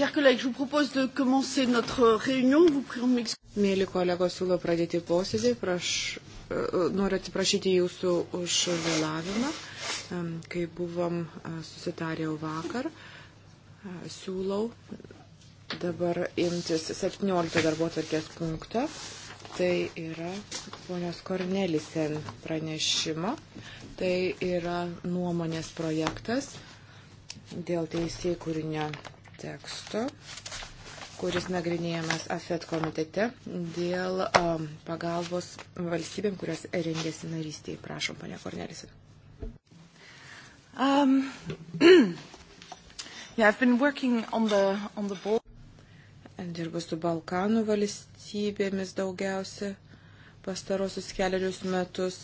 Chers collègues, je vous propose de commencer notre réunion. Vous prions de m'excuser. Mėly kolegos, siūlau pradėti posėdį. Praš, e, e, noriu atsiprašyti jūsų už vėlavimą, kai buvom e, susitarę jau vakar. Siūlau dabar imtis 17 darbo tvarkės punkto. Tai yra ponios Kornelisen pranešimo. Tai yra nuomonės projektas dėl teisėjų kūrinio teksto, kuris nagrinėjamas AFET komitete dėl um, pagalbos valstybėm, kurios rengėsi narystiai. Prašom, ponia Kornelis. Um, yeah, I've been working on the, on the board. Dirbu su Balkanų valstybėmis daugiausia pastarosius keliarius metus.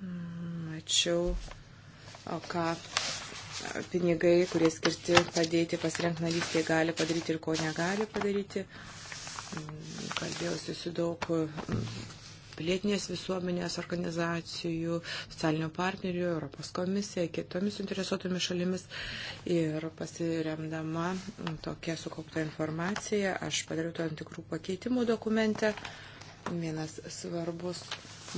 Mm, mačiau, o ką pinigai, kurie skirti padėti pasirengti narystėje, gali padaryti ir ko negali padaryti. Mm, kalbėjausi su daug mm, pilietinės visuomenės organizacijų, socialinių partnerių, Europos komisija, kitomis interesuotomis šalimis. Ir pasiremdama mm, tokia sukaupta informacija, aš padariau tam tikrų pakeitimų dokumente. Vienas svarbus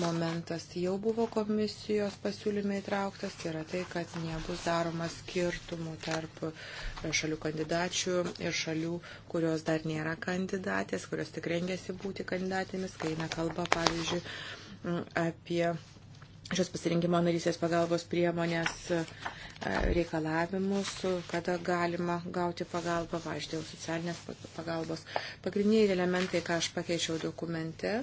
momentas jau buvo komisijos pasiūlyme įtrauktas, tai yra tai, kad nebus daroma skirtumų tarp šalių kandidačių ir šalių, kurios dar nėra kandidatės, kurios tik rengėsi būti kandidatėmis, kai eina kalba, pavyzdžiui, apie šios pasirinkimo narysės pagalbos priemonės e, reikalavimus, kada galima gauti pagalbą, važiuoju, dėl socialinės pagalbos. Pagrindiniai elementai, ką aš pakeičiau dokumente,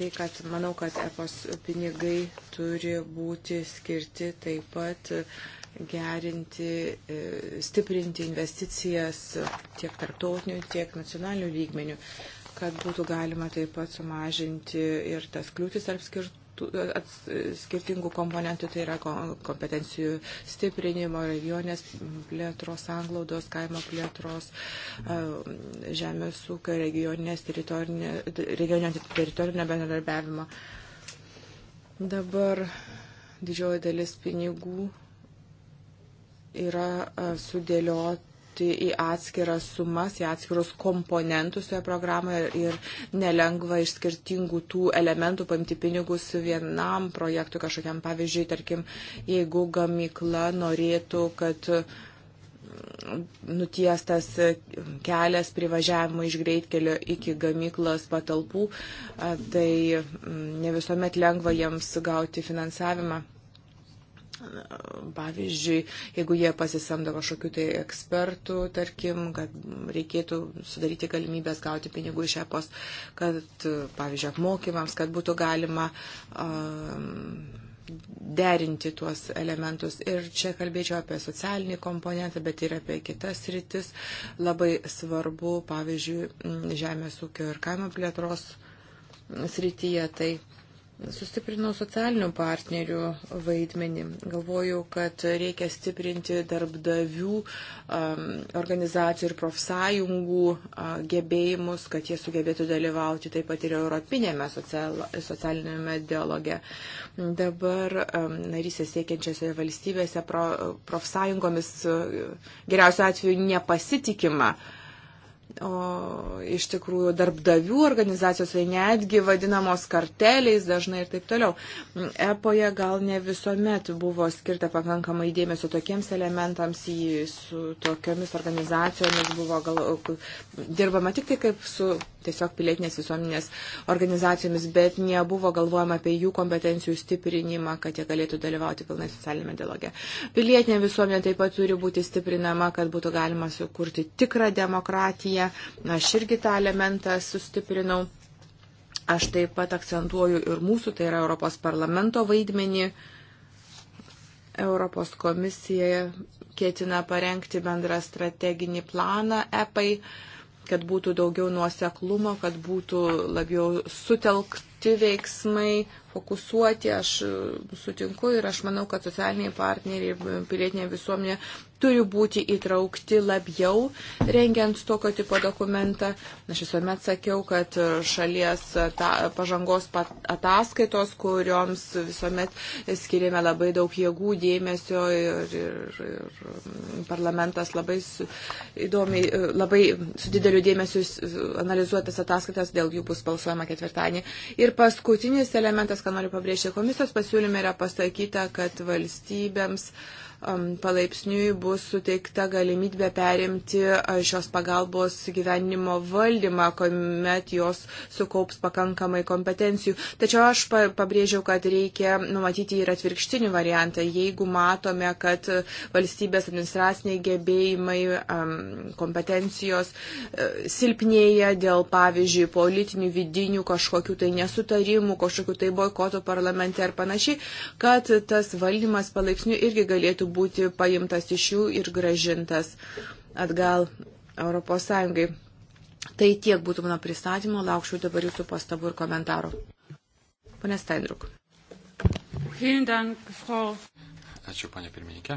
tai, kad manau, kad EPOS pinigai turi būti skirti taip pat gerinti, e, stiprinti investicijas tiek tarptautinių, tiek nacionalinių lygmenių, kad būtų galima taip pat sumažinti ir tas kliūtis tarp skirtų aspektų, e, ats, e, skirtingų komponentų, tai yra kompetencijų stiprinimo, regionės plėtros, anglaudos, kaimo plėtros, e, žemės ūkio, regioninės teritorinė, regioninio teritorinio bendradarbiavimo. Dabar didžioji dalis pinigų yra sudėliota suskirstyti į atskiras sumas, į atskirus komponentus toje programoje ir nelengva iš skirtingų tų elementų paimti pinigus vienam projektui kažkokiam. Pavyzdžiui, tarkim, jeigu gamykla norėtų, kad mm, nutiestas kelias privažiavimo iš greitkelio iki gamyklos patalpų, tai mm, ne visuomet lengva jiems gauti finansavimą. Pavyzdžiui, jeigu jie pasisamdo kažkokių tai ekspertų, tarkim, kad reikėtų sudaryti galimybės gauti pinigų iš EPOS, kad, pavyzdžiui, apmokymams, kad būtų galima um, derinti tuos elementus. Ir čia kalbėčiau apie socialinį komponentą, bet ir apie kitas rytis. Labai svarbu, pavyzdžiui, žemės ūkio ir kaimo plėtros srityje. Tai Sustiprinau socialinių partnerių vaidmenį. Galvoju, kad reikia stiprinti darbdavių organizacijų ir profsąjungų gebėjimus, kad jie sugebėtų dalyvauti taip pat ir europinėme socialinėme dialoge. Dabar narysės siekiančiose valstybėse profsąjungomis geriausiu atveju nepasitikima O iš tikrųjų darbdavių organizacijos, tai netgi vadinamos karteliais dažnai ir taip toliau. EPOje gal ne visuomet buvo skirta pakankamai dėmesio tokiems elementams, jį su tokiomis organizacijomis buvo gal, dirbama tik tai kaip su tiesiog pilietinės visuomenės organizacijomis, bet nebuvo galvojama apie jų kompetencijų stiprinimą, kad jie galėtų dalyvauti pilnai socialinėme dialoge. Pilietinė visuomenė taip pat turi būti stiprinama, kad būtų galima sukurti tikrą demokratiją nuomonę. Aš irgi tą elementą sustiprinau. Aš taip pat akcentuoju ir mūsų, tai yra Europos parlamento vaidmenį. Europos komisija ketina parengti bendrą strateginį planą EPAI, kad būtų daugiau nuoseklumo, kad būtų labiau sutelkti veiksmai, fokusuoti. Aš sutinku ir aš manau, kad socialiniai partneriai ir pilietinė visuomenė turi būti įtraukti labiau rengiant tokio tipo dokumentą. Aš visuomet sakiau, kad šalies ta, pažangos pat, ataskaitos, kurioms visuomet skiriame labai daug jėgų, dėmesio ir, ir, ir parlamentas labai su, įdomiai, labai su dideliu dėmesiu analizuotas ataskaitas, dėl jų bus balsuojama ketvirtadienį. Ir paskutinis elementas, ką noriu pabrėžti, komisijos pasiūlyme yra pasakyta, kad valstybėms uh, palaipsniui bus suteikta galimybė perimti šios pagalbos gyvenimo valdymą, kuomet jos sukaups pakankamai kompetencijų. Tačiau aš pabrėžiau, kad reikia numatyti ir atvirkštinį variantą. Jeigu matome, kad valstybės administraciniai gebėjimai, kompetencijos e, silpnėja dėl, pavyzdžiui, politinių vidinių kažkokių tai nesutarimų, kažkokių tai boikotų parlamente ar panašiai, kad tas valdymas palaipsniui irgi galėtų būti paimtas iš jų ir gražintas atgal Europos Sąjungai. Tai tiek būtų mano pristatymo, laukščiau dabar jūsų pastabų ir komentarų. Pane Steindruk. Ačiū, panė pirmininkė.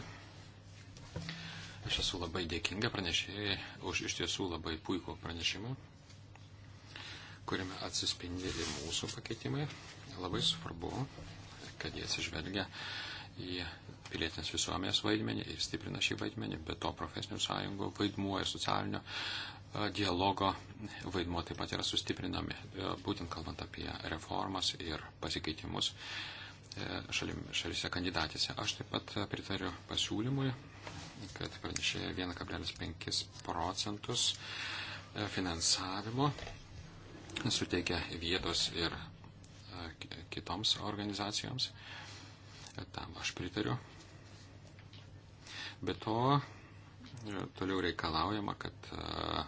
Aš esu labai dėkinga pranešėjai už iš tiesų labai puikų pranešimą, kuriame atsispindi ir mūsų pakeitimai. Labai svarbu, kad jie atsižvelgia į pilietinės visuomenės vaidmenį ir stiprina šį vaidmenį, bet to profesinių sąjungų vaidmuo ir socialinio e, dialogo vaidmuo taip pat yra sustiprinami, e, būtent kalbant apie reformas ir pasikeitimus e, šalim, šalise kandidatėse. Aš taip pat pritariu pasiūlymui, kad pranešė 1,5 procentus finansavimo suteikia vietos ir kitoms organizacijoms. Tam aš pritariu. Be to, toliau reikalaujama, kad e,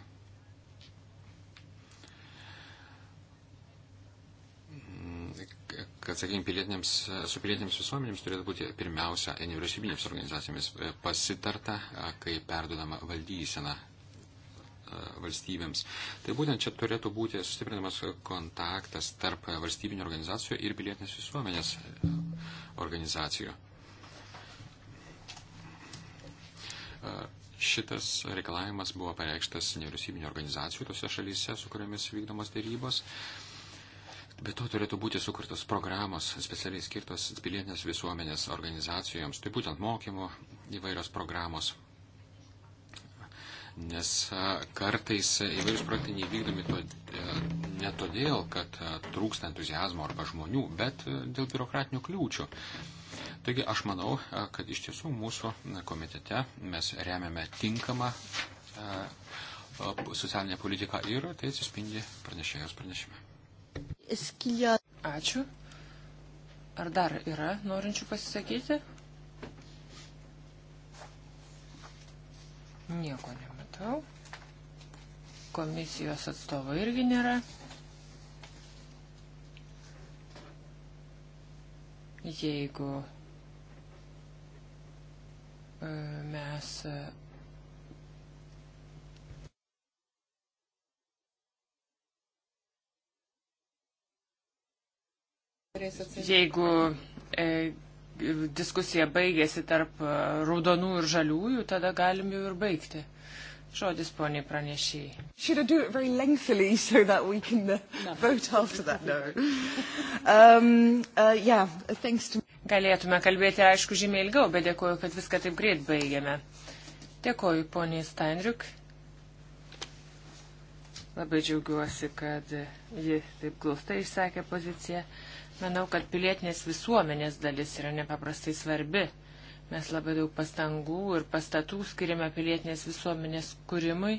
kad, sakykime, pilietinėms, su pilietinėms visuomenėms turėtų būti pirmiausia nevyriausybinėms organizacijomis pasitarta, e, kai perdodama valdysena e, valstybėms. Tai būtent čia turėtų būti sustiprinamas kontaktas tarp valstybinio organizacijų ir pilietinės visuomenės organizacijų. Šitas reikalavimas buvo pareikštas nevyriausybinio organizacijų tose šalyse, su kuriomis vykdomos dėrybos. Be to turėtų būti sukurtos programos specialiai skirtos pilietinės visuomenės organizacijoms, tai būtent mokymo įvairios programos nes kartais įvairius projektai nevykdomi to, e, ne todėl, kad trūksta entuzijazmo arba žmonių, bet e, dėl biurokratinių kliūčių. Taigi aš manau, kad iš tiesų mūsų komitete mes remiame tinkamą socialinę politiką ir tai atsispindi pranešėjos pranešime. Ačiū. Ar dar yra norinčių pasisakyti? Nieko nėra nematau. Komisijos atstovo irgi nėra. Jeigu e, mes e, Jeigu e, diskusija baigėsi tarp e, raudonų ir žaliųjų, tada galim jau ir baigti. Žodis poniai pranešėjai. Should I do it very lengthily so that we can uh, no. vote after that? No. um, uh, yeah, thanks to... Galėtume kalbėti, aišku, žymiai ilgiau, bet dėkoju, kad viską taip greit baigėme. Dėkoju poniai Steinriuk. Labai džiaugiuosi, kad ji taip glaustai išsakė poziciją. Manau, kad pilietinės visuomenės dalis yra nepaprastai svarbi Mes labai daug pastangų ir pastatų skiriame pilietinės visuomenės kūrimui.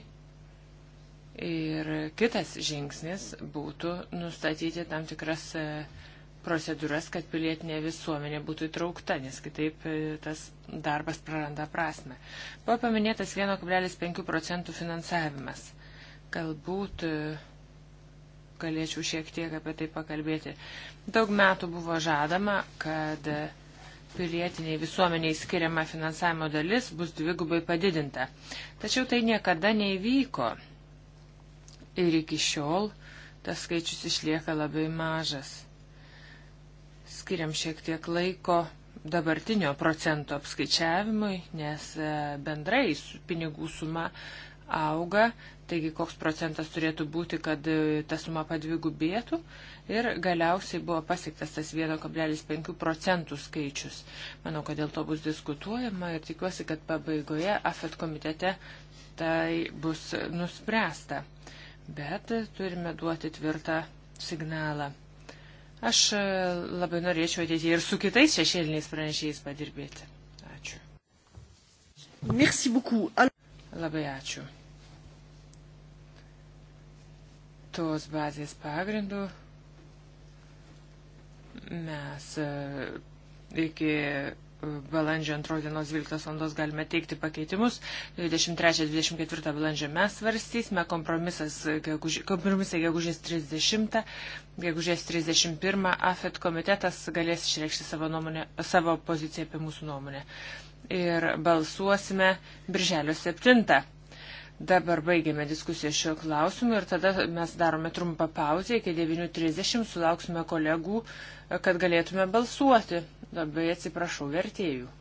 Ir kitas žingsnis būtų nustatyti tam tikras e, procedūras, kad pilietinė visuomenė būtų įtraukta, nes kitaip e, tas darbas praranda prasme. Buvo paminėtas 1,5 procentų finansavimas. Galbūt e, galėčiau šiek tiek apie tai pakalbėti. Daug metų buvo žadama, kad pilietiniai visuomeniai skiriama finansavimo dalis bus dvigubai padidinta. Tačiau tai niekada neįvyko. Ir iki šiol tas skaičius išlieka labai mažas. Skiriam šiek tiek laiko dabartinio procento apskaičiavimui, nes e, bendrai pinigų suma auga, taigi koks procentas turėtų būti, kad e, ta suma padvigubėtų ir galiausiai buvo pasiektas tas 1,5 procentų skaičius. Manau, kad dėl to bus diskutuojama ir tikiuosi, kad pabaigoje AFET komitete tai bus nuspręsta. Bet turime duoti tvirtą signalą. Aš labai norėčiau ateityje ir su kitais šešėliniais pranešėjais padirbėti. Ačiū. Merci beaucoup. Labai ačiū. Tos bazės pagrindų Mes e, iki e, balandžio antros dienos 12 valandos galime teikti pakeitimus. 23-24 balandžio mes svarstysime e, gegužė, kompromisai gegužės 30. Gegužės 31 AFET komitetas galės išreikšti savo, nuomonę, savo poziciją apie mūsų nuomonę. Ir balsuosime birželio 7. Dabar baigėme diskusiją šio klausimu ir tada mes darome trumpą pauzę iki 9.30, sulauksime kolegų, kad galėtume balsuoti. Labai atsiprašau vertėjų.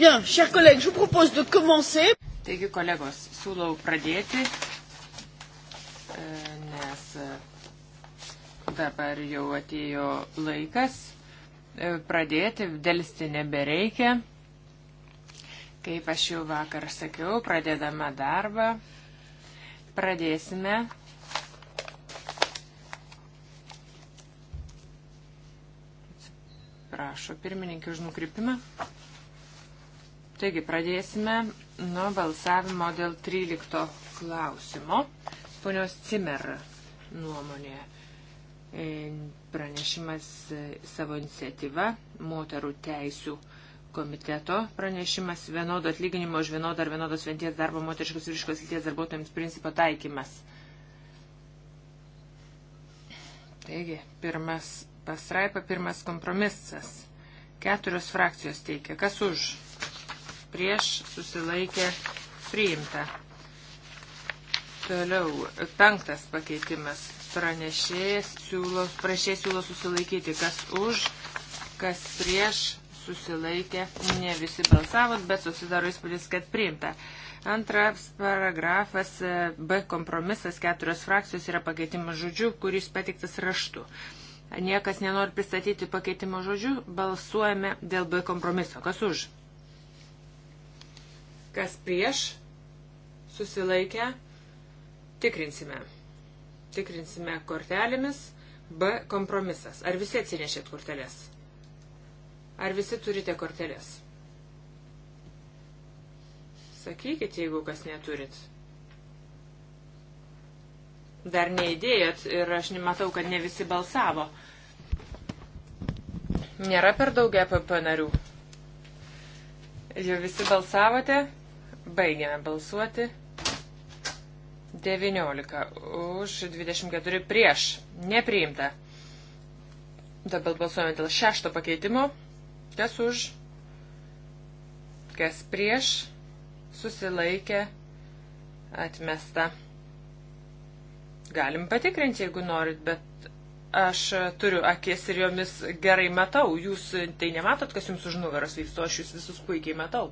Bien, chers collègues, je vous propose de commencer. Taigi, kolegos, siūlau pradėti, e, nes e, dabar jau atėjo laikas e, pradėti, dėlsti nebereikia. Kaip aš jau vakar sakiau, pradedama darbą, pradėsime Prašo pirmininkį už nukrypimą. Taigi pradėsime nuo balsavimo dėl 13 klausimo. Ponios Cimer nuomonė. E, pranešimas e, savo iniciatyva moterų teisių komiteto pranešimas vienodo atlyginimo už vienodą ar vienodos venties darbo moteriškos ir vyriškos lyties darbuotojams principo taikymas. Taigi, pirmas pasraipa, pirmas kompromisas. Keturios frakcijos teikia. Kas už? prieš susilaikė priimta. Toliau, penktas pakeitimas. Pranešėjas siūlo, prašė siūlo susilaikyti, kas už, kas prieš susilaikė, ne visi balsavot, bet susidaro įspūdis, kad priimta. Antras paragrafas e, B kompromisas keturios frakcijos yra pakeitimas žodžiu, kuris patiktas raštu. Niekas nenori pristatyti pakeitimo žodžių, balsuojame dėl B kompromiso. Kas už? Kas prieš? Susilaikę. Tikrinsime. Tikrinsime kortelėmis. B kompromisas. Ar visi atsinešėt kortelės? Ar visi turite kortelės? Sakykit, jeigu kas neturit. Dar neįdėjot ir aš matau, kad ne visi balsavo. Nėra per daug EPP narių. Jau visi balsavote? Baigiame balsuoti. 19 už 24 prieš. Nepriimta. Dabar balsuojame dėl šešto pakeitimo. Kas už? Kas prieš? Susilaikė. Atmesta. Galim patikrinti, jeigu norit, bet aš turiu akis ir jomis gerai matau. Jūs tai nematot, kas jums už nugaros vyksta, aš jūs visus puikiai matau.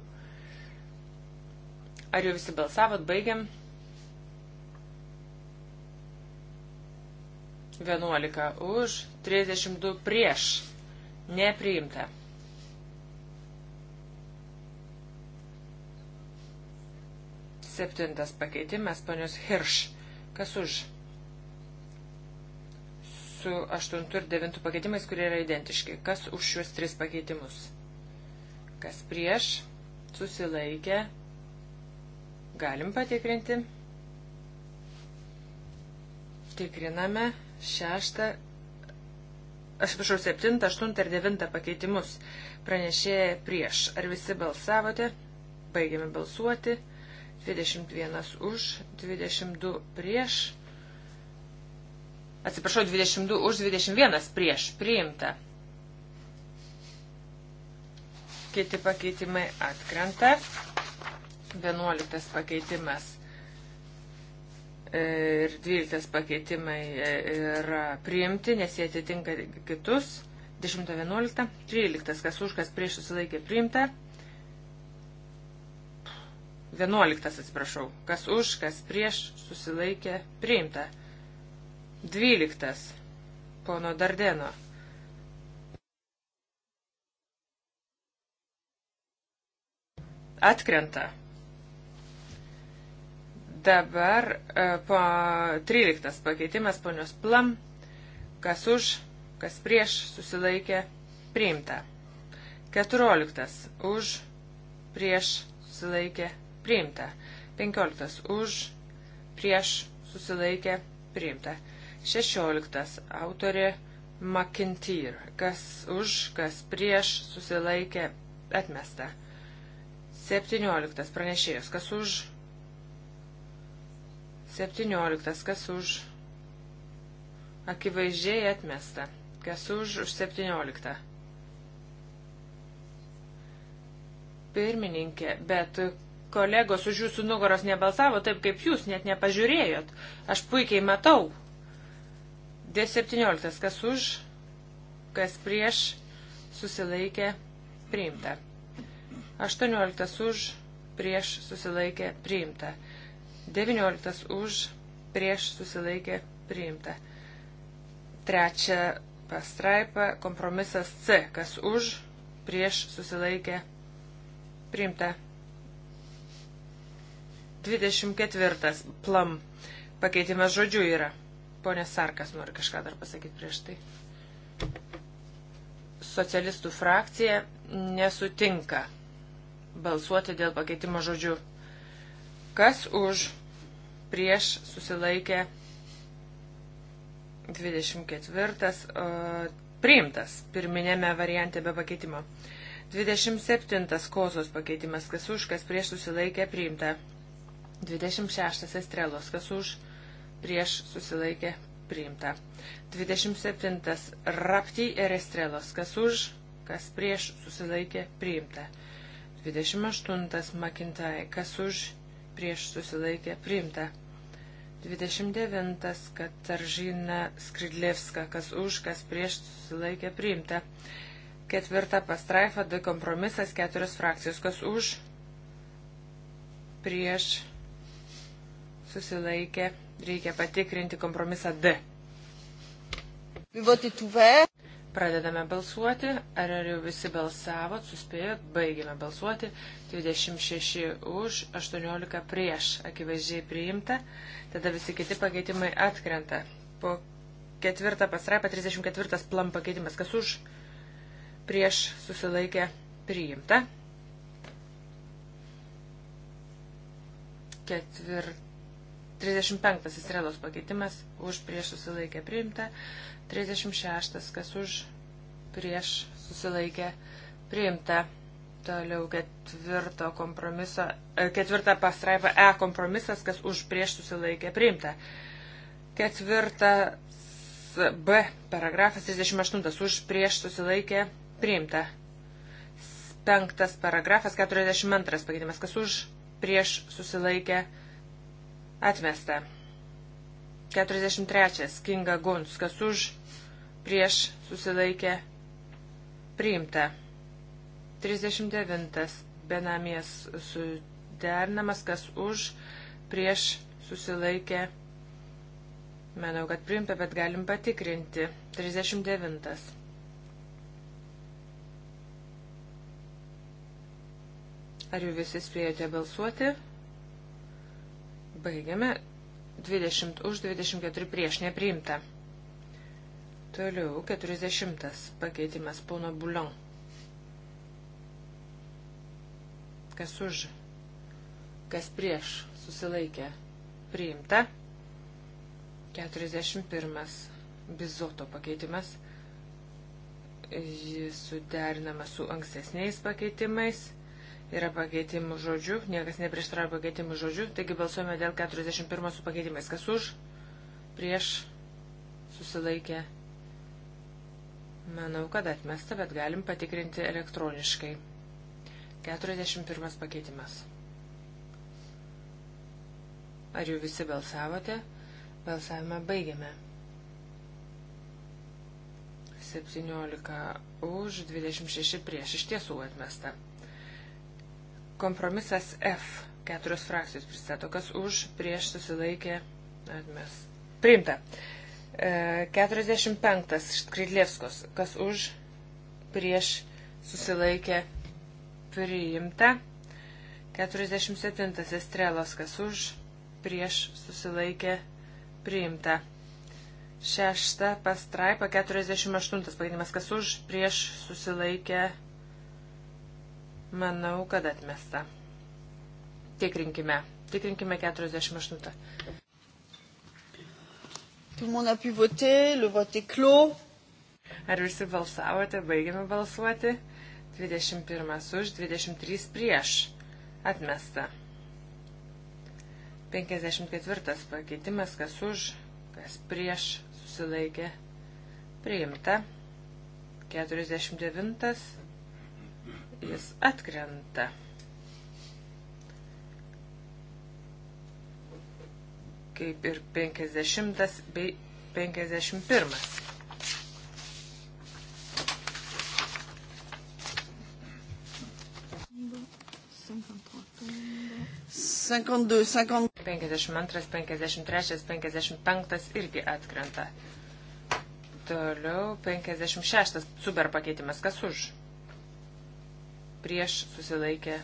Ar jau visi balsavot, baigiam? 11 už, 32 prieš. Nepriimta. Septintas pakeitimas, ponios Hirš. Kas už? Su 8 ir 9 pakeitimais, kurie yra identiški. Kas už šiuos tris pakeitimus? Kas prieš? Susilaikė Galim patikrinti. Tikriname šeštą, aš prašau, septintą, aštuntą ir devintą pakeitimus pranešėja prieš. Ar visi balsavote? Baigiame balsuoti. 21 už, 22 prieš. Atsiprašau, 22 už, 21 prieš. Priimta. Kiti pakeitimai atkrenta. 11 pakeitimas e, ir 12 pakeitimai e, yra priimti, nes jie atitinka kitus. 10.11. 13. Kas už, kas prieš susilaikė priimta. 11. Atsiprašau. Kas už, kas prieš susilaikė priimta. 12. Pono Dardeno. Atkrenta. Dabar e, po 13 pakeitimas ponios Plam, kas už, kas prieš susilaikė priimta. 14 už, prieš susilaikė priimta. 15 už, prieš susilaikė priimta. 16 autorė McIntyre, kas už, kas prieš susilaikė atmesta. 17 pranešėjos, kas už, 17. Kas už? Akivaizdžiai atmesta. Kas už už 17? Pirmininkė, bet kolegos už jūsų nugaros nebalsavo taip, kaip jūs net nepažiūrėjot. Aš puikiai matau. D17. Kas už? Kas prieš? Susilaikė. Priimta. 18. Už prieš susilaikė priimta. 19 už prieš susilaikė priimta. Trečia pastraipa kompromisas C, kas už prieš susilaikė priimta. 24 plam pakeitimas žodžių yra. Pone Sarkas nori kažką dar pasakyti prieš tai. Socialistų frakcija nesutinka balsuoti dėl pakeitimo žodžių. Kas už prieš susilaikė 24 priimtas pirminėme variante be pakeitimo. 27 kosos pakeitimas, kas už, kas prieš susilaikė priimta. 26 estrelos, kas už, prieš susilaikė priimta. 27 rapti ir estrelos, kas už, kas prieš susilaikė priimta. 28 makintai, kas už, prieš susilaikė priimta. 29. Kataržina Skridlevska, kas už, kas prieš susilaikė priimta. Ketvirta pastraifa, du kompromisas, keturios frakcijos, kas už, prieš susilaikė, reikia patikrinti kompromisą D. Pradedame balsuoti. Ar, ar jau visi balsavot, suspėjot, baigėme balsuoti. 26 už, 18 prieš, akivaizdžiai priimta. Tada visi kiti pakeitimai atkrenta. Po ketvirtą pasraipą 34 plam pakeitimas, kas už, prieš susilaikė priimta. Ketvirtą. 35 Sirelos pakeitimas už prieš susilaikę priimta, 36 kas už prieš susilaikę priimta. Toliau ketvirto kompromiso, e, ketvirtą pastraipą E kompromisas, kas už prieš susilaikę priimta. Ketvirtas B paragrafas 38 už prieš susilaikę priimta. Penktas paragrafas 42 pakeitimas, kas už prieš susilaikę priimta Atmesta. 43. Kinga Guns. Kas už? Prieš susilaikė. Priimta. 39. Benamies suderinamas. Kas už? Prieš susilaikė. Manau, kad priimta, bet galim patikrinti. 39. Ar jau visi spėjote balsuoti? Baigiame. 20 už 24 prieš nepriimta. Toliau 40 pakeitimas pono Bulon. Kas už? Kas prieš? Susilaikė. Priimta. 41 bizoto pakeitimas. Jis suderinama su ankstesniais pakeitimais yra pakeitimų žodžių, niekas neprieštarauja pakeitimų žodžių, taigi balsuojame dėl 41 su pakeitimais. Kas už, prieš, susilaikė. Manau, kad atmesta, bet galim patikrinti elektroniškai. 41 pakeitimas. Ar jau visi balsavote? Balsavimą baigiame. 17 už, 26 prieš, iš tiesų atmesta. Kompromisas F. Keturios frakcijos pristato. Kas už, prieš susilaikė, atmes. Priimta. 45. E, Škrydlėvskos. Kas už, prieš susilaikė, priimta. 47. Estrelos. Kas už, prieš susilaikė, priimta. Šešta pastraipa, 48 pavadinimas, kas už prieš susilaikę Manau, kad atmesta. Tikrinkime. Tikrinkime 48. Tout le monde a pu voter, le vote est clos. Ar visi balsavote, baigėme balsuoti. 21 už, 23 prieš. Atmesta. 54 pakeitimas, kas už, kas prieš, susilaikė. Priimta. 49 jis atkrenta. Kaip ir 50 bei 51. Penkiasdešimt antras, penkiasdešimt trečias, penkiasdešimt penktas irgi atkrenta. Toliau penkiasdešimt šeštas super pakeitimas. Kas už? prieš susilaikę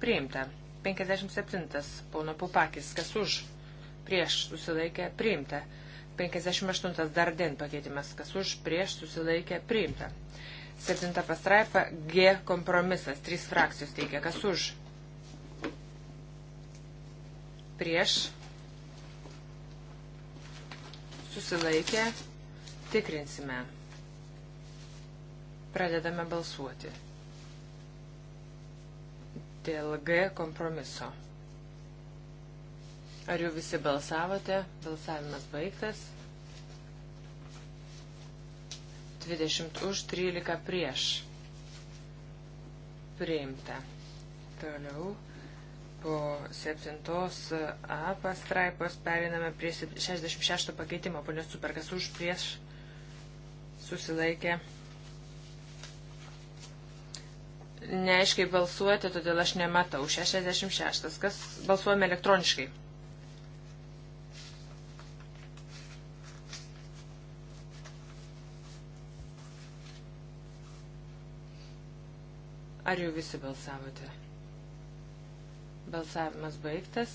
priimta. 57. Pono Pupakis, kas už, prieš susilaikę priimta. 58. Darden pakeitimas, kas už, prieš susilaikę priimta. 7 pastraipa G kompromisas, 3 frakcijos teikia, kas už, prieš susilaikę tikrinsime. Pradedame balsuoti dėl G kompromiso. Ar jau visi balsavote? Balsavimas baigtas. 20 už, 13 prieš. Priimta. Toliau. Po 7a pastraipos periname prie 66 pakeitimo. Ponios superkas už prieš susilaikė neaiškiai balsuojate, todėl aš nematau. 66. Kas balsuojame elektroniškai? Ar jau visi balsavote? Balsavimas baigtas.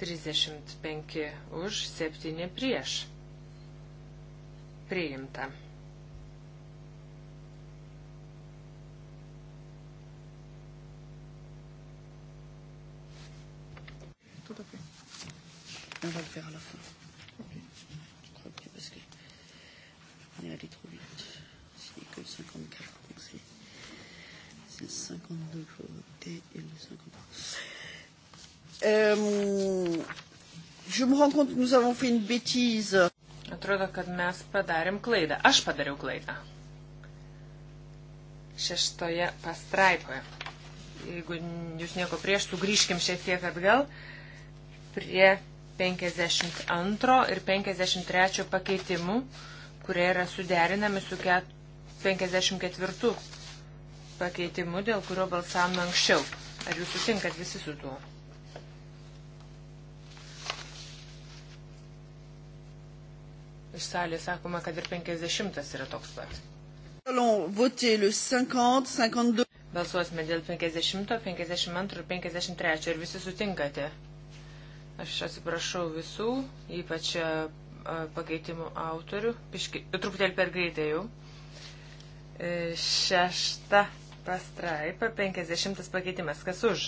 35 už, 7 prieš. Priimta. tout à fait. On va le faire à la fin. Okay. Je crois que parce qu'on est allé trop vite. C'est que 54. Donc c'est 52 votés et le 53. Euh, je me rends compte que nous avons fait une bêtise. Atrodo, kad mes padarėm klaidą. Aš padariau klaidą. Šeštoje pastraipoje. Jeigu jūs nieko prieš, sugrįžkim šiek tiek atgal prie 52 ir 53 pakeitimų, kurie yra suderinami su 54 pakeitimu, dėl kurio balsavome anksčiau. Ar jūs sutinkat visi su tuo? Iš salės sakoma, kad ir 50 yra toks pat. Balsuosime dėl 50, 52 ir 53. Ar visi sutinkate? Aš atsiprašau visų, ypač e, pakeitimų autorių. Piški, truputėlį per greitai jau. E, šešta pastraipa, penkisdešimtas pakeitimas. Kas už?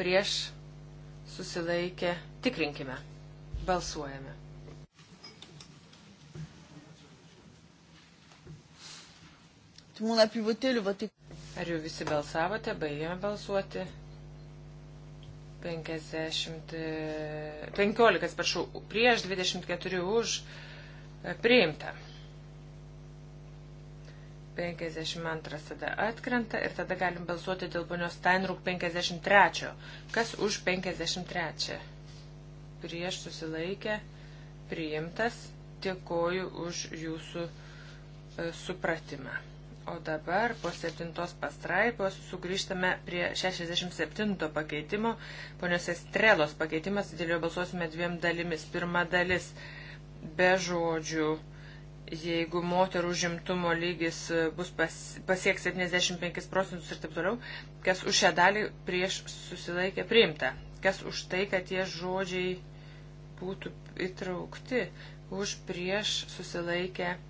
Prieš susilaikę. Tikrinkime. Balsuojame. Ar jau visi balsavote, baigėme balsuoti? 50, 15, e, atsiprašau, prieš 24 už e, priimta. 52 tada atkrenta ir tada galim balsuoti dėl ponios Steinruk 53. Kas už 53? Prieš susilaikę, priimtas, dėkoju už jūsų e, supratimą. O dabar po septintos pastraipos sugrįžtame prie 67 pakeitimo. Ponios Estrelos pakeitimas, dėl jo balsuosime dviem dalimis. Pirma dalis be žodžių. Jeigu moterų žimtumo lygis e, bus pas, pasieks 75 procentus ir taip toliau, kas už šią dalį prieš susilaikė priimta, kas už tai, kad tie žodžiai būtų įtraukti, už prieš susilaikę priimta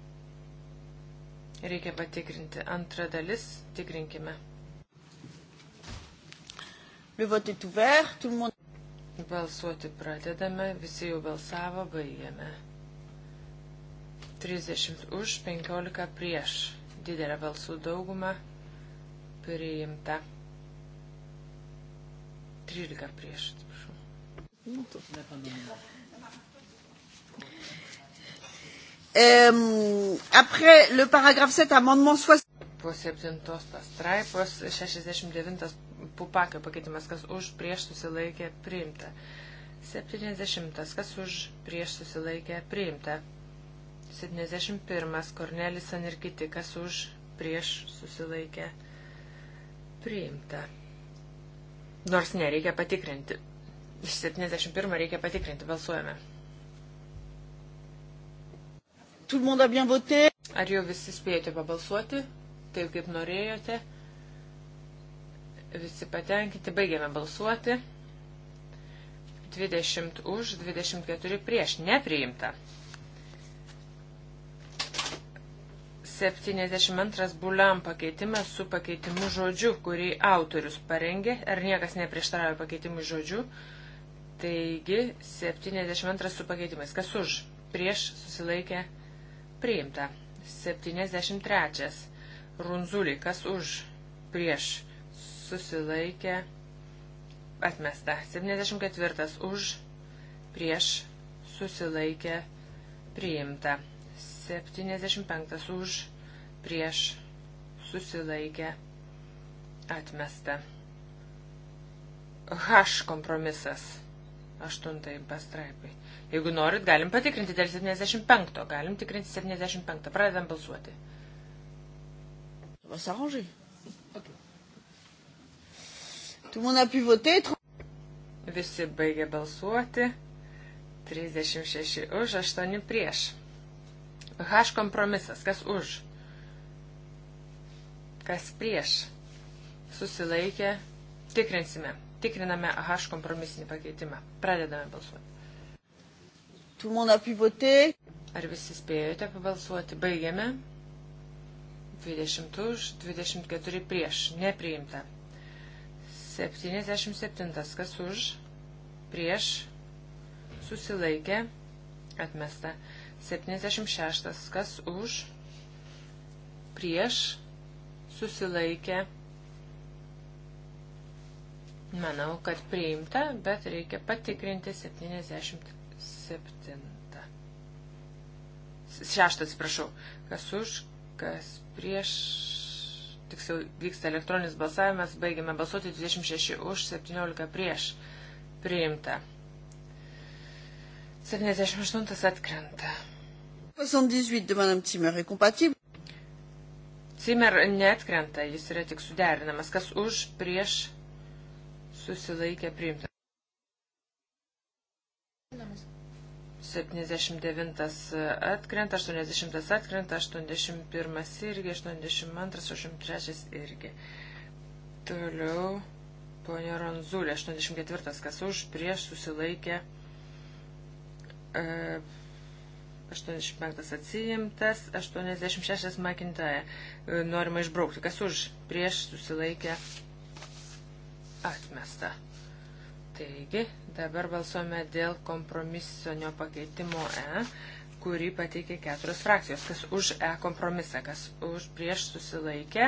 Reikia patikrinti. Antra dalis. Tikrinkime. Le vote est ouvert. Tout le monde. Balsuoti pradedame. Visi jau balsavo. Baigėme. 30 už, 15 prieš. Didelė balsų dauguma priimta. 13 prieš, atsiprašau. Nu, tu. Euh, après le paragraphe 7, amendement 60. Po 7 pastraipos 69 pupakio pakeitimas, kas už prieš susilaikė priimta. 70, kas už prieš susilaikė priimta. 71, Kornelison ir kiti, kas už prieš susilaikė priimta. Nors nereikia patikrinti. Iš 71 reikia patikrinti, balsuojame. Tout le monde a bien voté. Ar jau visi spėjote pabalsuoti, taip kaip norėjote? Visi patenkinti, baigėme balsuoti. 20 už, 24 prieš, nepriimta. 72 buliam pakeitimas su pakeitimu žodžiu, kurį autorius parengė, ar niekas neprieštaravo pakeitimui žodžiu. Taigi, 72 su pakeitimais. Kas už? Prieš susilaikė Priimta. 73. Runzulį, kas už, prieš, susilaikė, atmesta. 74. Už, prieš, susilaikė, priimta. 75. Už, prieš, susilaikė, atmesta. H kompromisas. Aštuntai pastraipai Jeigu norit, galim patikrinti dėl 75. Galim tikrinti 75. Pradedam balsuoti. Visi baigė balsuoti. 36 už, 8 prieš. H kompromisas. Kas už? Kas prieš? Susilaikė. Tikrinsime. Tikriname H kompromisinį pakeitimą. Pradedame balsuoti. Ar visi spėjote pabalsuoti? Baigiame. 20 už, 24 prieš. Nepriimta. 77. Kas už? Prieš. Susilaikė. Atmesta. 76. Kas už? Prieš. Susilaikė. Manau, kad priimta, bet reikia patikrinti 75 septinta. Šeštą, atsiprašau. Kas už, kas prieš. Tiksliau vyksta elektroninis balsavimas. Baigiame balsuoti 26 už, 17 prieš. Priimta. 78 atkrenta. 78 de Madame Timmer est compatible. Cimer netkrenta, jis yra tik suderinamas, kas už prieš susilaikė priimta. 79 atkrenta, 80 atkrenta, 81 irgi, 82, 83 irgi. Toliau ponė Ronzulė, 84, kas už, prieš susilaikė, 85 atsijimtas, 86 makintaja. Norima išbraukti, kas už, prieš susilaikė, atmesta. Taigi, dabar balsuome dėl kompromisinio pakeitimo E, kurį pateikė keturios frakcijos. Kas už E kompromisą, kas už prieš susilaikė,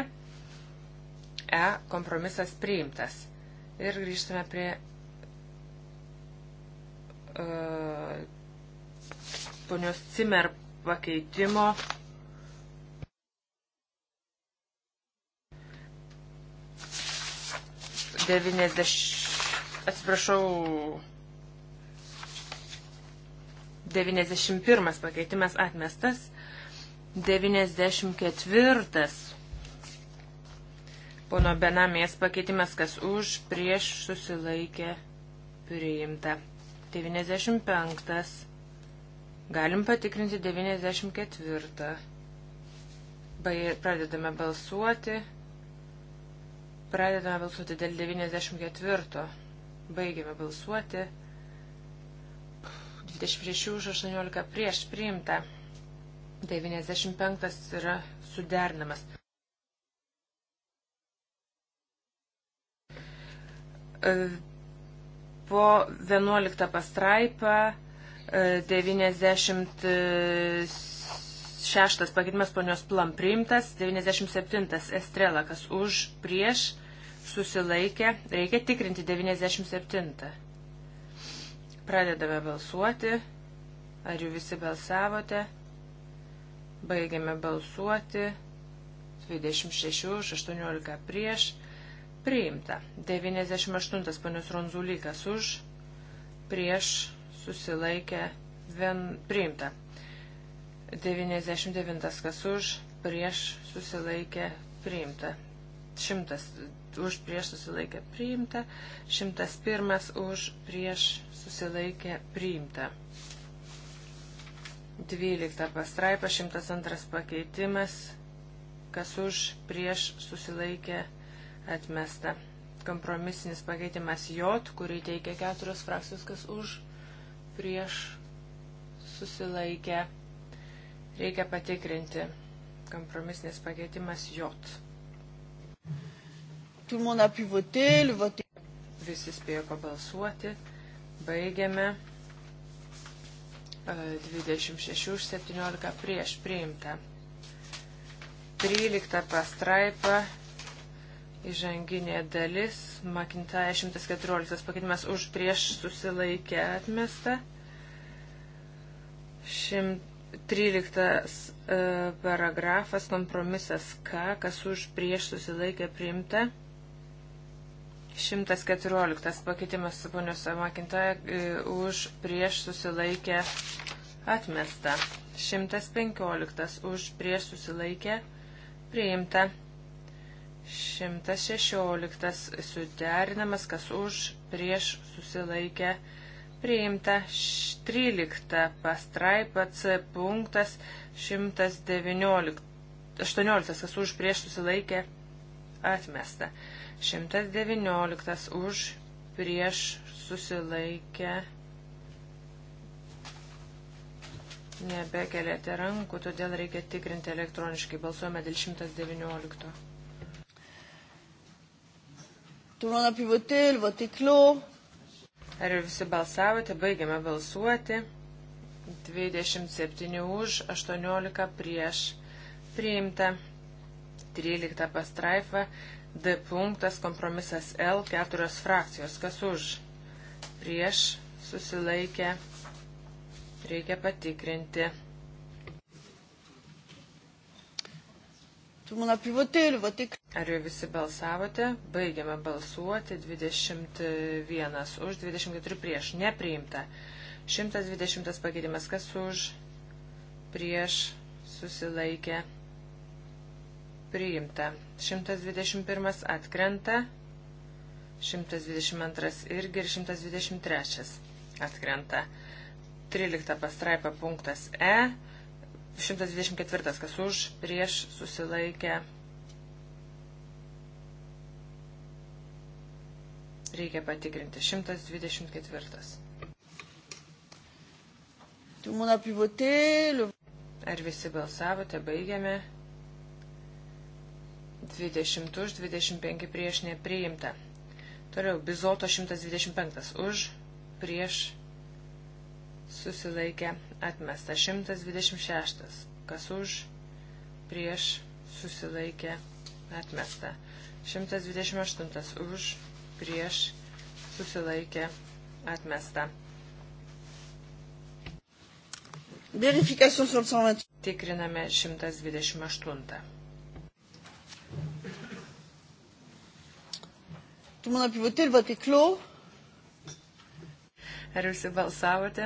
E kompromisas priimtas. Ir grįžtame prie uh, ponios Cimer pakeitimo. Devinesdešimt Atsiprašau, 91 pakeitimas atmestas, 94 pono benamės pakeitimas, kas už, prieš susilaikė priimta. 95. Galim patikrinti 94. Pradedame balsuoti. Pradedame balsuoti dėl 94. Baigėme balsuoti. 26 už 18 prieš priimta. 95 yra suderinamas. E, po 11 pastraipą 96 e, pakeitimas ponios Plam priimtas, 97 Estrela, kas už prieš susilaikė, reikia tikrinti 97. Pradedame balsuoti. Ar jau visi balsavote? Baigiame balsuoti. 26 už, 18 prieš. Priimta. 98 ponios Ronzulykas už, prieš susilaikė, vien, priimta. 99 kas už, prieš susilaikė, priimta. 100 už prieš susilaikę priimta, 101 už prieš susilaikę priimta. 12 pastraipa, 102 pakeitimas, kas už prieš susilaikę atmesta. Kompromisinis pakeitimas J, kurį teikia keturios frakcijos, kas už prieš susilaikę. Reikia patikrinti kompromisinis pakeitimas J. Tout le monde a pu voter, le vote est... Visi spėjo pabalsuoti. Baigiame. 26 e, už 17 prieš priimta. 13 pastraipa įžanginė dalis, Makintaja 114 pakeitimas už prieš susilaikę atmesta, 113 e, paragrafas, kompromisas K, kas už prieš susilaikę priimta, 114 pakeitimas su ponios Makintoje už prieš susilaikę atmesta. 115 už prieš susilaikę priimta. 116 suderinamas, kas už prieš susilaikę priimta. 13 pastraipa C punktas 119. 18 kas už prieš susilaikę atmesta. 119 už, prieš susilaikę. Nebekeliate rankų, todėl reikia tikrinti elektroniškai. Balsuojame dėl 119. Ar visi balsavote? Baigiame balsuoti. 27 už, 18 prieš. Priimta. 13 pastraipa. D punktas kompromisas L keturios frakcijos. Kas už? Prieš susilaikę. Reikia patikrinti. Ar jau visi balsavote? Baigiame balsuoti. 21 už, 24 prieš. Nepriimta. 120 pakeitimas. Kas už? Prieš susilaikė priimta. 121 atkrenta, 122 irgi ir 123 atkrenta. 13 pastraipa punktas E, 124 kas už, prieš susilaikę. Reikia patikrinti. 124. Ar visi balsavote, baigiame? 20 už, 25 prieš nepriimta. Toliau, bizoto 125 už, prieš susilaikė atmesta. 126, kas už, prieš susilaikė atmesta. 128 už, prieš susilaikė atmesta. Verification sur le 128. Tikriname 128. Tout le monde a pu voter, le vote est clos. Ar visi balsavote?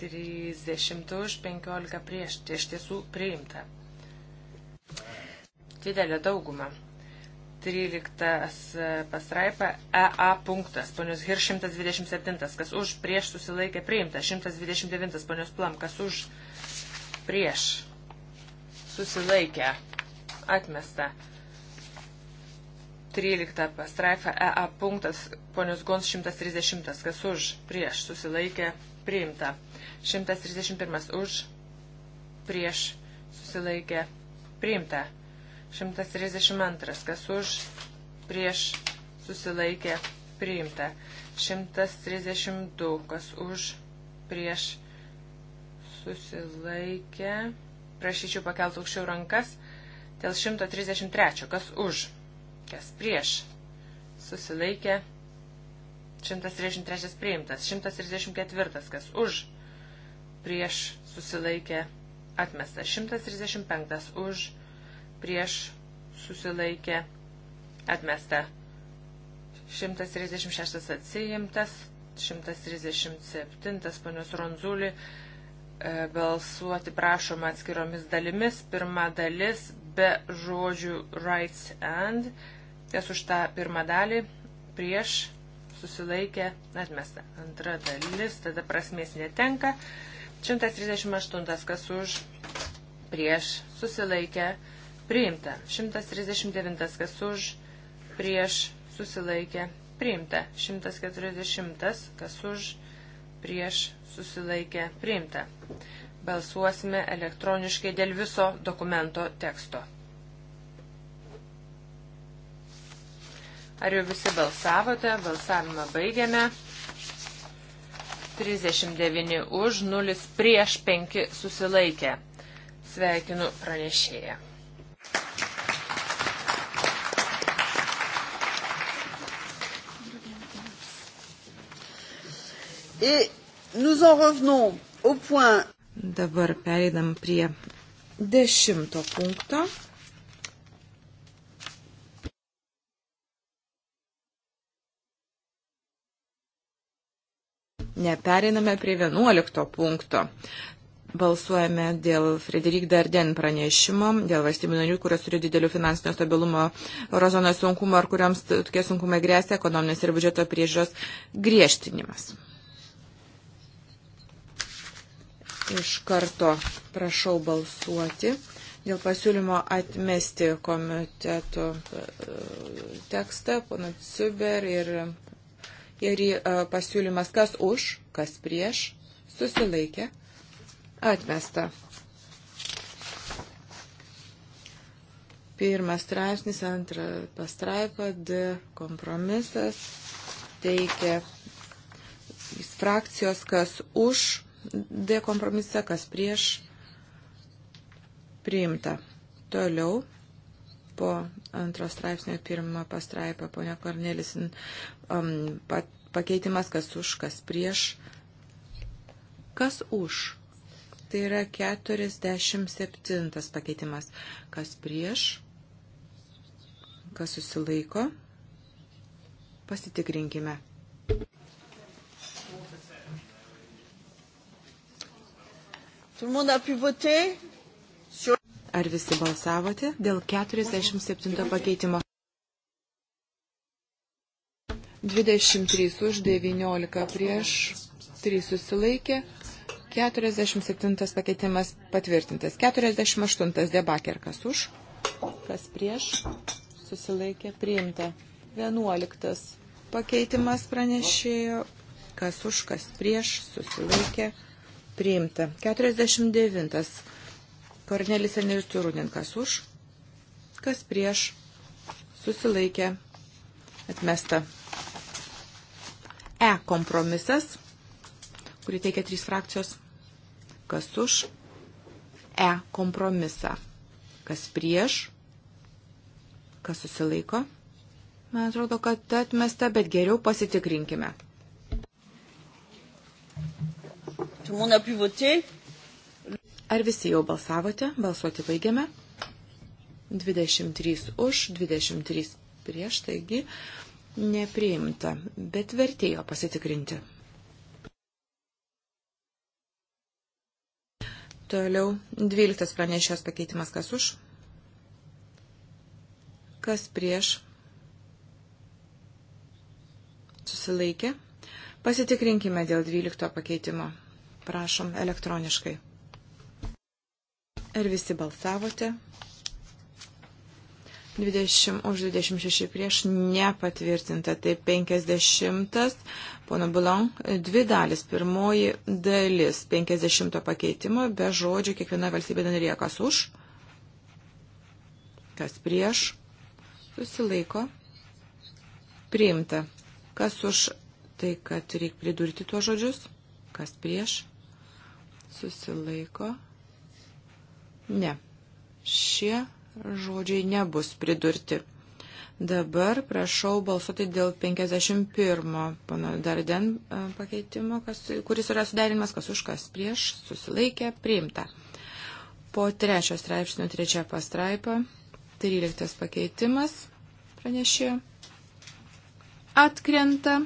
30 už 15 prieš. Tai iš tiesų priimta. Didelė dauguma. 13 e, pastraipa EA punktas. Ponios Hir 127. Kas už prieš susilaikė priimta. 129. Ponios Plam. Kas už prieš susilaikė atmesta. 13 pastraifa e EA punktas, ponios Gons 130, kas už, prieš, susilaikė, priimta. 131 už, prieš, susilaikė, priimta. 132, kas už, prieš, susilaikė, priimta. 132, kas už, prieš, susilaikė. Prašyčiau pakelti aukščiau rankas. Dėl 133, kas už Kas prieš? Susilaikė. 133 priimtas. 134. Kas už? Prieš susilaikė. Atmestas. 135. Už. Prieš susilaikė. Atmesta. 136 atsiimtas, 137 ponios Ronzulį e, balsuoti prašoma atskiromis dalimis. Pirma dalis be žodžių rights and Kas už tą pirmą dalį prieš susilaikė atmesta. Antra dalis, tada prasmės netenka. 138. Kas už prieš susilaikė priimta. 139. Kas už prieš susilaikė priimta. 140. Kas už prieš susilaikė priimta. Balsuosime elektroniškai dėl viso dokumento teksto. Ar jau visi balsavote? Balsavimą baigiame. 39 už, 0 prieš 5 susilaikė. Sveikinu pranešėją. Et nous en revenons au point. Dabar pereinam prie dešimto punkto. Nepereiname prie 11 punkto. Balsuojame dėl Frederik Darden pranešimo, dėl valstybių narių, kurios turi didelio finansinio stabilumo, eurozonos sunkumo ar kuriams tokie sunkumai grėsia ekonominės ir biudžeto priežiūros griežtinimas. Iš karto prašau balsuoti dėl pasiūlymo atmesti komiteto e, tekstą, pana Ciuber ir Ir e, pasiūlymas, kas už, kas prieš, susilaikė, atmesta. Pirmas straipsnis, antra pastraipa, D kompromisas teikia frakcijos, kas už D kompromisą, kas prieš priimta. Toliau po antro straipsnio pirmą pastraipą ponia Kornelis um, pakeitimas, kas už, kas prieš, kas už. Tai yra 47 pakeitimas, kas prieš, kas susilaiko. Pasitikrinkime. Ar visi balsavote dėl 47 pakeitimo? 23 už 19 prieš 3 susilaikė. 47 pakeitimas patvirtintas. 48 debakerkas už. Kas prieš susilaikė priimta. 11 pakeitimas pranešėjo. Kas už, kas prieš susilaikė priimta. 49 Kornelis Eneris Turūnin. Kas už, kas prieš susilaikė atmesta. E kompromisas, kurį teikia trys frakcijos. Kas už E kompromisą? Kas prieš? Kas susilaiko? Man atrodo, kad atmesta, bet geriau pasitikrinkime. Ar visi jau balsavote? Balsuoti baigiame. 23 už, 23 prieš, taigi nepriimta, bet vertėjo pasitikrinti. Toliau 12 pranešės pakeitimas kas už, kas prieš, susilaikė. Pasitikrinkime dėl 12 pakeitimo. Prašom elektroniškai. Ir visi balsavote. 20 už 26 prieš nepatvirtinta. Tai 50 pono Bulon dvi dalis. Pirmoji dalis 50 pakeitimo be žodžių kiekviena valstybė narė kas už, kas prieš, susilaiko, priimta. Kas už tai, kad reikia pridurti tuos žodžius, kas prieš, susilaiko, ne. Šie žodžiai nebus pridurti. Dabar prašau balsuoti dėl 51 pana Darden e, pakeitimo, kas, kuris yra suderinimas, kas už kas prieš, susilaikė, priimta. Po trečio straipsnio trečia pastraipa, 13 pakeitimas pranešė. Atkrenta.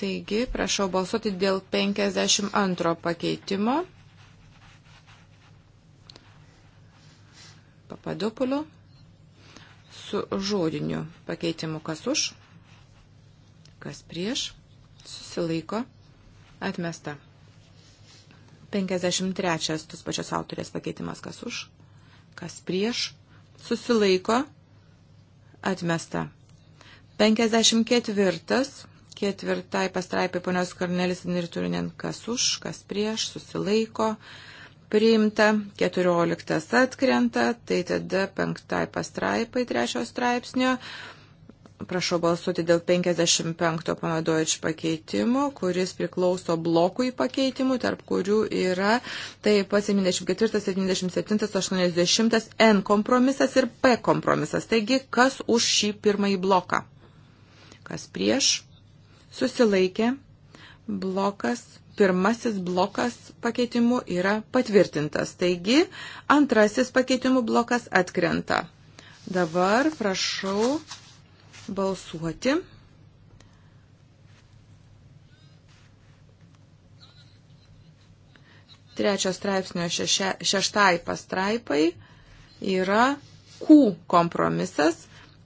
Taigi, prašau balsuoti dėl 52 pakeitimo, Papadopulo su žodiniu pakeitimu kas už, kas prieš, susilaiko, atmesta. 53 tos pačios autorės pakeitimas kas už, kas prieš, susilaiko, atmesta. 54 ketvirtai pastraipai ponios Kornelis ir turinien kas už, kas prieš, susilaiko, atmesta priimta, 14 atkrenta, tai tada penktai pastraipai trečio straipsnio. Prašau balsuoti dėl 55 panadojič pakeitimų, kuris priklauso blokui pakeitimų, tarp kurių yra taip pat 74, 77, 80, N kompromisas ir P kompromisas. Taigi, kas už šį pirmąjį bloką? Kas prieš? Susilaikė. Blokas pirmasis blokas pakeitimų yra patvirtintas. Taigi, antrasis pakeitimų blokas atkrenta. Dabar prašau balsuoti. Trečios straipsnio šešia, šeštai pastraipai yra Q kompromisas,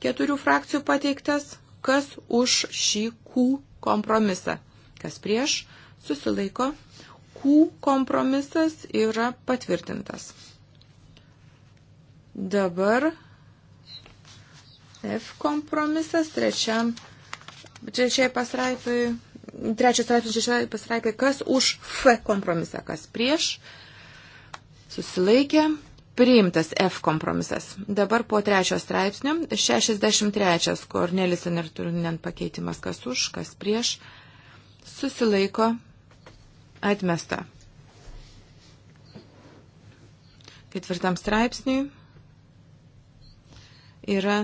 keturių frakcijų pateiktas, kas už šį Q kompromisą, kas prieš, susilaiko. Q kompromisas yra patvirtintas. Dabar F kompromisas trečiam, trečiai pasraipai, trečias straipsnis šešiai pasraipai, kas už F kompromisą, kas prieš, susilaikė, priimtas F kompromisas. Dabar po trečio straipsnio, 63 Kornelis Anerturinen pakeitimas, kas už, kas prieš, susilaiko, Atmesta. Ketvirtam straipsniui yra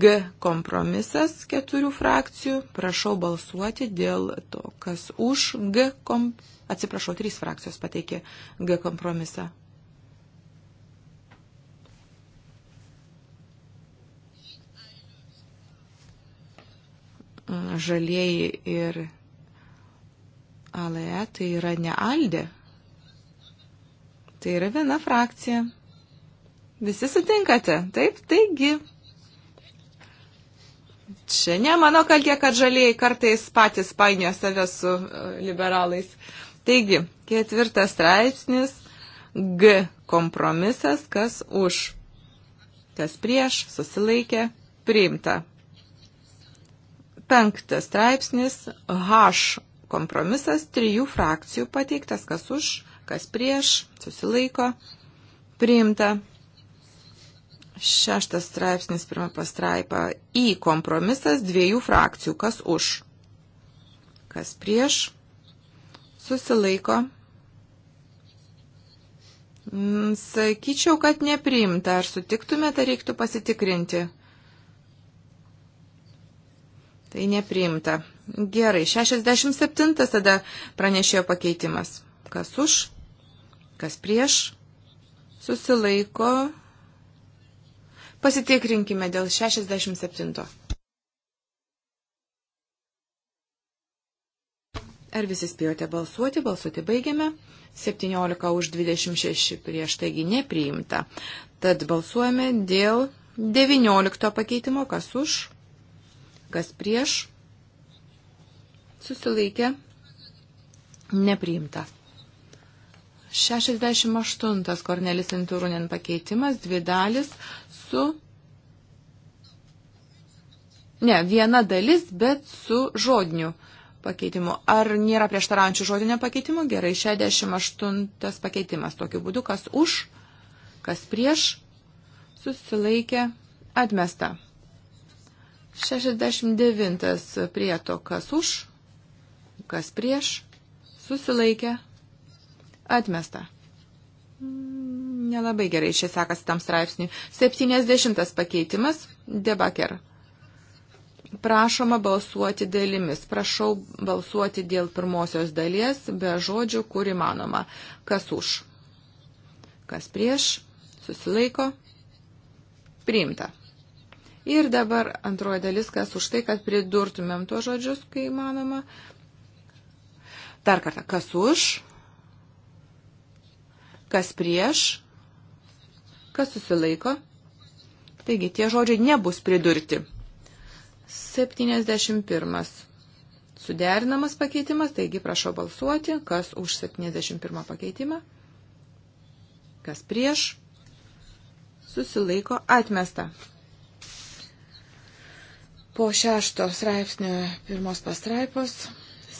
G kompromisas keturių frakcijų. Prašau balsuoti dėl to, kas už G kompromisą. Atsiprašau, trys frakcijos pateikė G kompromisą. Žalieji ir ALE tai yra ne ALDE. Tai yra viena frakcija. Visi sutinkate, taip, taigi. Čia ne mano kaltė, kad žalieji kartais patys painio save su e, liberalais. Taigi, ketvirtas straipsnis, G kompromisas, kas už, kas prieš, susilaikė, priimta. Penktas straipsnis, H Kompromisas trijų frakcijų pateiktas, kas už, kas prieš, susilaiko, priimta. Šeštas straipsnis, pirmą pastraipą. Į kompromisas dviejų frakcijų, kas už, kas prieš, susilaiko. Mm, sakyčiau, kad nepriimta. Ar sutiktumėte, reiktų pasitikrinti. Tai nepriimta. Gerai, 67 tada pranešėjo pakeitimas. Kas už, kas prieš, susilaiko. Pasitikrinkime dėl 67. Ar visi spėjote balsuoti? Balsuoti baigiame. 17 už 26 prieš taigi nepriimta. Tad balsuojame dėl 19 pakeitimo. Kas už, kas prieš, susilaikė, nepriimta. 68 Kornelis Inturūnien pakeitimas, dvi dalis su. Ne, viena dalis, bet su žodiniu pakeitimu. Ar nėra prieštaraujančių žodinio pakeitimu? Gerai, 68 pakeitimas. Tokiu būdu, kas už, kas prieš, susilaikė, atmesta. 69 prieto, kas už, Kas prieš? Susilaikė. Atmesta. Nelabai gerai šis sekasi tam straipsniui. 70 pakeitimas. Debaker. Prašoma balsuoti dalimis. Prašau balsuoti dėl pirmosios dalies be žodžių, kur įmanoma. Kas už? Kas prieš? Susilaiko? Priimta. Ir dabar antroji dalis, kas už tai, kad pridurtumėm tuos žodžius, kai įmanoma. Dar kartą, kas už, kas prieš, kas susilaiko. Taigi, tie žodžiai nebus pridurti. 71. Suderinamas pakeitimas, taigi prašau balsuoti, kas už 71 pakeitimą, kas prieš, susilaiko atmesta. Po šešto straipsnio pirmos pastraipos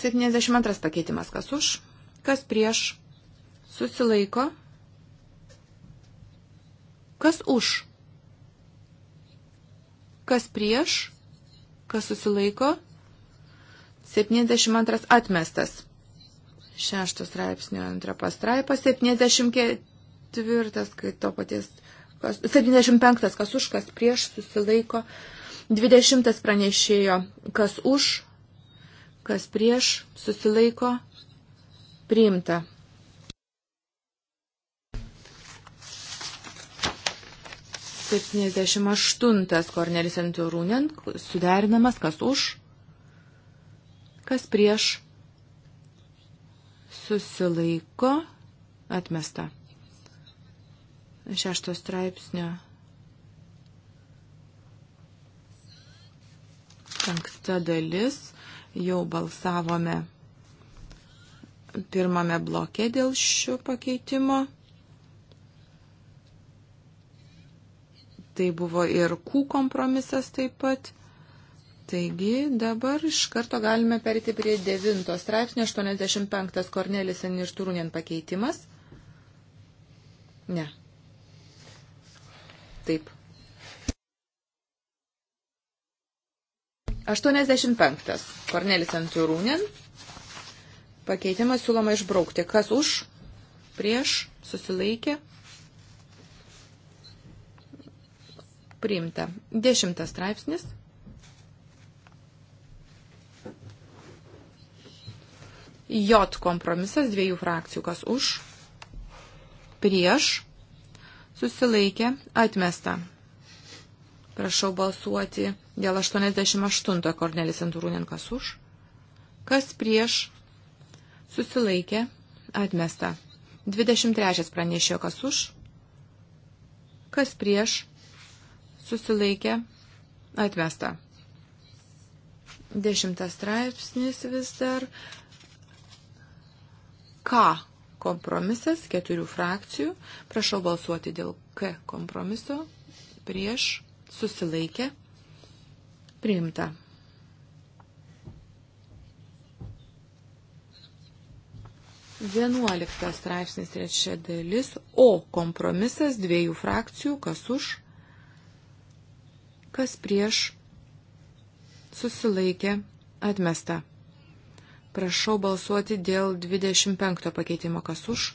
72 pakeitimas kas už, kas prieš, susilaiko, kas už, kas prieš, kas susilaiko, 72 atmestas. Šeštas straipsnio antra pastraipa, 74, kai to paties, kas, 75, kas už, kas prieš, susilaiko, 20 pranešėjo, kas už, kas prieš, susilaiko, priimta. Septyniasdešimt aštuntas Kornelis Antiorūnien, suderinamas, kas už, kas prieš, susilaiko, atmesta. Šešto straipsnio. Penkta dalis jau balsavome pirmame bloke dėl šio pakeitimo. Tai buvo ir Q kompromisas taip pat. Taigi dabar iš karto galime perėti prie 9 straipsnio 85 Kornelis ir Turunien pakeitimas. Ne. Taip. 85. Kornelis Anturūnin. Pakeitimas siūloma išbraukti. Kas už, prieš, susilaikė. Priimta. Dešimtas straipsnis. J kompromisas dviejų frakcijų. Kas už, prieš, susilaikė, atmesta. Prašau balsuoti dėl 88 Kornelis Anturūnien kas už. Kas prieš? Susilaikė. Atmesta. 23 pranešėjo kas už. Kas prieš? Susilaikė. Atmesta. Dešimtas straipsnis vis dar. K kompromisas keturių frakcijų. Prašau balsuoti dėl K kompromiso prieš susilaikė, priimta. Vienuoliktas straipsnis trečia dalis, o kompromisas dviejų frakcijų, kas už, kas prieš, susilaikė, atmesta. Prašau balsuoti dėl 25 pakeitimo, kas už,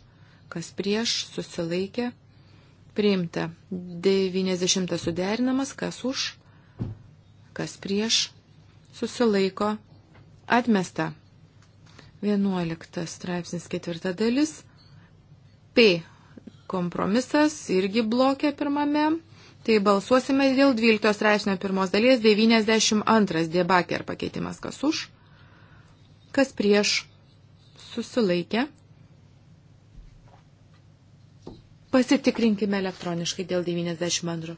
kas prieš, susilaikė, atmesta Priimta. 90 suderinamas, kas už, kas prieš, susilaiko, atmesta. 11 straipsnis ketvirta dalis. P. Kompromisas irgi blokė pirmame. Tai balsuosime dėl 12 straipsnio pirmos dalies 92 debaker pakeitimas kas už, kas prieš, susilaikė, Pasitikrinkime elektroniškai dėl 92.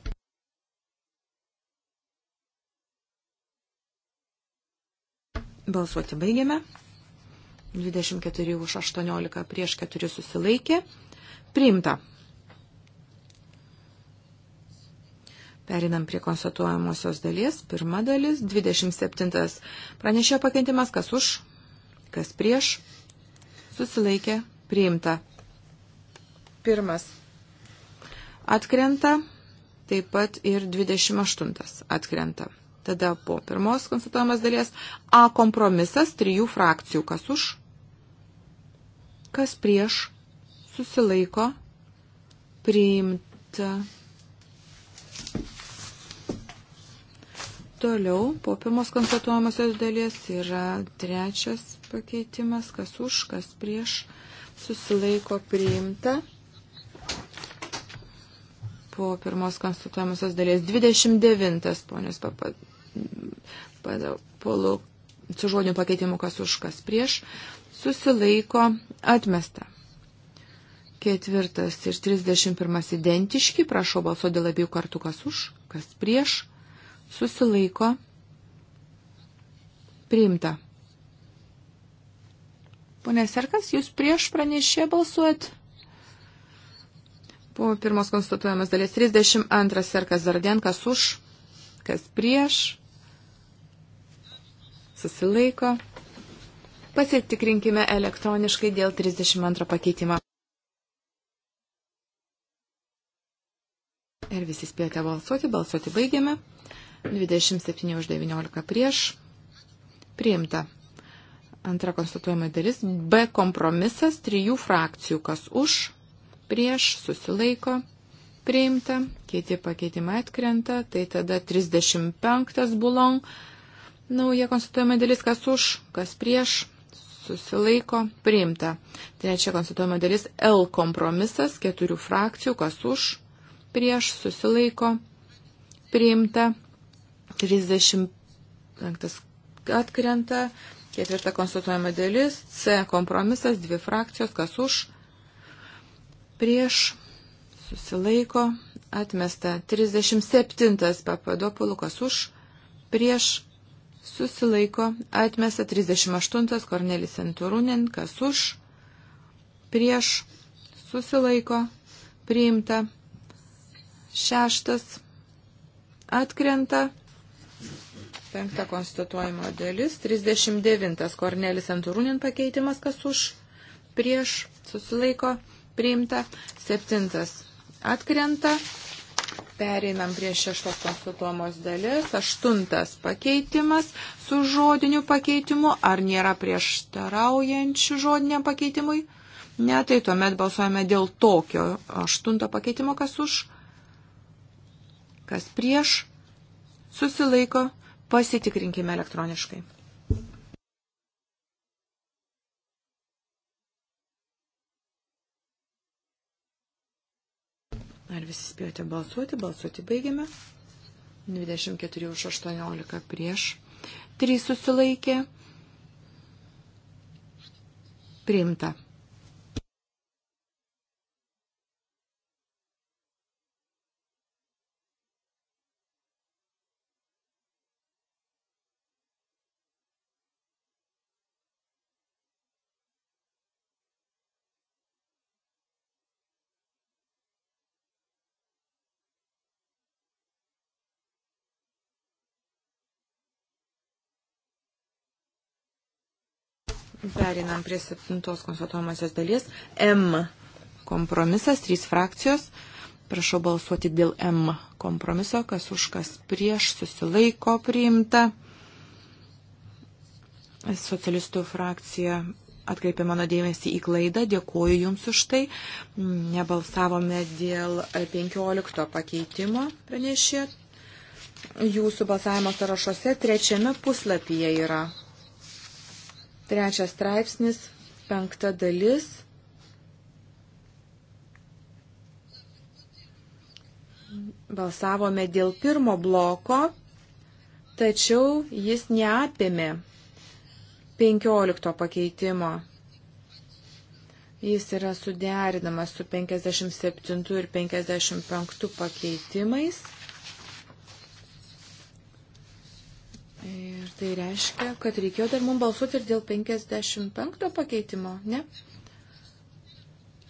Balsuoti baigiame. 24 už 18 prieš 4 susilaikė. Priimta. Perinam prie konstatuojamosios dalies. Pirma dalis, 27. Pranešėjo pakentimas, kas už, kas prieš. Susilaikė. Priimta. Pirmas atkrenta, taip pat ir 28 atkrenta. Tada po pirmos konstatuojamas dalies A kompromisas trijų frakcijų. Kas už? Kas prieš? Susilaiko? Priimta. Toliau po pirmos konstatuojamosios dalies yra trečias pakeitimas, kas už, kas prieš, susilaiko priimta po pirmos konstatuojamosios dalies. 29 ponios papolų su žodiniu pakeitimu kas už kas prieš susilaiko atmesta. Ketvirtas ir 31 identiški, prašau balso dėl abiejų kartų kas už, kas prieš, susilaiko, priimta. Pone Serkas, jūs prieš pranešė balsuot? Po pirmos konstatuojamas dalis 32 serkas Zardien, kas už, kas prieš, susilaiko. Pasitikrinkime elektroniškai dėl 32 pakeitimo. Ir visi spėjote balsuoti, balsuoti baigiame. 27 už 19 prieš. Priimta. Antra konstatuojama dalis. B kompromisas trijų frakcijų. Kas už, prieš, susilaiko, priimta, kiti pakeitimai atkrenta, tai tada 35 bulon, nauja konstatuojama dalis, kas už, kas prieš, susilaiko, priimta. Trečia konstatuojama dalis L kompromisas, keturių frakcijų, kas už, prieš, susilaiko, priimta. 35 atkrenta, ketvirta konstatuojama dalis C kompromisas, dvi frakcijos, kas už, prieš susilaiko atmesta 37 papadopulukas už prieš susilaiko atmesta 38 kornelis Anturūnin kas už prieš susilaiko priimta šeštas atkrenta penkta konstatuojimo dalis 39 kornelis Anturūnin pakeitimas kas už prieš susilaiko atmesta priimta, septintas atkrenta, pereinam prie šeštos konsultuomos dalis, aštuntas pakeitimas su žodiniu pakeitimu, ar nėra prieštaraujančių žodiniam pakeitimui? Ne, tai tuomet balsuojame dėl tokio aštunto pakeitimo, kas už, kas prieš, susilaiko, pasitikrinkime elektroniškai. Ar visi spėjote balsuoti? Balsuoti baigiame. 24 už 18 prieš. 3 susilaikė. Priimta. Perinam prie septintos konstatuojamosios dalies. M kompromisas, trys frakcijos. Prašau balsuoti dėl M kompromiso, kas už kas prieš susilaiko priimta. Socialistų frakcija atkreipė mano dėmesį į klaidą, dėkuoju Jums už tai. Nebalsavome dėl 15 pakeitimo pranešė. Jūsų balsavimo sąrašuose trečiame puslapyje yra Trečias straipsnis, penkta dalis. Balsavome dėl pirmo bloko, tačiau jis neapėmė 15 pakeitimo. Jis yra suderinamas su 57 ir 55 pakeitimais. Ar tai reiškia, kad reikėjo dar mums balsuoti ir dėl 55 pakeitimo, ne?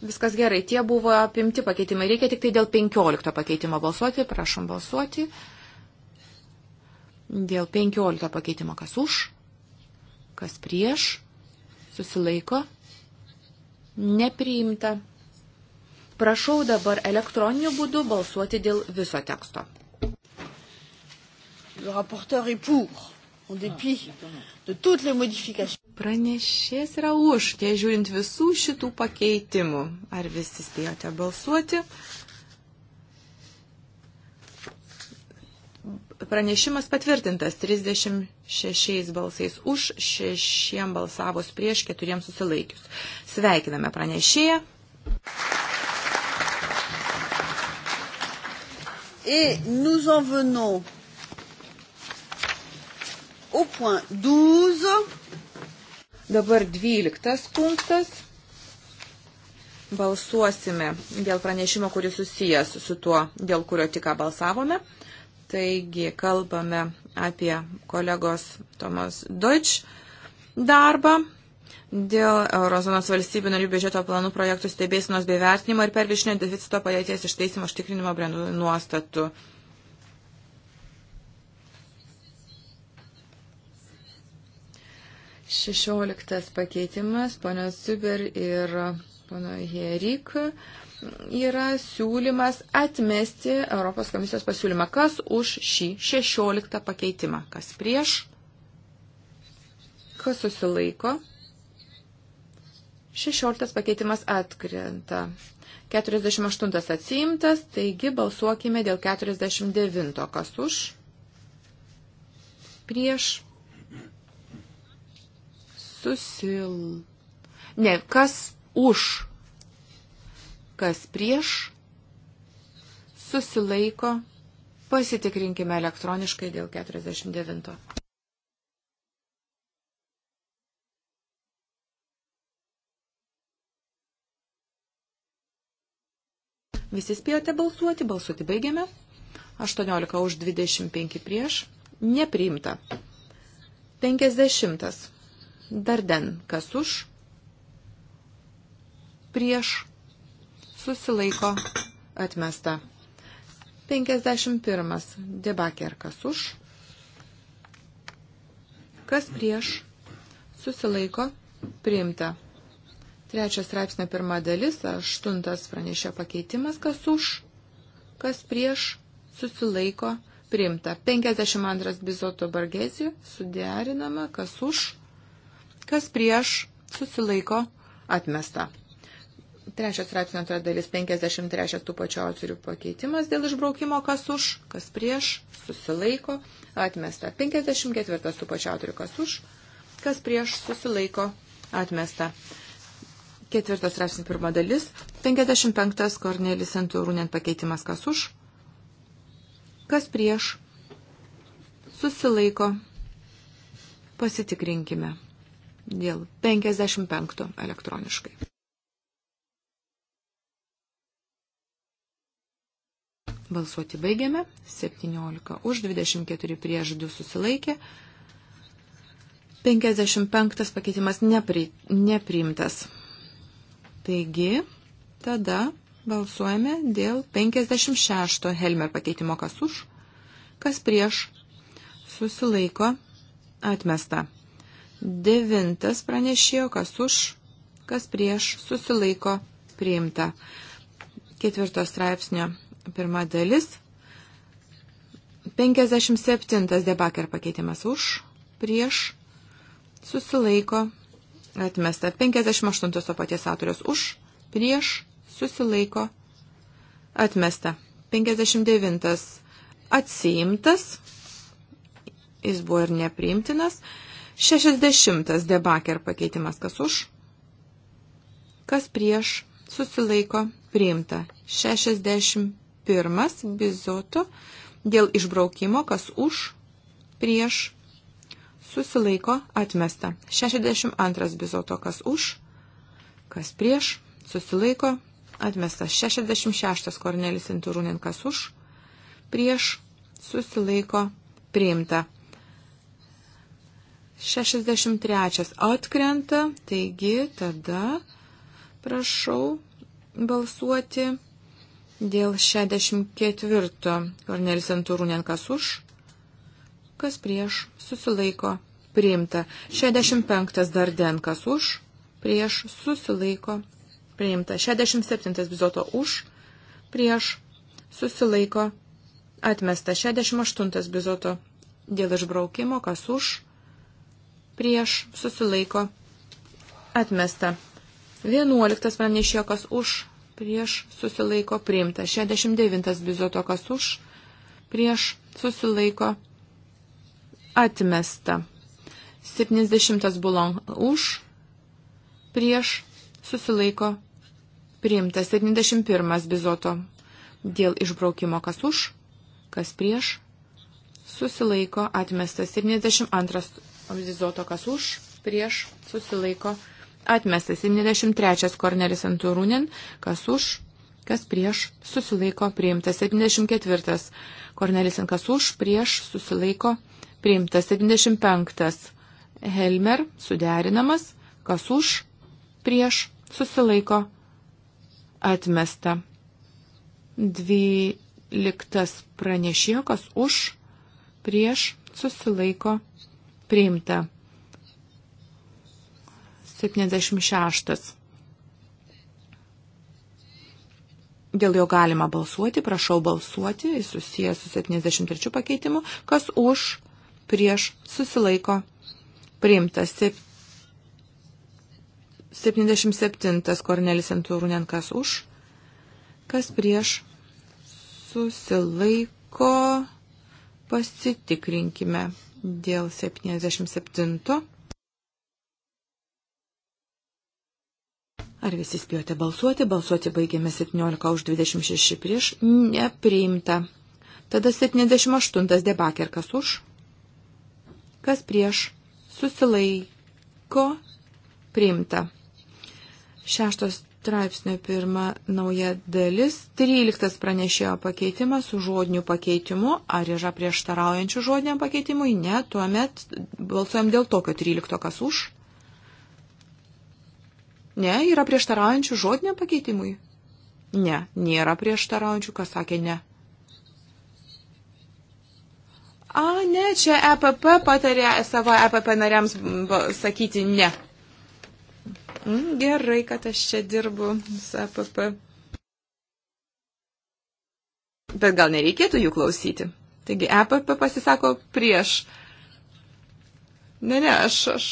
Viskas gerai, tie buvo apimti pakeitimai. Reikia tik tai dėl 15 pakeitimo balsuoti, prašom balsuoti. Dėl 15 pakeitimo kas už, kas prieš, susilaiko, nepriimta. Prašau dabar elektroniniu būdu balsuoti dėl viso teksto. Le rapporteur est pour. Pranešės yra už, nežiūrint visų šitų pakeitimų. Ar visi spėjote balsuoti? Pranešimas patvirtintas 36 balsais už, 6 balsavus prieš, 4 susilaikius. Sveikiname pranešėją. Et nous en venons au point 12. Dabar 12 punktas. Balsuosime dėl pranešimo, kuris susijęs su tuo, dėl kurio tik balsavome. Taigi kalbame apie kolegos Tomas Deutsch darbą dėl Eurozonos valstybių narių biudžeto planų projektų stebėsinos bei vertinimo ir pervišinio deficito padėties išteisimo užtikrinimo brandų nuostatų. Šešioliktas pakeitimas, ponios Zuber ir pono Herik, yra siūlymas atmesti Europos komisijos pasiūlymą. Kas už šį šešioliktą pakeitimą? Kas prieš? Kas susilaiko? Šešioliktas pakeitimas atkrenta. 48 atsiimtas, taigi balsuokime dėl 49. Kas už? Prieš susil... Ne, kas už, kas prieš, susilaiko, pasitikrinkime elektroniškai dėl 49. Visi spėjote balsuoti, balsuoti baigiame. 18 už 25 prieš. Nepriimta. 50. Darden, kas už, prieš, susilaiko, atmesta. 51. Debaker, kas už, kas prieš, susilaiko, priimta. Trečias straipsnio pirma dalis, aštuntas pranešė pakeitimas, kas už, kas prieš, susilaiko, priimta. 52 bizoto bargezijų suderinama, kas už, Kas prieš susilaiko atmesta. Trečias straipsnio antra dalis 53 tų pačių autorių pakeitimas dėl išbraukimo, kas už, kas prieš, susilaiko, atmesta. 54 tų pačių autorių, kas už, kas prieš, susilaiko, atmesta. Ketvirtas straipsnio pirma dalis 55 Kornelis Antūrūnien pakeitimas, kas už, kas prieš, susilaiko, pasitikrinkime dėl 55 elektroniškai. Balsuoti baigiame. 17 už, 24 prieš 2 susilaikė. 55 pakeitimas nepri, nepriimtas. Taigi, tada balsuojame dėl 56 Helmer pakeitimo kas už, kas prieš, susilaiko, atmesta. Devintas pranešėjo, kas už, kas prieš, susilaiko priimta. Ketvirto straipsnio pirma dalis. 57 debaker pakeitimas už, prieš, susilaiko, atmesta. 58 to paties autorius už, prieš, susilaiko, atmesta. 59 atsiimtas, jis buvo ir nepriimtinas. 60 debaker pakeitimas kas už, kas prieš, susilaiko, priimta. 61 bizoto dėl išbraukimo kas už, prieš, susilaiko, atmesta. 62 bizoto kas už, kas prieš, susilaiko, atmestas 66 Kornelis Inturūnin kas už, prieš susilaiko priimta. 63 atkrenta, taigi tada prašau balsuoti dėl 64 Kornelis Anturūnien kas už, kas prieš, susilaiko, priimta. 65 Darden kas už, prieš, susilaiko, priimta. 67 Bizoto už, prieš, susilaiko, atmesta. 68 Bizoto dėl išbraukimo kas už, prieš susilaiko atmesta. 11 pranešė, kas už prieš susilaiko priimta. 69 bizoto, kas už prieš susilaiko atmesta. 70 bulon už prieš susilaiko priimta. 71 bizoto dėl išbraukimo, kas už, kas prieš susilaiko atmesta. 72 Vizoto kas už, prieš, susilaiko, atmestas. 73 Kornelis Anturūnin, kas už, kas prieš, susilaiko, priimtas. 74 Kornelis Ankas už, prieš, susilaiko, priimtas. 75 Helmer, suderinamas, kas už, prieš, susilaiko, atmesta. 12 pranešėjo, kas už, prieš, susilaiko, atmesta priimta. 76. Dėl jo galima balsuoti, prašau balsuoti, jis susijęs su 73 pakeitimu, kas už, prieš, susilaiko, priimtas. 77 Kornelis Antūrūnen, kas už, kas prieš, susilaiko, pasitikrinkime dėl 77. Ar visi spėjote balsuoti? Balsuoti baigėme 17 už 26 prieš. Nepriimta. Tada 78 debaker kas už? Kas prieš? Susilaiko. Priimta. Šeštas straipsnio pirma nauja dalis. 13 pranešėjo pakeitimas su žodiniu pakeitimu. Ar yra prieštaraujančių žodiniam pakeitimui? Ne, tuomet balsuojam dėl tokio 13, kas už. Ne, yra prieštaraujančių žodiniam pakeitimui. Ne, nėra prieštaraujančių, kas sakė ne. A, ne, čia EPP patarė savo EPP nariams sakyti ne. Mm, gerai, kad aš čia dirbu su APP. Bet gal nereikėtų jų klausyti. Taigi APP pasisako prieš. Ne, ne, aš, aš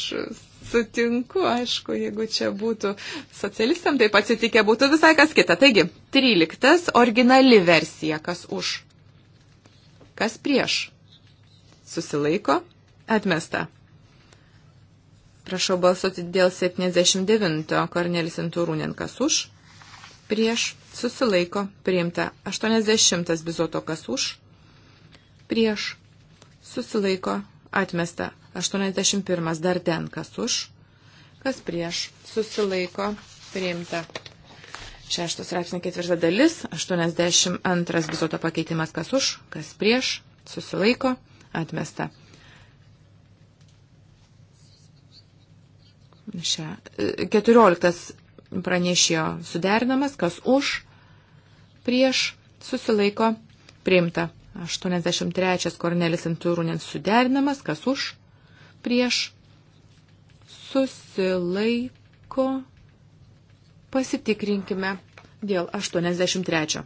sutinku, aišku, jeigu čia būtų socialistam taip atsitikę, būtų visai kas kita. Taigi, 13. Originali versija, kas už. Kas prieš? Susilaiko? Atmesta. Prašau balsuoti dėl 79 Kornelis Intūrūnien kas už. Prieš susilaiko priimta 80 bizoto kas už. Prieš susilaiko atmesta 81 dar ten kas už. Kas prieš susilaiko priimta. Šeštos straipsnė ketvirta dalis, 82 bizoto pakeitimas kas už, kas prieš, susilaiko, atmesta. Šia. E, 14 pranešėjo suderinamas, kas už, prieš, susilaiko, priimta. 83 Kornelis Antūrūnens suderinamas, kas už, prieš, susilaiko, pasitikrinkime dėl 83.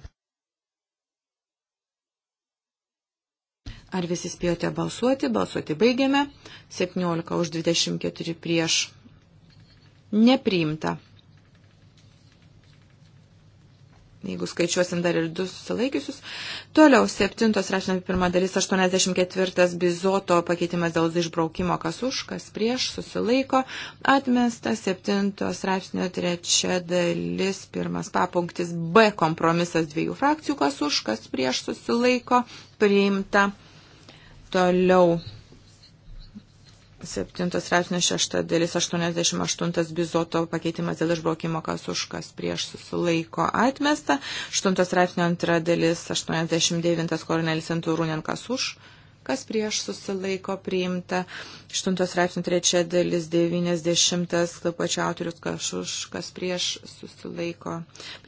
Ar visi spėjote balsuoti? Balsuoti baigiame. 17 už 24 prieš Nepriimta. Jeigu skaičiuosim dar ir du susilaikiusius. Toliau, septintos rašinė pirma dalis, 84 bizoto pakeitimas dėl išbraukimo, kas už, kas prieš, susilaiko. Atmesta septintos rašinė trečia dalis, pirmas papunktis B kompromisas dviejų frakcijų, kas už, kas prieš, susilaiko. Priimta. Toliau. Septintas straipsnės šešta dalis 88 bizoto pakeitimas dėl išbraukimo kas už kas prieš susilaiko atmesta. Aštuntas straipsnio antra dalis 89 koronelis antūrūnien kas už kas prieš susilaiko priimta. Aštuntas straipsnio trečia dalis 90 pačio autorius kas už kas prieš susilaiko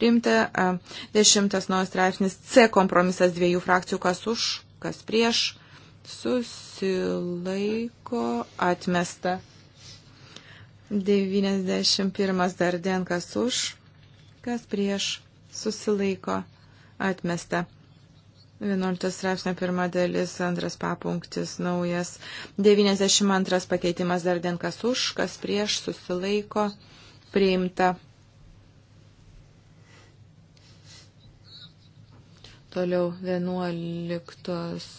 priimta. Dešimtas naujas straipsnis C kompromisas dviejų frakcijų kas už kas prieš susilaiko atmesta. 91 dar denkas už, kas prieš susilaiko atmesta. 11 straipsnio pirma dalis, antras papunktis, naujas. 92 pakeitimas dar denkas už, kas prieš susilaiko priimta. Toliau 11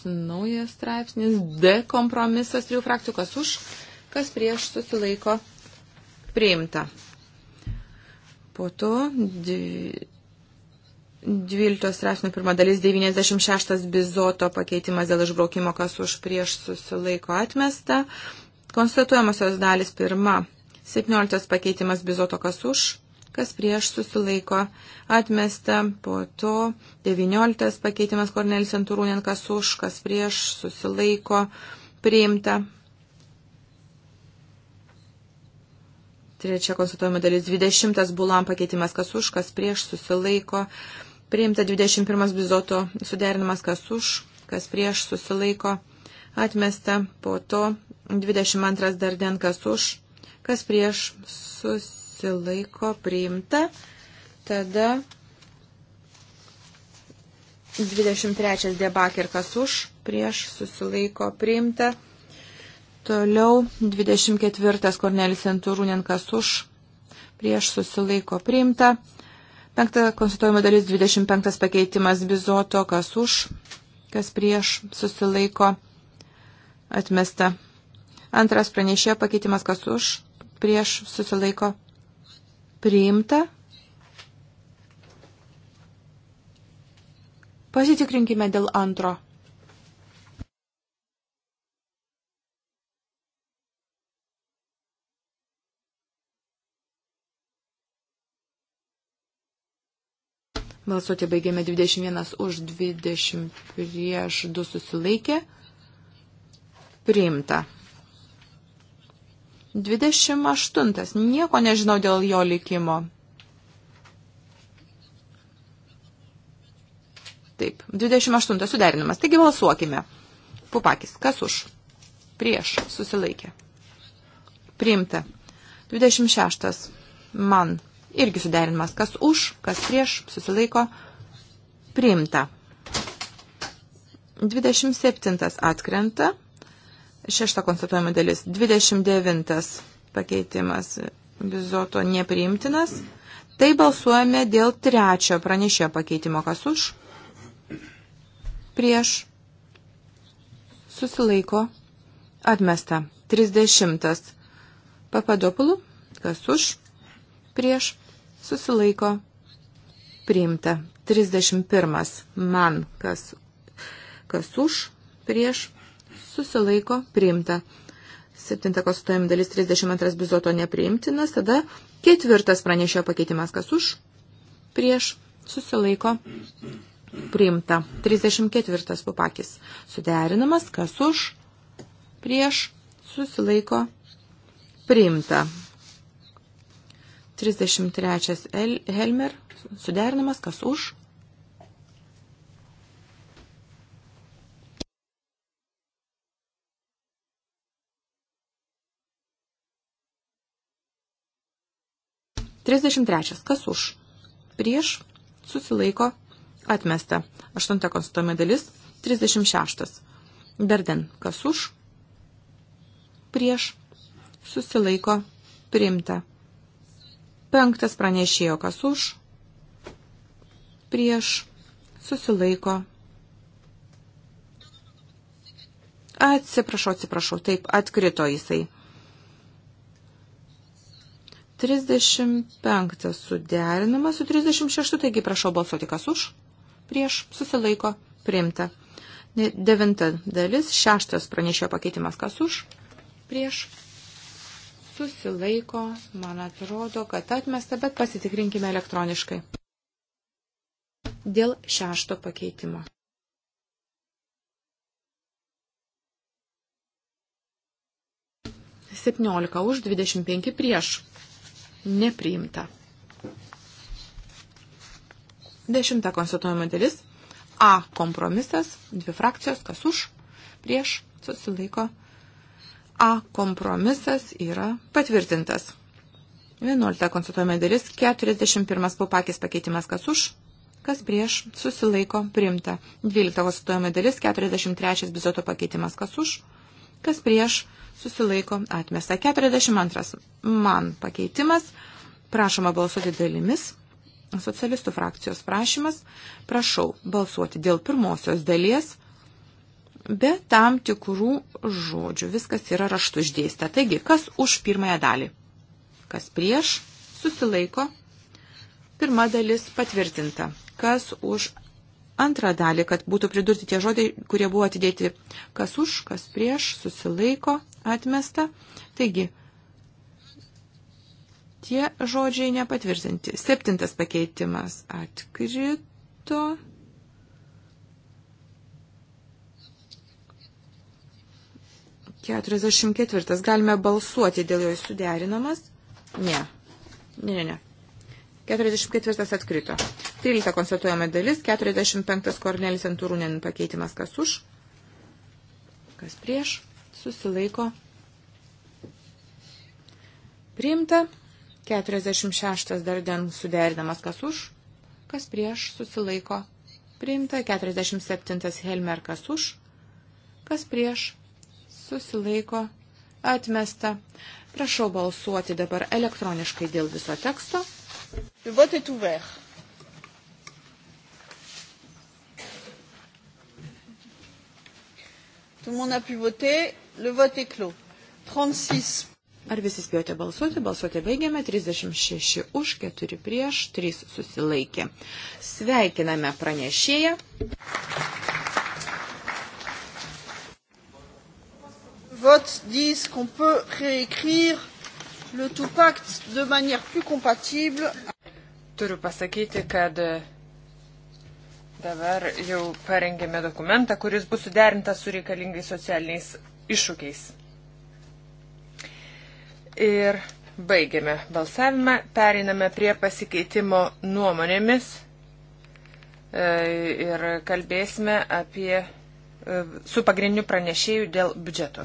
naujas straipsnis, D kompromisas, trijų frakcijų, kas už, kas prieš susilaiko priimta. Po to 12 straipsnio pirma dalis 96 bizoto pakeitimas dėl išbraukimo, kas už prieš susilaiko atmesta. Konstatuojamosios dalis pirma 17 pakeitimas bizoto, kas už kas prieš susilaiko atmesta, po to 19 pakeitimas Kornelis Anturūnien, kas už, kas prieš susilaiko priimta. Trečia konstatuojama dalis 20 bulam pakeitimas, kas už, kas prieš susilaiko priimta, 21 bizoto suderinamas, kas už, kas prieš susilaiko atmesta, po to 22 dar den, kas už, kas prieš susilaiko susilaiko priimta. Tada 23 debakirkas už, prieš susilaiko priimta. Toliau 24 Kornelis Anturūninkas už, prieš susilaiko priimta. Penkta konstatuojama dalis 25 pakeitimas bizoto, kas už, kas prieš susilaiko atmesta. Antras pranešėjo pakeitimas, kas už, prieš susilaiko priimta. Pasitikrinkime dėl antro. Balsuoti baigėme 21 už 20 prieš 2 susilaikė. Priimta. 28. Nieko nežinau dėl jo likimo. Taip, 28 suderinimas. Taigi balsuokime. Pupakis, kas už? Prieš, susilaikė. Priimta. 26. Man. Irgi suderinimas. Kas už, kas prieš, susilaiko. Priimta. 27 atkrenta. Šešta konstatuojama dalis. 29 pakeitimas vizoto nepriimtinas. Tai balsuojame dėl trečio pranešėjo pakeitimo. Kas už? Prieš. Susilaiko. Atmesta. 30. Papadopulų. Kas už? Prieš. Susilaiko. Priimta. 31. Man. Kas, kas už? Prieš susilaiko priimta. Septinta konstatuojama dalis 32 bizoto nepriimtinas, tada ketvirtas pranešėjo pakeitimas, kas už, prieš, susilaiko priimta. 34 pupakis suderinamas, kas už, prieš, susilaiko priimta. 33 Helmer suderinamas, kas už, 33. Kas už? Prieš susilaiko atmesta. 8 konstatuojama dalis. 36. Darden. Kas už? Prieš susilaiko priimta. Penktas pranešėjo kas už, prieš, susilaiko. Atsiprašau, atsiprašau, taip, atkrito jisai. 35 suderinama su 36, taigi prašau balsuoti kas už, prieš, susilaiko, priimta. Devinta dalis, šeštas pranešėjo pakeitimas kas už, prieš, susilaiko, man atrodo, kad atmesta, bet pasitikrinkime elektroniškai. Dėl šešto pakeitimo. Septyniolika už, dvidešimt penki prieš nepriimta. Dešimta konstatuojama dalis. A kompromisas, dvi frakcijos, kas už, prieš, susilaiko. A kompromisas yra patvirtintas. Vienuolikta konstatuojama dalis. 41 pupakis pakeitimas, kas už, kas prieš, susilaiko, priimta. Dvylikta konstatuojama dalis. 43 bizoto pakeitimas, kas už, kas prieš susilaiko atmesta. 42. Man pakeitimas. Prašoma balsuoti dalimis. Socialistų frakcijos prašymas. Prašau balsuoti dėl pirmosios dalies be tam tikrų žodžių. Viskas yra raštu išdėsta. Taigi, kas už pirmąją dalį? Kas prieš? Susilaiko. Pirma dalis patvirtinta. Kas už antrą dalį, kad būtų pridurti tie žodžiai, kurie buvo atidėti kas už, kas prieš, susilaiko, atmesta. Taigi, tie žodžiai nepatvirtinti. Septintas pakeitimas atkrito. Keturiasdešimt ketvirtas. Galime balsuoti dėl jo suderinamas? Ne. Ne, ne, ne. Keturiasdešimt ketvirtas atkrito. 13 konstatuojama dalis, 45 Kornelis Anturūnen pakeitimas kas už, kas prieš, susilaiko. Priimta, 46 dar den suderinamas kas už, kas prieš, susilaiko. Priimta, 47 Helmer kas už, kas prieš, susilaiko, atmesta. Prašau balsuoti dabar elektroniškai dėl viso teksto. Le vote est ouvert. Tout le monde a pu voter. Le vote est clos. 36. Ar visi spėjote balsuoti? Balsuoti baigiame. 36 už, 4 prieš, 3 susilaikė. Sveikiname pranešėją. Votes disent qu'on peut réécrire le tout pacte de manière plus compatible. Turiu pasakyti, kad Dabar jau parengėme dokumentą, kuris bus suderintas su reikalingais socialiniais iššūkiais. Ir baigėme balsavimą, periname prie pasikeitimo nuomonėmis e, ir kalbėsime apie e, su pagrindiniu pranešėju dėl biudžeto.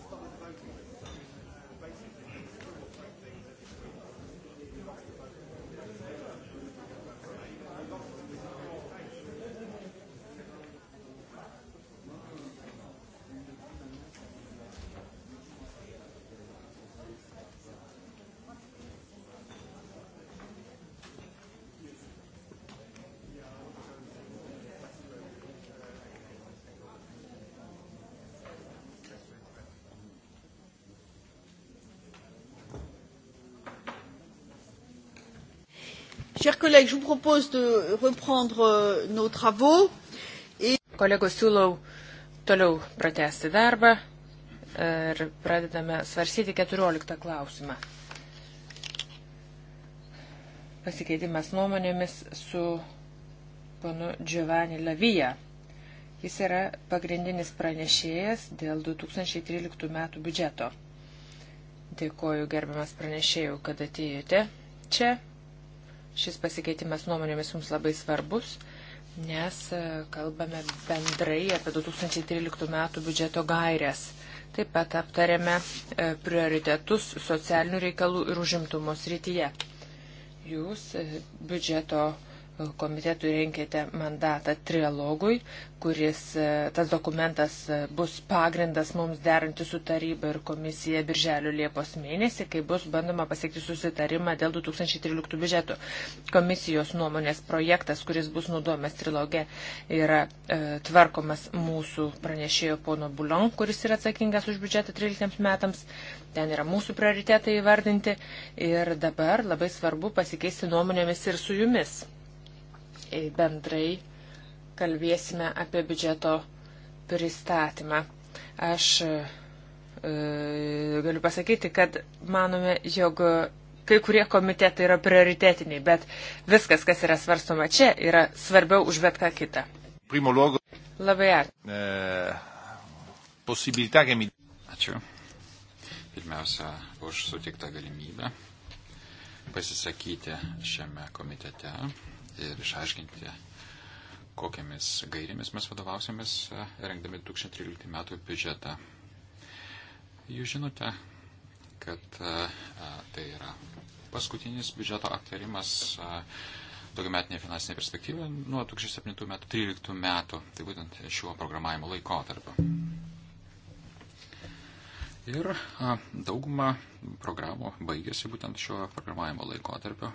Chers collègues, je vous propose de reprendre euh, nos travaux. Et... Kolegos siūlau toliau pratesti darbą ir pradedame svarsyti 14 klausimą. Pasikeitimas nuomonėmis su ponu Giovanni Lavija. Jis yra pagrindinis pranešėjas dėl 2013 metų biudžeto. Dėkoju gerbiamas pranešėjų, kad atėjote čia Šis pasikeitimas nuomonėmis mums labai svarbus, nes e, kalbame bendrai apie 2013 metų biudžeto gairias. Taip pat aptarėme e, prioritetus socialinių reikalų ir užimtumo srityje. Jūs e, biudžeto komitetui renkėte mandatą trialogui, kuris e, tas dokumentas e, bus pagrindas mums derinti su taryba ir komisija Birželio Liepos mėnesį, kai bus bandoma pasiekti susitarimą dėl 2013 biudžeto. Komisijos nuomonės projektas, kuris bus naudojamas trilogė, yra e, tvarkomas mūsų pranešėjo pono Bulon, kuris yra atsakingas už biudžetą 13 metams. Ten yra mūsų prioritetai įvardinti ir dabar labai svarbu pasikeisti nuomonėmis ir su jumis bendrai kalbėsime apie biudžeto pristatymą. Aš e, galiu pasakyti, kad manome, jog kai kurie komitetai yra prioritetiniai, bet viskas, kas yra svarstoma čia, yra svarbiau už bet ką kitą. Primologo. Labai ačiū. E, ačiū. Pirmiausia, už sutiktą galimybę pasisakyti šiame komitete ir išaiškinti, kokiamis gairėmis mes vadovausiamės, e, rengdami 2013 metų biudžetą. Jūs žinote, kad e, e, tai yra paskutinis biudžeto aptarimas daugiametinė finansinė perspektyva nuo 2007 metų 2013 metų, tai būtent šiuo programavimo laikotarpiu. Ir dauguma programų baigėsi būtent šio programavimo laikotarpio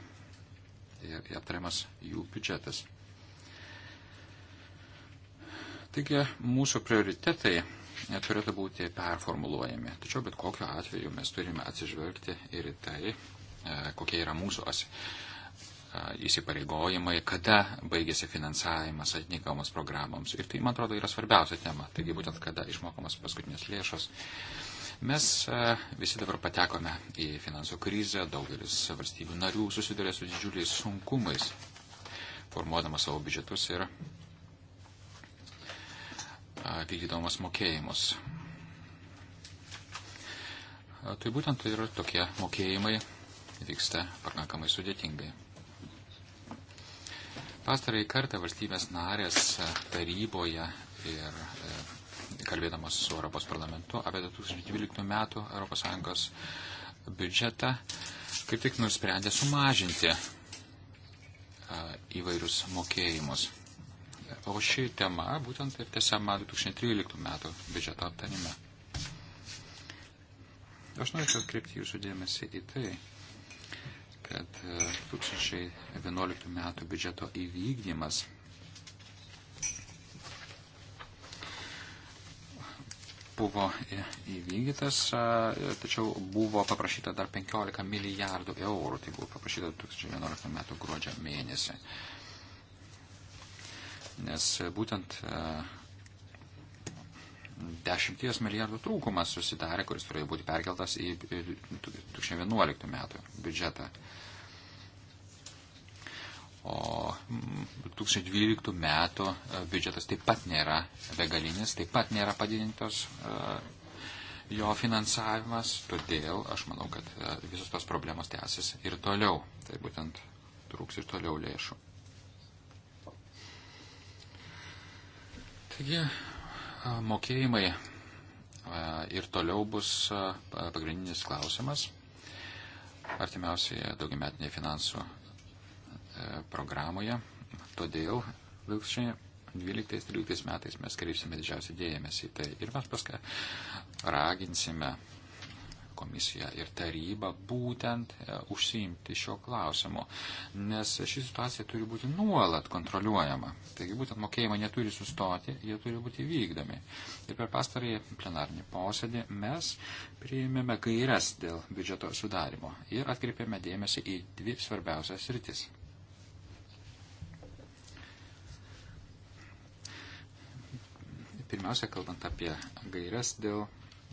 ir aptariamas jų biudžetas. Taigi mūsų prioritetai turėtų būti performuluojami. Tačiau bet kokiu atveju mes turime atsižvelgti ir į tai, e, kokie yra mūsų e, įsipareigojimai, kada baigėsi finansavimas atitinkamoms programoms. Ir tai, man atrodo, yra svarbiausia tema. Taigi būtent, kada išmokamos paskutinės lėšos Mes e, visi dabar patekome į finansų krizę, daugelis valstybių narių susiduria su didžiuliais sunkumais, formuodama savo biudžetus ir e, vykdydamas mokėjimus. E, tai būtent tai yra tokie mokėjimai vyksta pakankamai sudėtingai. Pastarai kartą valstybės narės taryboje ir kalbėdamas su Europos parlamentu apie 2012 metų ES biudžetą, kaip tik nusprendė sumažinti įvairius mokėjimus. O ši tema būtent ir tiesiama 2013 metų biudžeto aptarime. Aš norėčiau atkreipti jūsų dėmesį į tai, kad 2011 metų biudžeto įvykdymas buvo įvykdytas, tačiau buvo paprašyta dar 15 milijardų eurų, tai buvo paprašyta 2011 m. gruodžio mėnesį. Nes būtent 10 milijardų trūkumas susidarė, kuris turėjo būti perkeltas į 2011 m. biudžetą. O 2012 metų e, biudžetas taip pat nėra begalinis, taip pat nėra padidintos e, jo finansavimas, todėl aš manau, kad e, visos tos problemos tęsis ir toliau. Tai būtent trūks ir toliau lėšų. Taigi, mokėjimai ir toliau bus pagrindinis klausimas artimiausioje daugiametinėje finansų programoje. Todėl 2012-2013 metais mes kreipsime didžiausią dėmesį į tai ir mes paskui raginsime komisiją ir tarybą būtent e, užsiimti šio klausimu, nes ši situacija turi būti nuolat kontroliuojama. Taigi būtent mokėjimai neturi sustoti, jie turi būti vykdomi. Ir per pastarąjį plenarnį posėdį mes priėmėme gairias dėl biudžeto sudarimo ir atkreipėme dėmesį į dvi svarbiausias rytis. Pirmiausia, kalbant apie gairias dėl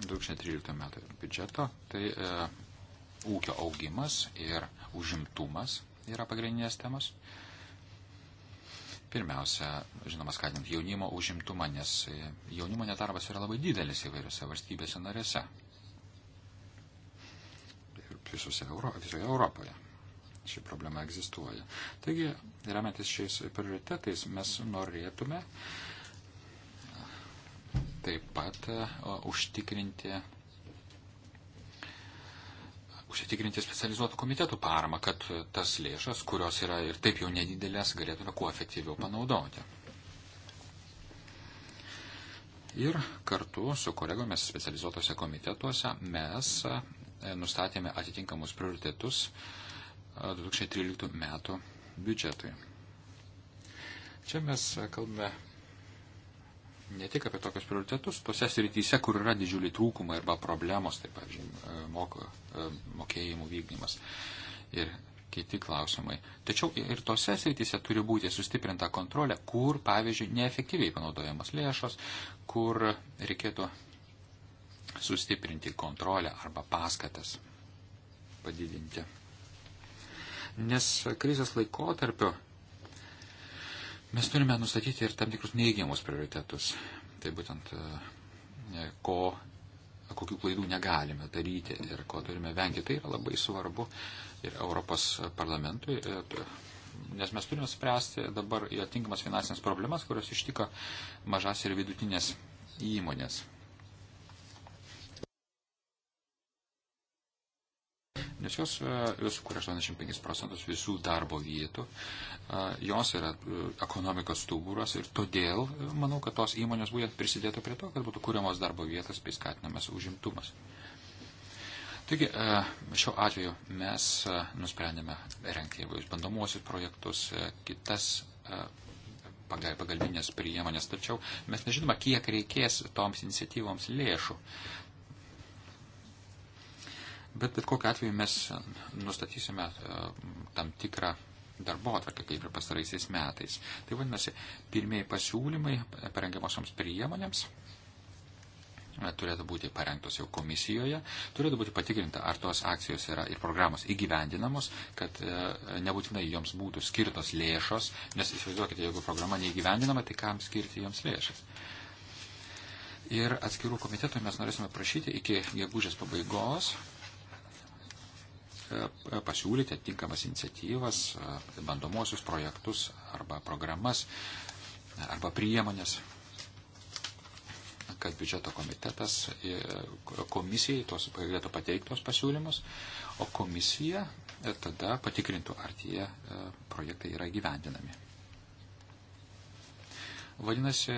2013 metų biudžeto, tai e, ūkio augimas ir užimtumas yra pagrindinės temos. Pirmiausia, žinoma, skatinti jaunimo užimtumą, nes e, jaunimo nedarbas yra labai didelis įvairiose valstybėse narėse. Ir visose Euro, visoje Europoje ši problema egzistuoja. Taigi, remiantis šiais prioritetais, mes norėtume uh, taip pat e, užtikrinti užsitikrinti specializuotų komitetų paramą, kad tas lėšas, kurios yra ir taip jau nedidelės, galėtume kuo efektyviau panaudoti. Ir kartu su kolegomis specializuotose komitetuose mes e, nustatėme atitinkamus prioritetus 2013 e, metų biudžetui. Čia mes kalbame ne tik apie tokius prioritetus, tose srityse, kur yra didžiuliai trūkumai arba problemos, tai pavyzdžiui, e, mok, e, mokėjimų vykdymas ir kiti klausimai. Tačiau ir tose srityse turi būti sustiprinta kontrolė, kur, pavyzdžiui, neefektyviai panaudojamos lėšos, kur reikėtų sustiprinti kontrolę arba paskatas padidinti. Nes krizės laikotarpio Mes turime nustatyti ir tam tikrus neįgiamus prioritetus. Tai būtent, e, ko, kokių klaidų negalime daryti ir ko turime vengti. Tai yra labai svarbu ir Europos parlamentui, e, nes mes turime spręsti dabar atinkamas finansinės problemas, kurios ištiko mažas ir vidutinės įmonės. nes jos e, sukuria 85 procentus visų darbo vietų, e, jos yra e, ekonomikos stuburas ir todėl manau, kad tos įmonės būtent prisidėtų prie to, kad būtų kuriamos darbo vietas bei skatinamas užimtumas. Taigi, šiuo atveju mes nusprendėme renkti įvairius bandomuosius projektus, kitas pagalbinės priemonės, tačiau mes nežinome, kiek reikės toms iniciatyvoms lėšų. Bet bet kokiu atveju mes e, nustatysime e, tam tikrą darbo atvarkę, kaip ir pastaraisiais metais. Tai vadinasi, pirmieji pasiūlymai parengiamosioms priemonėms e, turėtų būti parengtos jau komisijoje, turėtų būti patikrinta, ar tos akcijos yra ir programos įgyvendinamos, kad nebūtinai joms būtų skirtos lėšos, nes įsivaizduokite, jeigu programa neįgyvendinama, tai kam skirti joms lėšas. Ir atskirų komitetų mes norėsime prašyti iki gegužės pabaigos E, pasiūlyti atitinkamas iniciatyvas, e, bandomosius projektus arba programas e, arba priemonės, kad biudžeto komitetas komisijai tos, galėtų pateikti tos pasiūlymus, o komisija tada patikrintų, ar tie projektai yra gyvendinami. Vadinasi,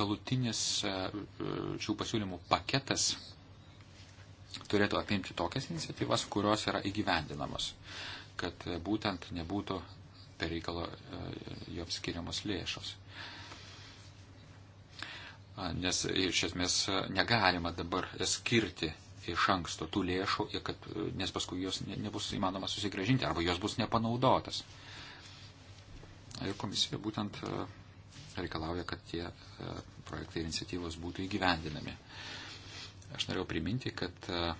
galutinis šių pasiūlymų paketas turėtų apimti tokias iniciatyvas, kurios yra įgyvendinamos, kad e, būtent nebūtų per reikalo e, joms skiriamos lėšos. Nes iš esmės e, negalima dabar skirti iš anksto tų lėšų, kad, nes paskui jos nebus įmanoma susigražinti arba jos bus nepanaudotas. Ir komisija būtent reikalauja, kad tie projektai ir iniciatyvos būtų įgyvendinami. Uh, Aš norėjau priminti, kad e,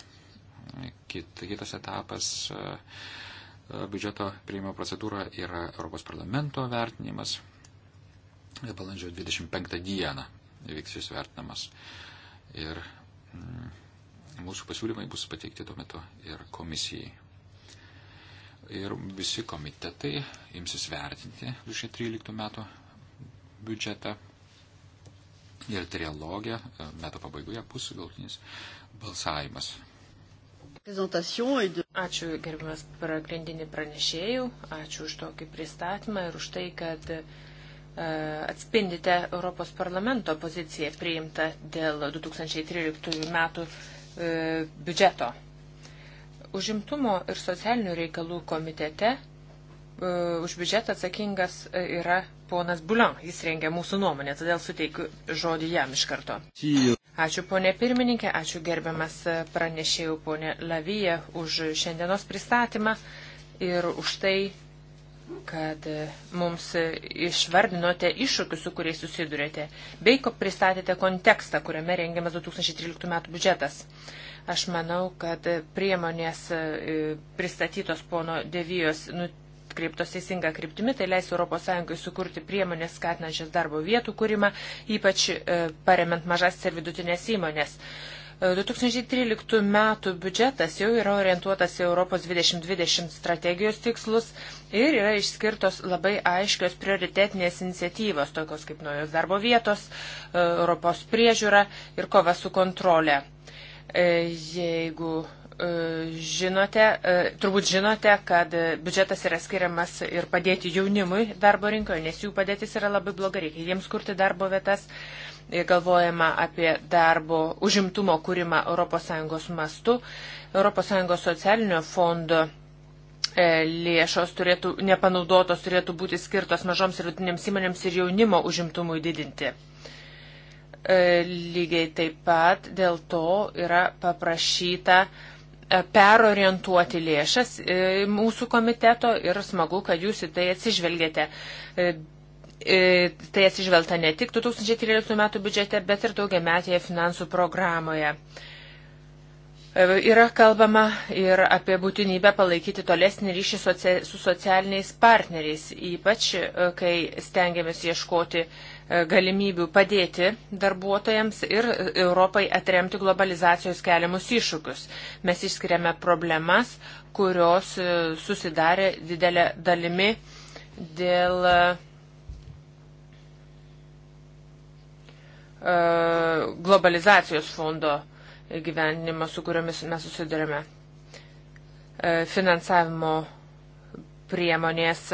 kitas etapas e, e, biudžeto prieimimo procedūra yra Europos parlamento vertinimas. Balandžio 25 dieną vyks šis vertinimas. Ir mm, mūsų pasiūlymai bus pateikti tuo metu ir komisijai. Ir visi komitetai imsis vertinti 2013 metų biudžetą ir trilogė e, metų pabaigoje bus galtinis balsavimas. Ačiū gerbimas pagrindinį pranešėjų, ačiū už tokį pristatymą ir už tai, kad e, atspindite Europos parlamento poziciją priimtą dėl 2013 metų e, biudžeto. Užimtumo ir socialinių reikalų komitete E, už biudžetą atsakingas e, yra ponas Bulan. Jis rengia mūsų nuomonę, todėl suteikiu žodį jam iš karto. Ačiū ponė pirmininkė, ačiū gerbiamas e, pranešėjų ponė Lavyje už šiandienos pristatymą ir už tai, kad mums išvardinote iššūkius, su kuriais susidurėte, bei pristatėte kontekstą, kuriame rengiamas 2013 m. biudžetas. Aš manau, kad priemonės pristatytos pono Devijos nu- nukreiptos teisinga kryptimi, tai leis ES sukurti priemonės skatinančias darbo vietų kūrimą, ypač e, paremant mažas ir vidutinės įmonės. 2013 e, metų biudžetas jau yra orientuotas į Europos 2020 strategijos tikslus ir yra išskirtos labai aiškios prioritetinės iniciatyvos, tokios kaip naujos darbo vietos, e, Europos priežiūra ir kova su kontrolė. Jeigu E, žinote, e, turbūt žinote, kad biudžetas yra skiriamas ir padėti jaunimui darbo rinkoje, nes jų padėtis yra labai bloga, reikia jiems kurti darbo vietas, e, galvojama apie darbo užimtumo kūrimą ES mastu, ES socialinio fondo lėšos turėtų, nepanaudotos turėtų būti skirtos mažoms ir vidutinėms įmonėms ir jaunimo užimtumui didinti lygiai taip pat dėl to yra paprašyta E, perorientuoti lėšas e, mūsų komiteto ir smagu, kad jūs į tai atsižvelgėte. E, tai atsižvelgta ne tik 2013 metų biudžete, bet ir daugiametėje finansų programoje. Yra kalbama ir apie būtinybę palaikyti tolesnį ryšį socia su socialiniais partneriais, ypač kai stengiamės ieškoti E, galimybių padėti darbuotojams ir Europai atremti globalizacijos keliamus iššūkius. Mes išskiriame problemas, kurios e, susidarė didelę dalimi dėl e, globalizacijos fondo gyvenimo, su kuriomis mes susidurime. Finansavimo priemonės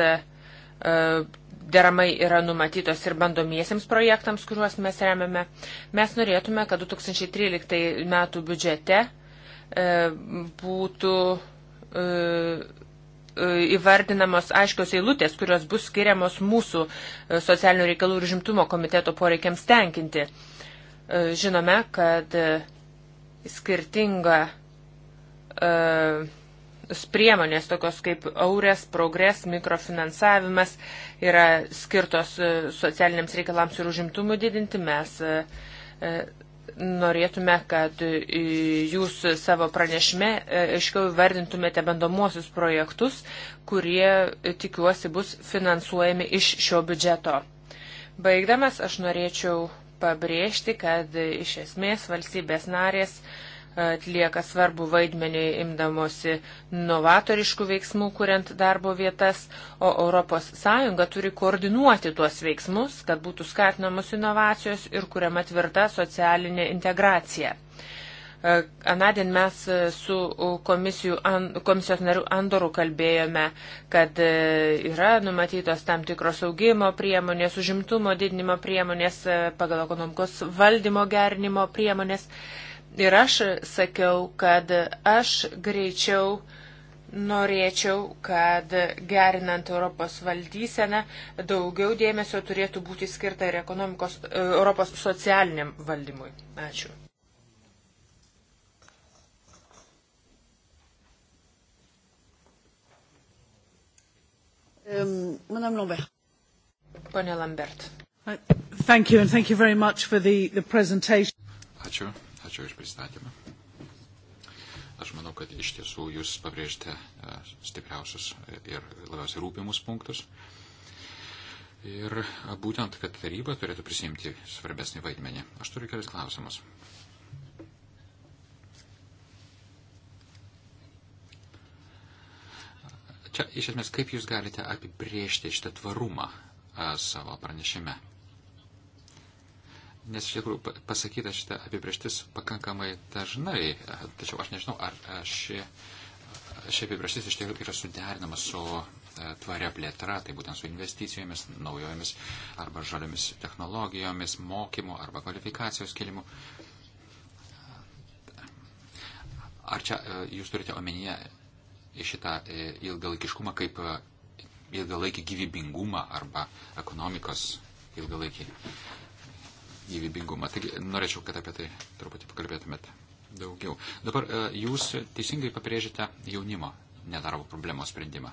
deramai yra numatytos ir bandomiesiems projektams, kuriuos mes remiame. Mes norėtume, kad 2013 metų biudžete e, būtų e, e, įvardinamos aiškios eilutės, kurios bus skiriamos mūsų socialinių reikalų ir žimtumo komiteto poreikiams tenkinti. Žinome, kad skirtinga priemonės, tokios kaip aurės, progres, mikrofinansavimas, yra skirtos e, socialiniams reikalams ir užimtumų didinti. Mes e, e, norėtume, kad jūs savo pranešime aiškiau vardintumėte bandomuosius projektus, kurie tikiuosi bus finansuojami iš šio biudžeto. Baigdamas, aš norėčiau pabrėžti, kad iš esmės valstybės narės uh, atlieka svarbu vaidmenį imdamosi novatoriškų veiksmų, kuriant darbo vietas, o ES turi koordinuoti tuos veiksmus, kad būtų skatinamos inovacijos ir kuriama tvirta socialinė integracija. E, Anadien mes su komisijos nariu Andoru kalbėjome, kad e, yra numatytos tam tikros augimo priemonės, užimtumo didinimo priemonės, e, pagal ekonomikos valdymo gerinimo priemonės Ir aš sakiau, kad aš greičiau norėčiau, kad gerinant Europos valdyseną daugiau dėmesio turėtų būti skirta ir ekonomikos, e, Europos socialiniam valdymui. Ačiū. Um, Madame Lambert. Pone Lambert. Thank you and thank you very much for the, the presentation. Ačiū ačiū iš pristatymą. Aš manau, kad iš tiesų jūs pabrėžite e, stipriausius ir labiausiai rūpimus punktus. Ir e, būtent, kad taryba turėtų prisimti svarbesnį vaidmenį. Aš turiu kelis klausimus. Čia, iš esmės, kaip jūs galite apibriežti šitą tvarumą a, e, savo pranešime? Nes iš tikrųjų pasakyta šitą apibrieštis pakankamai dažnai, tačiau aš nežinau, ar ši, ši apibrieštis iš tikrųjų yra suderinama su e, tvaria plėtra, tai būtent su investicijomis, naujomis arba žaliomis technologijomis, mokymu arba kvalifikacijos kelimu. Ar čia e, jūs turite omenyje šitą e, ilgalaikiškumą kaip ilgalaikį gyvybingumą arba ekonomikos ilgalaikį gyvybingumą. Taigi norėčiau, kad apie tai truputį pakalbėtumėte daugiau. Dabar e, jūs teisingai pabrėžite jaunimo nedarbo problemos sprendimą.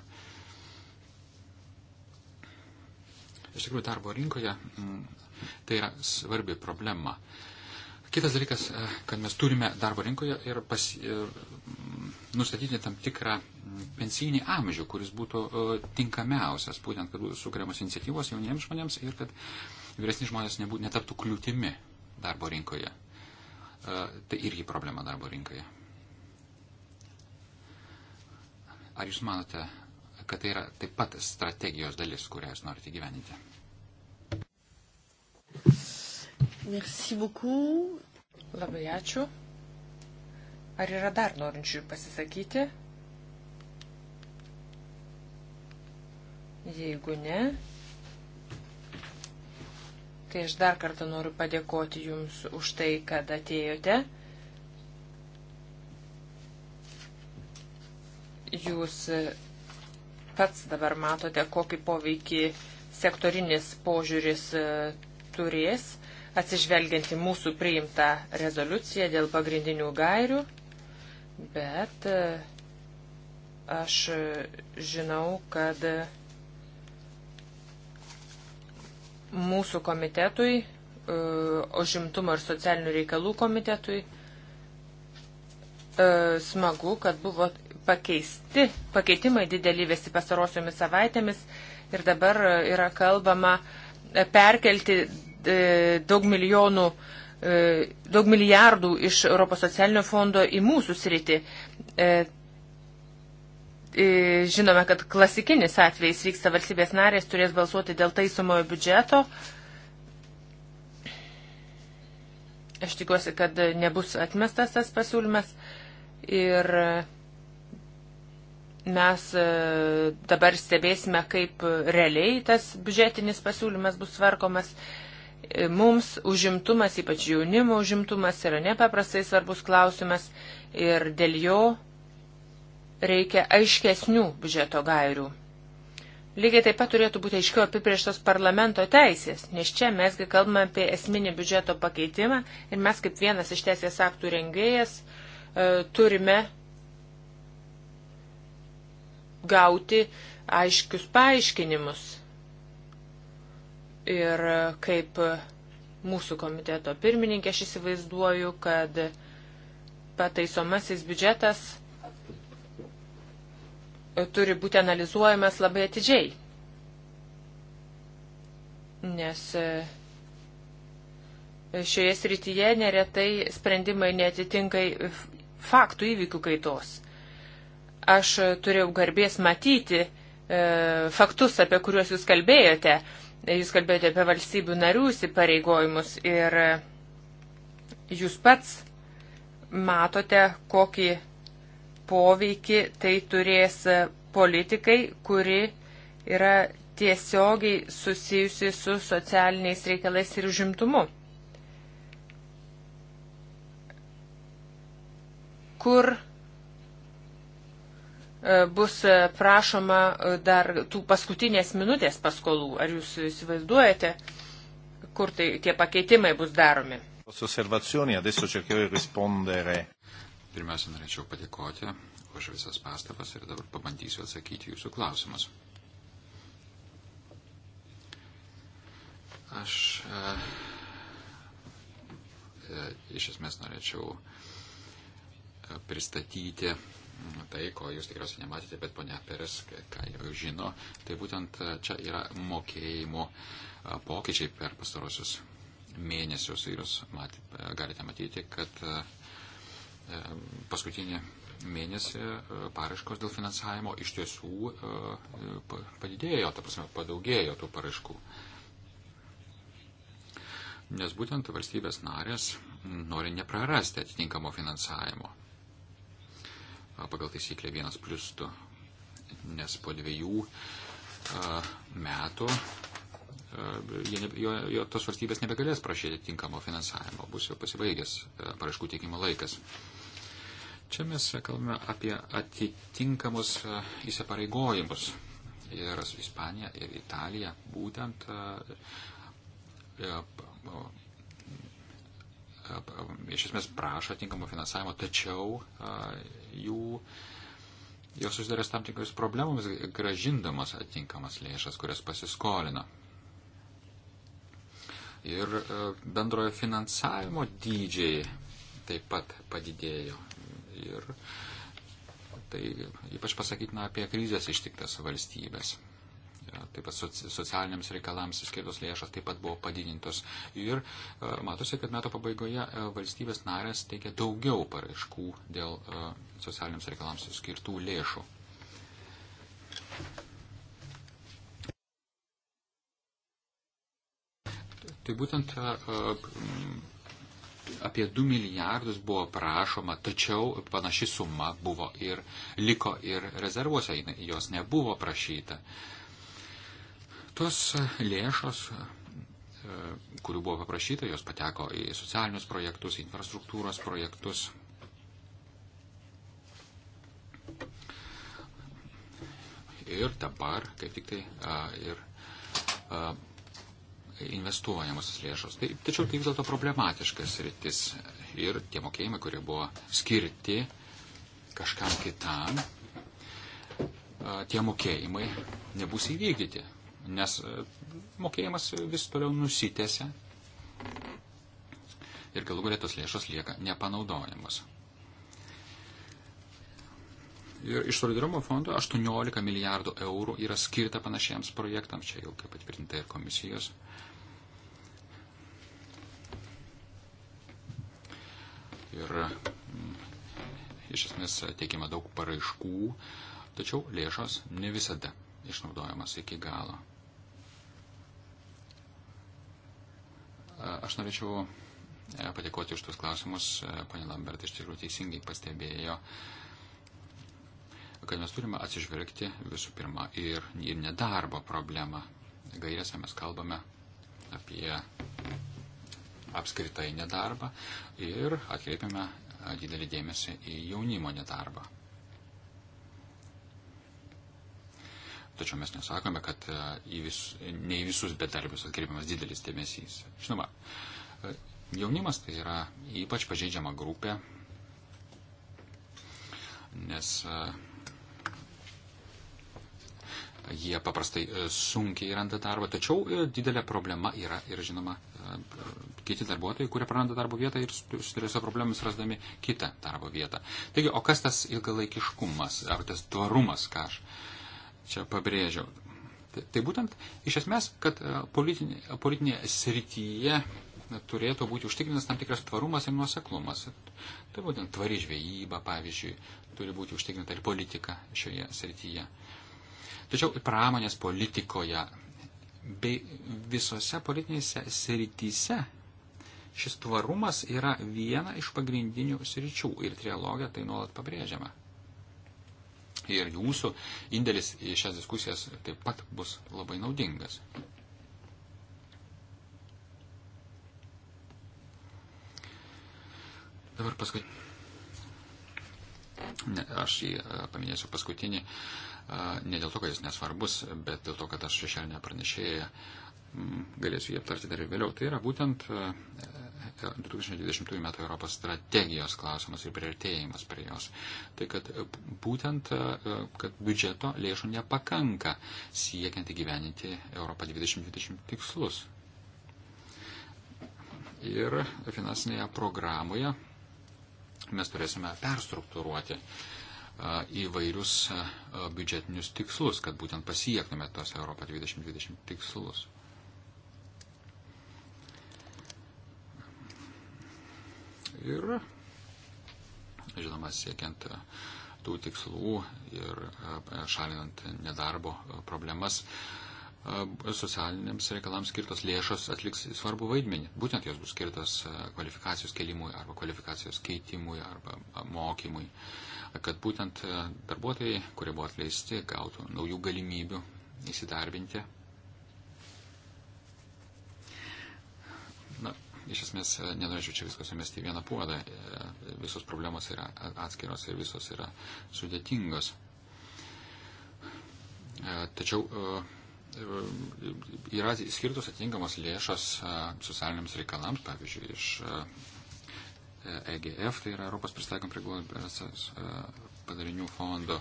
Iš tikrųjų, darbo rinkoje mm, tai yra svarbi problema. Kitas dalykas, e, kad mes turime darbo rinkoje ir, pas, ir e, mm, nustatyti tam tikrą mm, pensijinį amžių, kuris būtų tinkamiausias, būtent, kad būtų sukuriamos iniciatyvos jauniems žmonėms ir kad uh, vyresni žmonės nebū, netaptų kliūtimi darbo rinkoje. E, tai irgi problema darbo rinkoje. Ar jūs manote, kad tai yra taip pat strategijos dalis, kurią jūs norite gyveninti? Merci beaucoup. Labai ačiū. Ar yra dar norinčių pasisakyti? Jeigu ne, Tai aš dar kartą noriu padėkoti Jums už tai, kad atėjote. Jūs pats dabar matote, kokį poveikį sektorinis požiūris e, turės, atsižvelgiant į mūsų priimtą rezoliuciją dėl pagrindinių gairių, bet e, aš žinau, kad mūsų komitetui, e, užimtumo ir socialinių reikalų komitetui. E, smagu, kad buvo pakeisti, pakeitimai didelį visi pasarosiomis savaitėmis ir dabar yra kalbama perkelti e, daug milijonų, daug milijardų iš Europos socialinio fondo į mūsų sritį E, žinome, kad klasikinis atvejs vyksta valstybės narės, turės balsuoti dėl taisomojo biudžeto. Aš tikiuosi, kad nebus atmestas tas pasiūlymas ir mes e, dabar stebėsime, kaip realiai tas biudžetinis pasiūlymas bus svarkomas. E, mums užimtumas, ypač jaunimo užimtumas, yra nepaprastai svarbus klausimas ir dėl jo reikia aiškesnių biudžeto gairių. Lygiai taip pat turėtų būti aiškiau apibrieštos parlamento teisės, nes čia mesgi kalbame apie esminį biudžeto pakeitimą ir mes kaip vienas iš teisės aktų rengėjas e, turime gauti aiškius paaiškinimus. Ir e, kaip mūsų komiteto pirmininkė aš įsivaizduoju, kad pataisomasis biudžetas turi būti analizuojamas labai atidžiai. Nes e, šioje srityje neretai sprendimai netitinkai faktų įvykių kaitos. Aš turėjau garbės matyti e, faktus, apie kuriuos jūs kalbėjote. Jūs kalbėjote apie valstybių narių įsipareigojimus ir e, jūs pats matote, kokį poveikį tai turės politikai, kuri yra tiesiogiai susijusi su socialiniais reikalais ir užimtumu. Kur e, bus e, prašoma e, dar tų paskutinės minutės paskolų? Ar jūs įsivaizduojate, kur tai, tie pakeitimai bus daromi? osservazioni, adesso cercherò di rispondere Pirmiausia, norėčiau padėkoti už visas pastabas ir dabar pabandysiu atsakyti jūsų klausimus. Aš e, e iš esmės norėčiau e, pristatyti tai, ko jūs tikriausiai nematėte, bet ponia Peres, ką jau žino, tai būtent e, čia yra mokėjimo pokyčiai per pastarosius mėnesius. Jūs mat, galite matyti, kad E, paskutinį mėnesį e, paraiškos dėl finansavimo iš tiesų e, padidėjo, ta prasme, padaugėjo tų paraiškų. Nes būtent valstybės narės nori neprarasti atitinkamo finansavimo pagal taisyklę 1 plus 2, nes po dviejų metų jie, jo, jo tos valstybės nebegalės prašyti tinkamo finansavimo, bus jau pasibaigęs paraiškų teikimo laikas. Čia mes kalbame apie atitinkamus e, įsipareigojimus. Ir Ispanija ir Italija būtent e, e, iš esmės prašo tinkamo finansavimo, tačiau jų, jos susidarės tam tikrais problemomis, gražindamas atitinkamas lėšas, kurias pasiskolino. Ir bendrojo finansavimo dydžiai taip pat padidėjo ir tai ypač pasakytina apie krizės ištiktas valstybės. Taip pat socialiniams reikalams skirtos lėšos taip pat buvo padidintos. Ir e, matosi, kad metų pabaigoje e, valstybės narės teikia daugiau paraiškų dėl e, socialiniams reikalams skirtų lėšų. Tai būtent apie 2 milijardus buvo prašoma, tačiau panaši suma buvo ir liko ir rezervuose, jos nebuvo prašyta. Tos e, lėšos, e, kurių buvo paprašyta, jos pateko į socialinius projektus, infrastruktūros projektus. Ir dabar, kaip tik tai, ir investuojamosios lėšos. Tai, tačiau tai vis dėlto problematiškas rytis. Ir tie mokėjimai, kurie buvo skirti kažkam kitam, tie mokėjimai nebus įvykdyti, nes mokėjimas vis toliau nusitęsia ir galų galėtos lėšos lieka nepanaudojamos. Ir iš solidarumo fondo 18 milijardų eurų yra skirta panašiems projektams, čia jau kaip patvirtinta ir komisijos. Ir mm, iš esmės teikiama daug paraiškų, tačiau lėšos ne visada išnaudojamas iki galo. Aš norėčiau e, patikoti už tuos klausimus, e, ponė Lambert iš tikrųjų teisingai pastebėjo, kad mes turime atsižvelgti visų pirma ir, ir nedarbo problemą. Gairėse mes kalbame apie apskritai nedarbą ir atkreipiame didelį dėmesį į jaunimo nedarbą. Tačiau mes nesakome, kad e, į vis, ne į visus bedarbius atkreipiamas didelis dėmesys. Žinoma, e, jaunimas tai yra ypač pažeidžiama grupė, nes e, Jie paprastai e, sunkiai randa darbą, tačiau e, didelė problema yra ir, žinoma, e, kiti darbuotojai, kurie praranda darbo vietą ir susiduria su problemais rasdami kitą darbo vietą. Taigi, o kas tas ilgalaikiškumas ar tas tvarumas, ką aš čia pabrėžiau? Tai, tai būtent iš esmės, kad politinė, politinėje srityje turėtų būti užtikrintas tam tikras tvarumas ir nuoseklumas. Tai būtent tvari žvejyba, pavyzdžiui, turi būti užtikrinta ir politika šioje srityje. Tačiau pramonės politikoje bei visose politinėse srityse šis tvarumas yra viena iš pagrindinių sričių ir trialogija tai nuolat pabrėžiama. Ir jūsų indėlis į šias diskusijas taip pat bus labai naudingas. Dabar paskutinį. Aš jį paminėsiu paskutinį. Uh, ne dėl to, kad jis nesvarbus, bet dėl to, kad aš šešėlinę pranešėją galėsiu jį aptarti dar ir vėliau. Tai yra būtent 2020 e, e, m. Europos strategijos klausimas ir prieartėjimas prie jos. Tai kad e, būtent, kad biudžeto lėšų nepakanka siekiant įgyveninti Europą 2020 tikslus. Ir finansinėje programoje mes turėsime perstruktūruoti uh, įvairius biudžetinius tikslus, kad būtent pasiektume tos Europą 2020 tikslus. Ir, žinoma, siekiant tų tikslų ir šalinant nedarbo problemas, socialiniams reikalams skirtos lėšos atliks svarbu vaidmenį. Būtent jos bus skirtos kvalifikacijos kelimui arba kvalifikacijos keitimui arba mokymui. Uh, kad būtent e, darbuotojai, kurie buvo atleisti, gautų naujų galimybių įsidarbinti. Na, iš esmės e, nenorėčiau čia viskas sumesti į vieną puodą. E, visos problemos yra atskiros ir visos yra sudėtingos. Tačiau yra skirtos atitinkamos lėšos socialiniams reikalams, pavyzdžiui, iš EGF, tai yra Europos pristaikant prie globalizacijos e, padarinių fondo,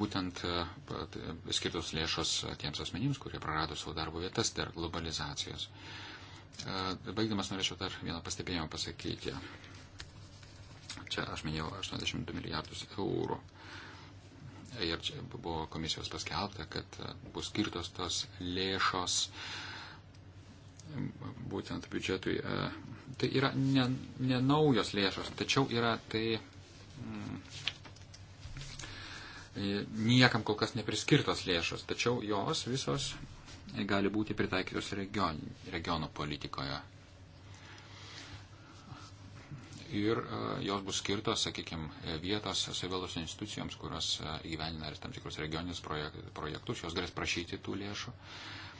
būtent e, tai, e, skirtos lėšos tiems asmenims, kurie prarado savo darbo vietas dėl tai globalizacijos. Baigdamas norėčiau dar vieną pastebėjimą pasakyti. Čia aš minėjau 82 milijardus eurų. Ir čia buvo komisijos paskelbta, kad bus skirtos tos lėšos uh, būtent biudžetui. E, tai yra ne, ne naujos lėšos, tačiau yra tai mm, e, niekam kol kas nepriskirtos lėšos, tačiau jos visos gali būti pritaikytos region, regiono politikoje. Ir e, jos bus skirtos, sakykime, vietos savivaldos institucijoms, kurios įgyvenina tam tikrus regioninius projektus, jos galės prašyti tų lėšų. Uh,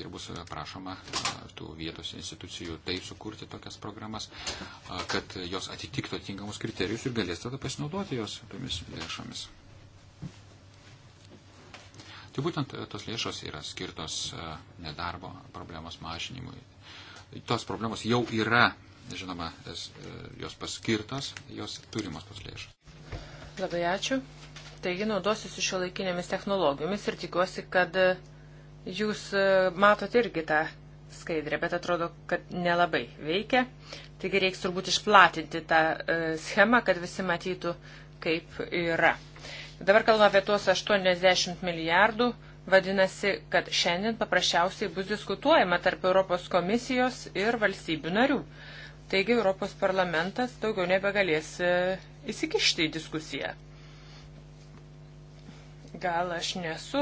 ir bus prašoma tų vietos institucijų taip sukurti tokias programas, kad jos atitiktų atitinkamus kriterijus ir galės tada pasinaudoti jos tomis lėšomis. Tai būtent e, tos lėšos yra skirtos e, nedarbo problemos mažinimui. Tos problemos jau yra, žinoma, e, jos paskirtos, jos turimos tos lėšos. Labai ačiū. Taigi naudosiuosi šio laikinėmis technologijomis ir tikiuosi, kad Jūs e, matote irgi tą skaidrę, bet atrodo, kad nelabai veikia. Taigi reiks turbūt išplatinti tą e, schemą, kad visi matytų, kaip yra. Dabar kalbame apie tuos 80 milijardų. Vadinasi, kad šiandien paprasčiausiai bus diskutuojama tarp Europos komisijos ir valstybių narių. Taigi Europos parlamentas daugiau nebegalės e, įsikišti į diskusiją. Gal aš nesu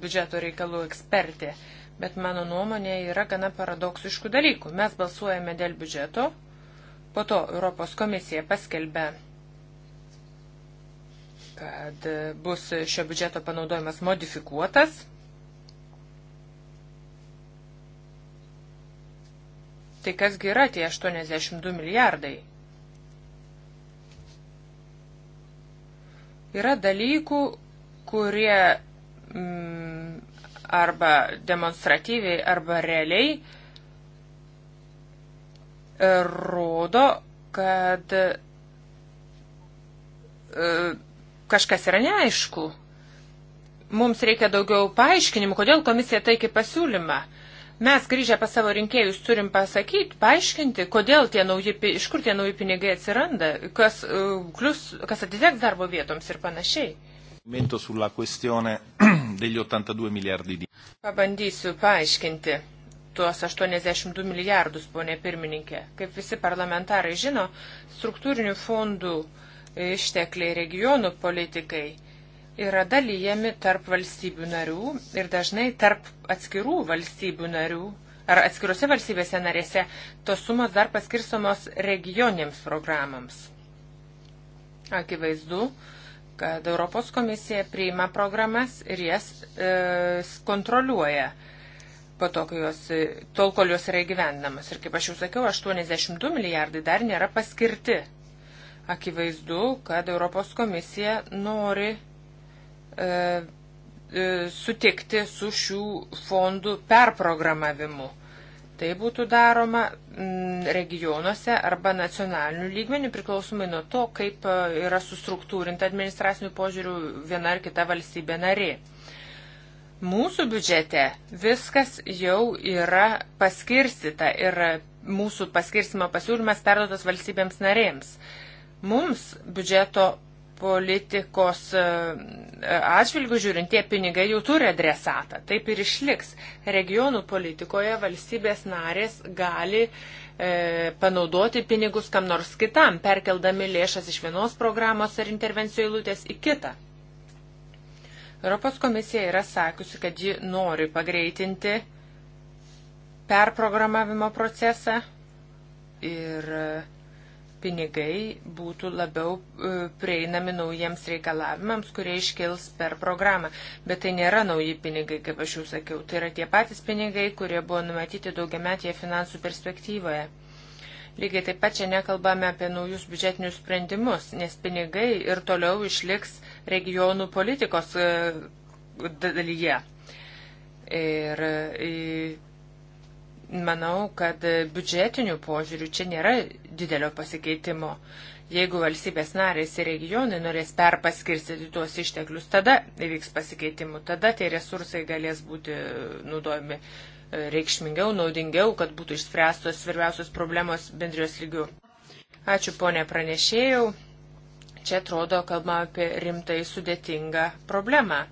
biudžeto reikalų ekspertė, bet mano nuomonė yra gana paradoksiškų dalykų. Mes balsuojame dėl biudžeto, po to Europos komisija paskelbė kad bus šio biudžeto panaudojimas modifikuotas. Tai kasgi yra tie 82 milijardai? Yra dalykų, kurie mm, arba demonstratyviai, arba realiai e, rodo, kad e, kažkas yra neaišku. Mums reikia daugiau paaiškinimų, kodėl komisija taiki pasiūlymą mes grįžę pas savo rinkėjus turim pasakyti, paaiškinti, kodėl tie nauji, iš kur tie nauji pinigai atsiranda, kas, uh, klius, kas atiteks darbo vietoms ir panašiai. Pabandysiu paaiškinti tuos 82 milijardus, ponė pirmininkė. Kaip visi parlamentarai žino, struktūrinių fondų ištekliai regionų politikai yra dalyjami tarp valstybių narių ir dažnai tarp atskirų valstybių narių ar atskirose valstybėse narėse tos sumos dar paskirstomos regioniams programams. Akivaizdu, kad Europos komisija priima programas ir jas e, kontroliuoja po to, kai jos, e, tol, kol jos yra įgyvendamas. Ir kaip aš jau sakiau, 82 milijardai dar nėra paskirti. Akivaizdu, kad Europos komisija nori e, e, sutikti su šių fondų perprogramavimu. E, Tai būtų daroma mm, regionuose arba nacionaliniu lygmeniu priklausomai nuo to, kaip e, yra sustruktūrinta administracinių požiūrių viena ar kita valstybė narė. Mūsų biudžete viskas jau yra paskirstita ir mūsų paskirstimo pasiūlymas perduotas valstybėms narėms. Mums biudžeto politikos e, atžvilgių žiūrint, tie pinigai jau turi adresatą, taip ir išliks. Regionų politikoje valstybės narės gali e, panaudoti pinigus kam nors kitam, perkeldami lėšas iš vienos programos ar intervencijų eilutės į kitą. Europos komisija yra sakiusi, kad ji nori pagreitinti perprogramavimo procesą ir e, pinigai būtų labiau e, prieinami naujiems reikalavimams, kurie iškils per programą. Bet tai nėra nauji pinigai, kaip aš jau sakiau. Tai yra tie patys pinigai, kurie buvo numatyti daugiametėje finansų perspektyvoje. Lygiai taip pat čia nekalbame apie naujus biudžetinius sprendimus, nes pinigai ir toliau išliks regionų politikos e, dalyje. Ir e, manau, kad biudžetinių požiūrių čia nėra didelio pasikeitimo. Jeigu valstybės narės ir regionai norės perpaskirstyti tuos išteklius, tada įvyks pasikeitimų, tada tie resursai galės būti e, naudojami e, reikšmingiau, naudingiau, kad būtų išspręstos svarbiausios problemos bendrijos lygių. Ačiū ponė pranešėjau. Čia atrodo kalbama apie rimtai sudėtingą problemą.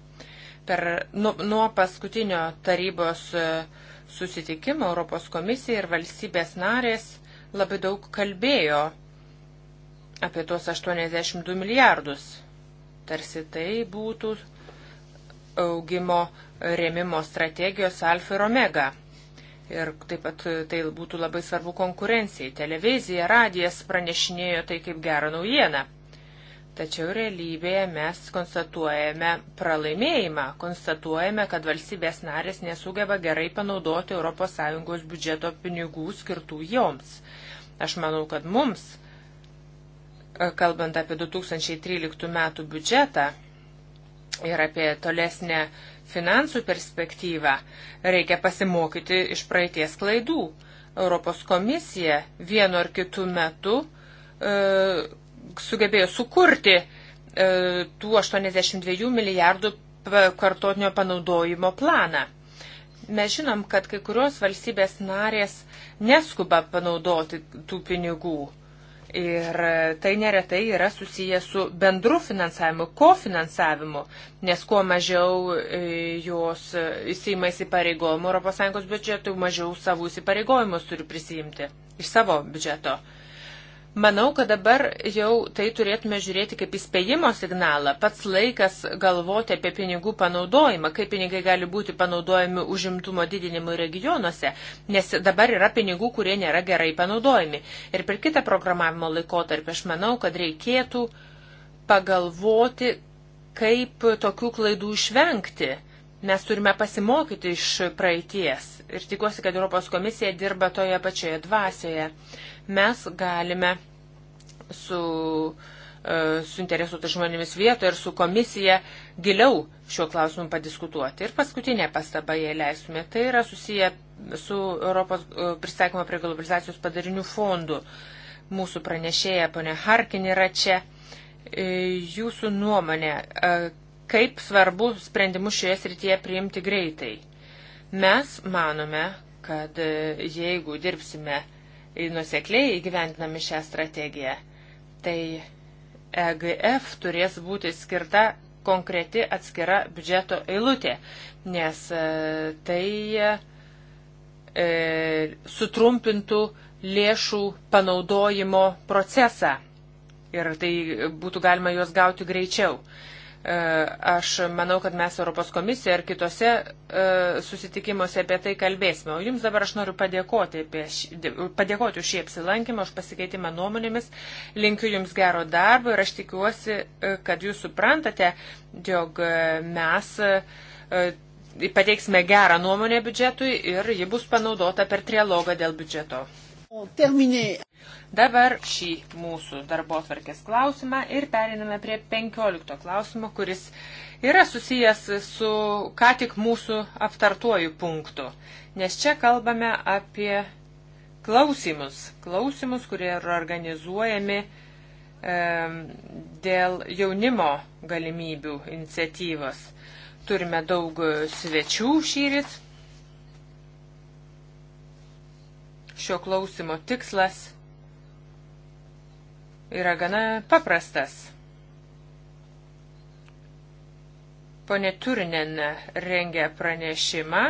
Per, nuo, nuo paskutinio tarybos uh, susitikimo Europos komisija ir valstybės narės labai daug kalbėjo apie tuos 82 milijardus. Tarsi tai būtų augimo rėmimo strategijos alfa ir omega. Ir taip pat tai būtų labai svarbu konkurencijai. Televizija, radijas pranešinėjo tai kaip gerą naujieną. Tačiau realybėje mes konstatuojame pralaimėjimą, konstatuojame, kad valstybės narės nesugeba gerai panaudoti ES biudžeto pinigų skirtų joms. Aš manau, kad mums, e, kalbant apie 2013 metų biudžetą ir apie tolesnę finansų perspektyvą, reikia pasimokyti iš praeities klaidų. Europos komisija vienu ar kitu metu e, sugebėjo sukurti e, tų 82 milijardų kartotinio panaudojimo planą. Mes žinom, kad kai kurios valstybės narės neskuba panaudoti tų pinigų. Ir tai neretai yra susiję su bendru finansavimu, kofinansavimu, nes kuo mažiau e, jos e, įsima įsipareigojimų ES biudžetų, mažiau savų įsipareigojimus turi prisijimti iš savo biudžeto. Uh, Manau, kad dabar jau tai turėtume žiūrėti kaip įspėjimo signalą. Pats laikas galvoti apie pinigų panaudojimą, kaip pinigai gali būti panaudojami užimtumo didinimui regionuose, nes dabar yra pinigų, kurie nėra gerai panaudojami. Ir per kitą programavimo laikotarpį aš manau, kad reikėtų pagalvoti, kaip tokių klaidų išvengti. Mes turime pasimokyti iš praeities ir tikiuosi, kad Europos komisija dirba toje pačioje dvasioje mes galime su e, suinteresuotų žmonėmis vietoje ir su komisija giliau šiuo klausimu padiskutuoti. Ir paskutinė pastaba, jei leisime, tai yra susiję su Europos e, pristaikymo prie globalizacijos padarinių fondu. Mūsų pranešėja, ponė Harkin, yra čia. E, jūsų nuomonė, kaip svarbu sprendimus šioje srityje priimti greitai? Mes manome, kad jeigu dirbsime nusekliai įgyvendinami šią strategiją, tai EGF turės būti skirta konkreti atskira biudžeto eilutė, nes e, tai e, sutrumpintų lėšų panaudojimo procesą ir tai būtų galima juos gauti greičiau. E, aš manau, kad mes Europos komisija ir kitose e, susitikimuose apie tai kalbėsime. O jums dabar aš noriu padėkoti, apie, padėkoti už šį apsilankymą, už pasikeitimą nuomonėmis. Linkiu jums gero darbo ir aš tikiuosi, e, kad jūs suprantate, jog mes pateiksime gerą nuomonę biudžetui ir ji bus panaudota per trialogą dėl biudžeto. Terminė. Dabar šį mūsų darbo tvarkės klausimą ir periname prie 15 klausimo, kuris yra susijęs su ką tik mūsų aptartuoju punktu. Nes čia kalbame apie klausimus, klausimus, kurie yra organizuojami e, dėl jaunimo galimybių iniciatyvos. Turime daug svečių šyrit Šio klausimo tikslas yra gana paprastas. Pone Turinen rengia pranešimą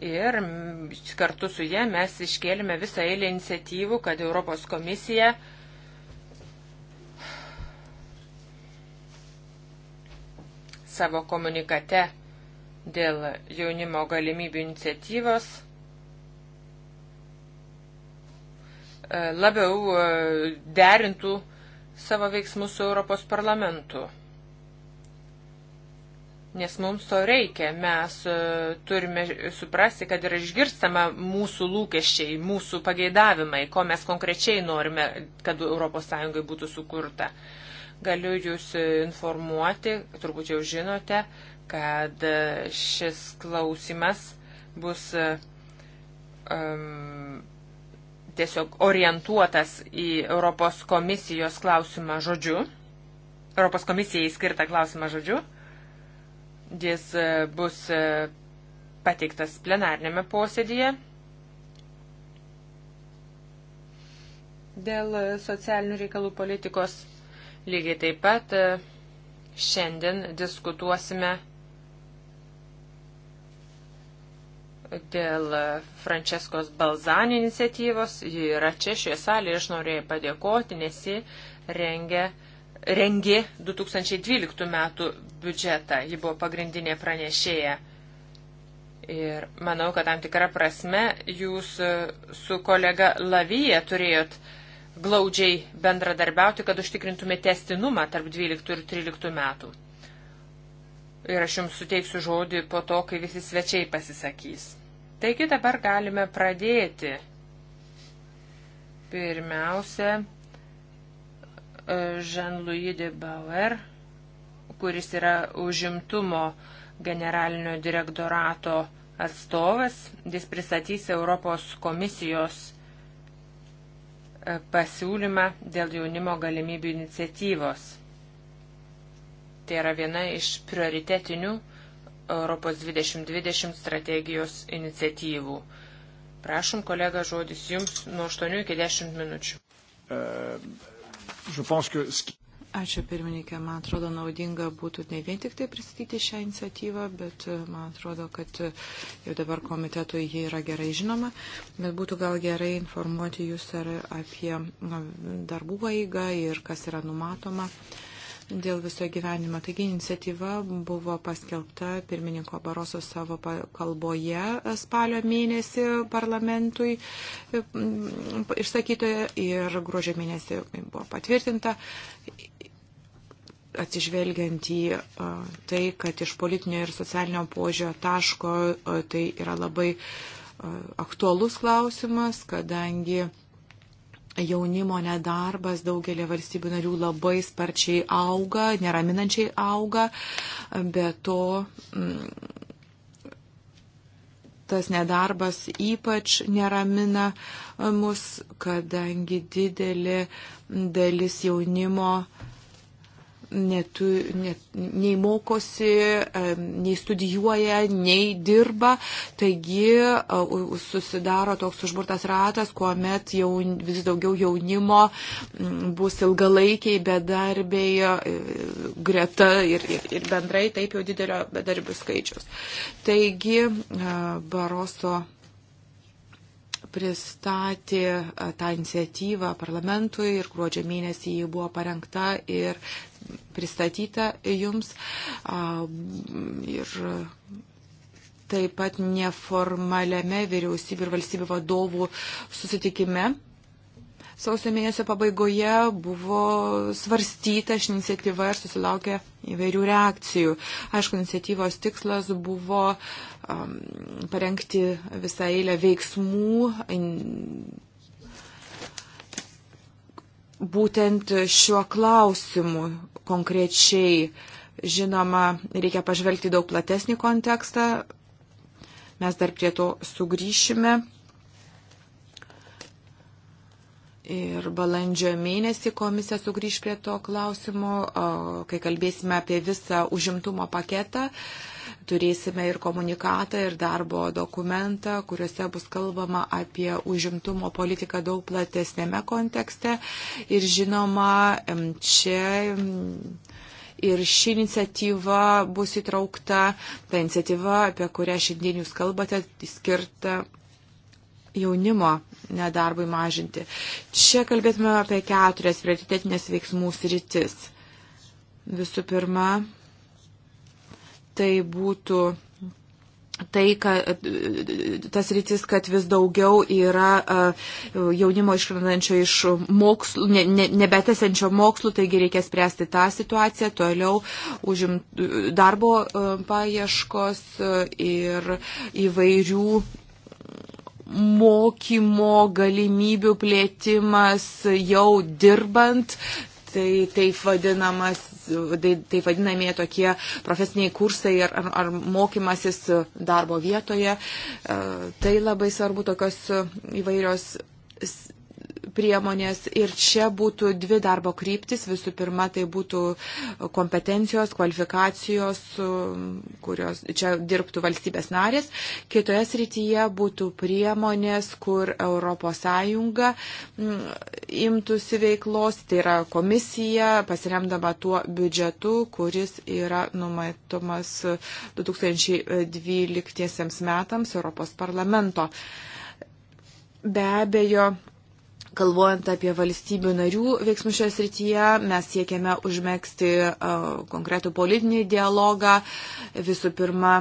ir kartu su jie mes iškėlėme visą eilę iniciatyvų, kad Europos komisija savo komunikate dėl jaunimo galimybių iniciatyvos E, labiau e, derintų savo veiksmus su Europos parlamentu. Nes mums to reikia, mes e, turime suprasti, kad yra išgirstama mūsų lūkesčiai, mūsų pageidavimai, ko mes konkrečiai norime, kad ES būtų sukurta. Galiu jūs informuoti, turbūt jau žinote, kad šis klausimas bus um, tiesiog orientuotas į Europos komisijos klausimą žodžiu. Europos komisijai skirtą klausimą žodžiu. Jis e, bus e, pateiktas plenarnėme posėdėje. Dėl e, socialinių reikalų politikos lygiai taip pat šiandien diskutuosime dėl Franceskos Balzani iniciatyvos. Ji yra čia šioje salėje, aš norėjau padėkoti, nes ji rengia, rengė 2012 metų biudžetą. Ji buvo pagrindinė pranešėja. Ir manau, kad tam tikrą prasme jūs su kolega Lavyje turėjot glaudžiai bendradarbiauti, kad užtikrintume testinumą tarp 12 ir 13 metų. Ir aš jums suteiksiu žodį po to, kai visi svečiai pasisakys. Taigi dabar galime pradėti. Pirmiausia, e, Jean-Louis de Bauer, kuris yra užimtumo generalinio direktorato atstovas, jis pristatys Europos komisijos e, pasiūlymą dėl jaunimo galimybių iniciatyvos. Tai yra viena iš prioritetinių Europos 2020 strategijos iniciatyvų. Prašom, kolega, žodis jums nuo 8 iki 10 minučių. E, Ačiū pirmininkė, man atrodo naudinga būtų ne vien tik tai pristatyti šią iniciatyvą, bet e, man atrodo, kad e, jau dabar komitetui jie yra gerai žinoma, bet būtų gal gerai informuoti jūs ar apie darbų eigą ir kas yra numatoma. Uh, dėl viso gyvenimo. Taigi iniciatyva buvo paskelbta pirmininko Baroso savo kalboje spalio mėnesį parlamentui išsakytoje ir gruožio mėnesį buvo patvirtinta atsižvelgiant į tai, kad iš politinio ir socialinio požio taško tai yra labai aktuolus klausimas, kadangi jaunimo nedarbas daugelį valstybių narių labai sparčiai auga, neraminančiai auga, bet to mm, tas nedarbas ypač neramina e, mus, kadangi didelė dalis jaunimo netu, net, nei mokosi, nei studijuoja, nei dirba. Taigi susidaro toks užburtas ratas, kuomet jau vis daugiau jaunimo bus ilgalaikiai bedarbiai e, greta ir, ir, ir bendrai taip jau didelio bedarbių skaičius. Taigi Baroso pristatė tą iniciatyvą parlamentui ir gruodžio mėnesį ji buvo parengta ir pristatyta jums. Ir taip pat neformaliame vyriausybių ir valstybių vadovų susitikime. Sausio mėnesio pabaigoje buvo svarstyta ši iniciatyva ir susilaukė įvairių reakcijų. Aišku, iniciatyvos tikslas buvo um, parengti visą eilę veiksmų, in, būtent šiuo klausimu konkrečiai. Žinoma, reikia pažvelgti daug platesnį kontekstą. Mes dar prie to sugrįšime. Ir balandžio mėnesį komisija sugrįž prie to klausimo, kai kalbėsime apie visą užimtumo paketą. Uh, turėsime ir komunikatą, ir darbo dokumentą, kuriuose bus kalbama apie užimtumo politiką daug platesnėme kontekste. Ir žinoma, čia ir ši iniciatyva bus įtraukta, ta iniciatyva, apie kurią šiandien jūs kalbate, skirta jaunimo nedarbui mažinti. Čia kalbėtume apie keturias prioritetinės veiksmų sritis. Visų pirma, tai būtų tai, kad tas rytis, kad vis daugiau yra jaunimo iškrenančio iš mokslų, ne, ne, nebetesenčio mokslų, taigi reikia spręsti tą situaciją, toliau užim darbo paieškos ir įvairių mokymo galimybių plėtimas jau dirbant, tai taip, vadinamas, taip tai vadinamie tokie profesiniai kursai ar, ar, ar mokymasis darbo vietoje. E, tai labai svarbu tokios įvairios priemonės ir čia būtų dvi darbo kryptis. Visų pirma, tai būtų kompetencijos, kvalifikacijos, kurios čia dirbtų valstybės narės. Kitoje srityje būtų priemonės, kur ES mm, imtųsi veiklos, tai yra komisija, pasiremdama tuo biudžetu, kuris yra numatomas 2012 metams Europos parlamento be abejo Kalbuojant apie valstybių narių veiksmus šioje srityje, mes siekiame užmėgsti konkretų politinį dialogą. Visų pirma,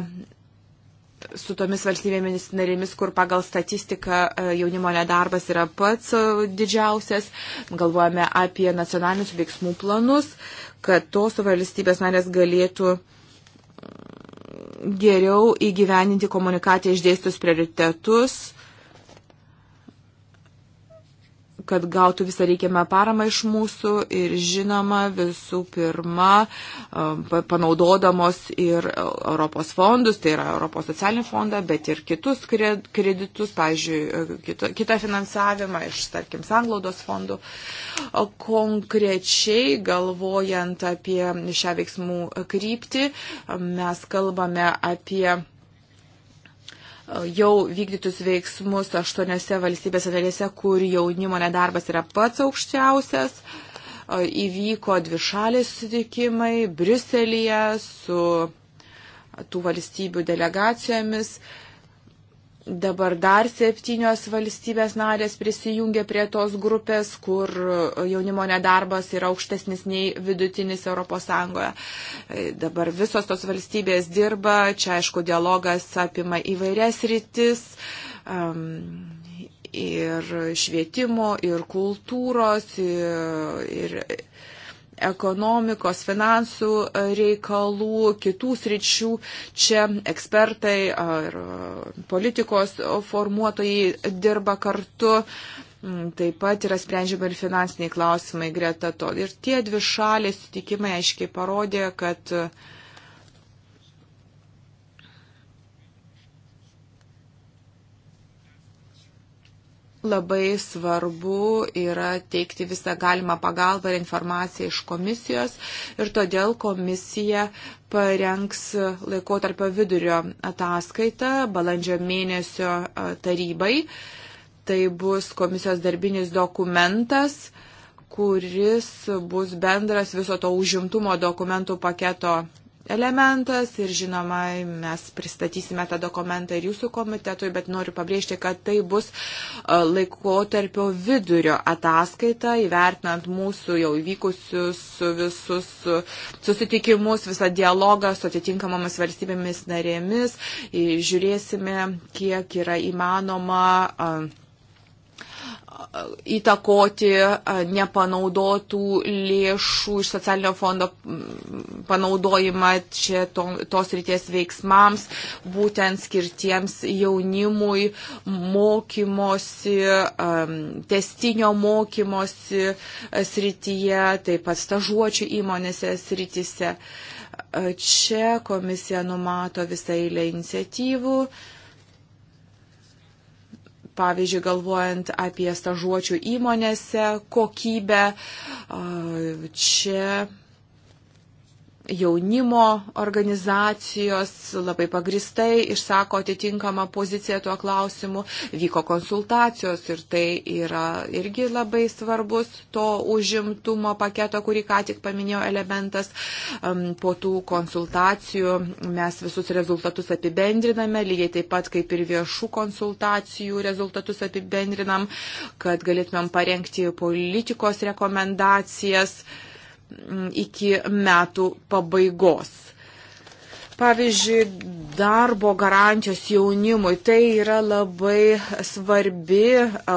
su tomis valstybėmis narėmis, kur pagal statistiką jaunimo nedarbas yra pats didžiausias. Galvojame apie nacionalinius veiksmų planus, kad tos valstybės narės galėtų geriau įgyveninti komunikatę išdėstus prioritetus kad gautų visą reikiamą paramą iš mūsų ir žinoma visų pirma um, panaudodamos ir e, Europos fondus, tai yra Europos socialinį fondą, bet ir kitus kreditus, pavyzdžiui, e, kitą finansavimą iš, tarkim, sanglaudos fondų. Konkrečiai galvojant apie šią veiksmų kryptį, mes kalbame apie E, jau vykdytus veiksmus aštuoniose valstybėse narėse, kur jaunimo nedarbas yra pats aukščiausias. E, įvyko dvišaliai susitikimai Briuselėje su tų valstybių delegacijomis. Uh, Dabar dar septynios valstybės narės prisijungia prie tos grupės, kur jaunimo nedarbas yra aukštesnis nei vidutinis ES. E, dabar visos tos valstybės dirba, čia aišku dialogas apima įvairias rytis. Um, ir švietimo, ir kultūros, ir, ir ekonomikos, finansų e, reikalų, kitų sričių. Čia ekspertai ir politikos formuotojai dirba kartu. Mm, taip pat yra sprendžiama ir finansiniai klausimai greta to. Ir tie dvi šalės sutikimai aiškiai parodė, kad uh, Labai svarbu yra teikti visą galimą pagalbą ir informaciją iš komisijos ir todėl komisija parengs laikotarpio vidurio ataskaitą balandžio mėnesio tarybai. Tai bus komisijos darbinis dokumentas kuris bus bendras viso to užimtumo dokumentų paketo elementas ir žinoma, mes pristatysime tą dokumentą ir jūsų komitetui, bet noriu pabrėžti, kad tai bus e, laikotarpio vidurio ataskaita, įvertinant mūsų jau įvykusius visus susitikimus, visą dialogą su atitinkamomis valstybėmis narėmis, žiūrėsime, kiek yra įmanoma. Uh, įtakoti nepanaudotų lėšų iš socialinio fondo panaudojimą čia to, tos ryties veiksmams, būtent skirtiems jaunimui, mokymosi, testinio mokymosi srityje, taip pat stažuočių įmonėse srityse. Čia komisija numato visą eilę iniciatyvų pavyzdžiui, galvojant apie stažuočių įmonėse kokybę. Čia jaunimo organizacijos labai pagristai išsako atitinkamą poziciją tuo klausimu, vyko konsultacijos ir tai yra irgi labai svarbus to užimtumo paketo, kurį ką tik paminėjau elementas. Po tų konsultacijų mes visus rezultatus apibendriname, lygiai taip pat kaip ir viešų konsultacijų rezultatus apibendrinam, kad galėtumėm parengti politikos rekomendacijas. Yes iki metų pabaigos. Pavyzdžiui, darbo garantijos jaunimui tai yra labai svarbi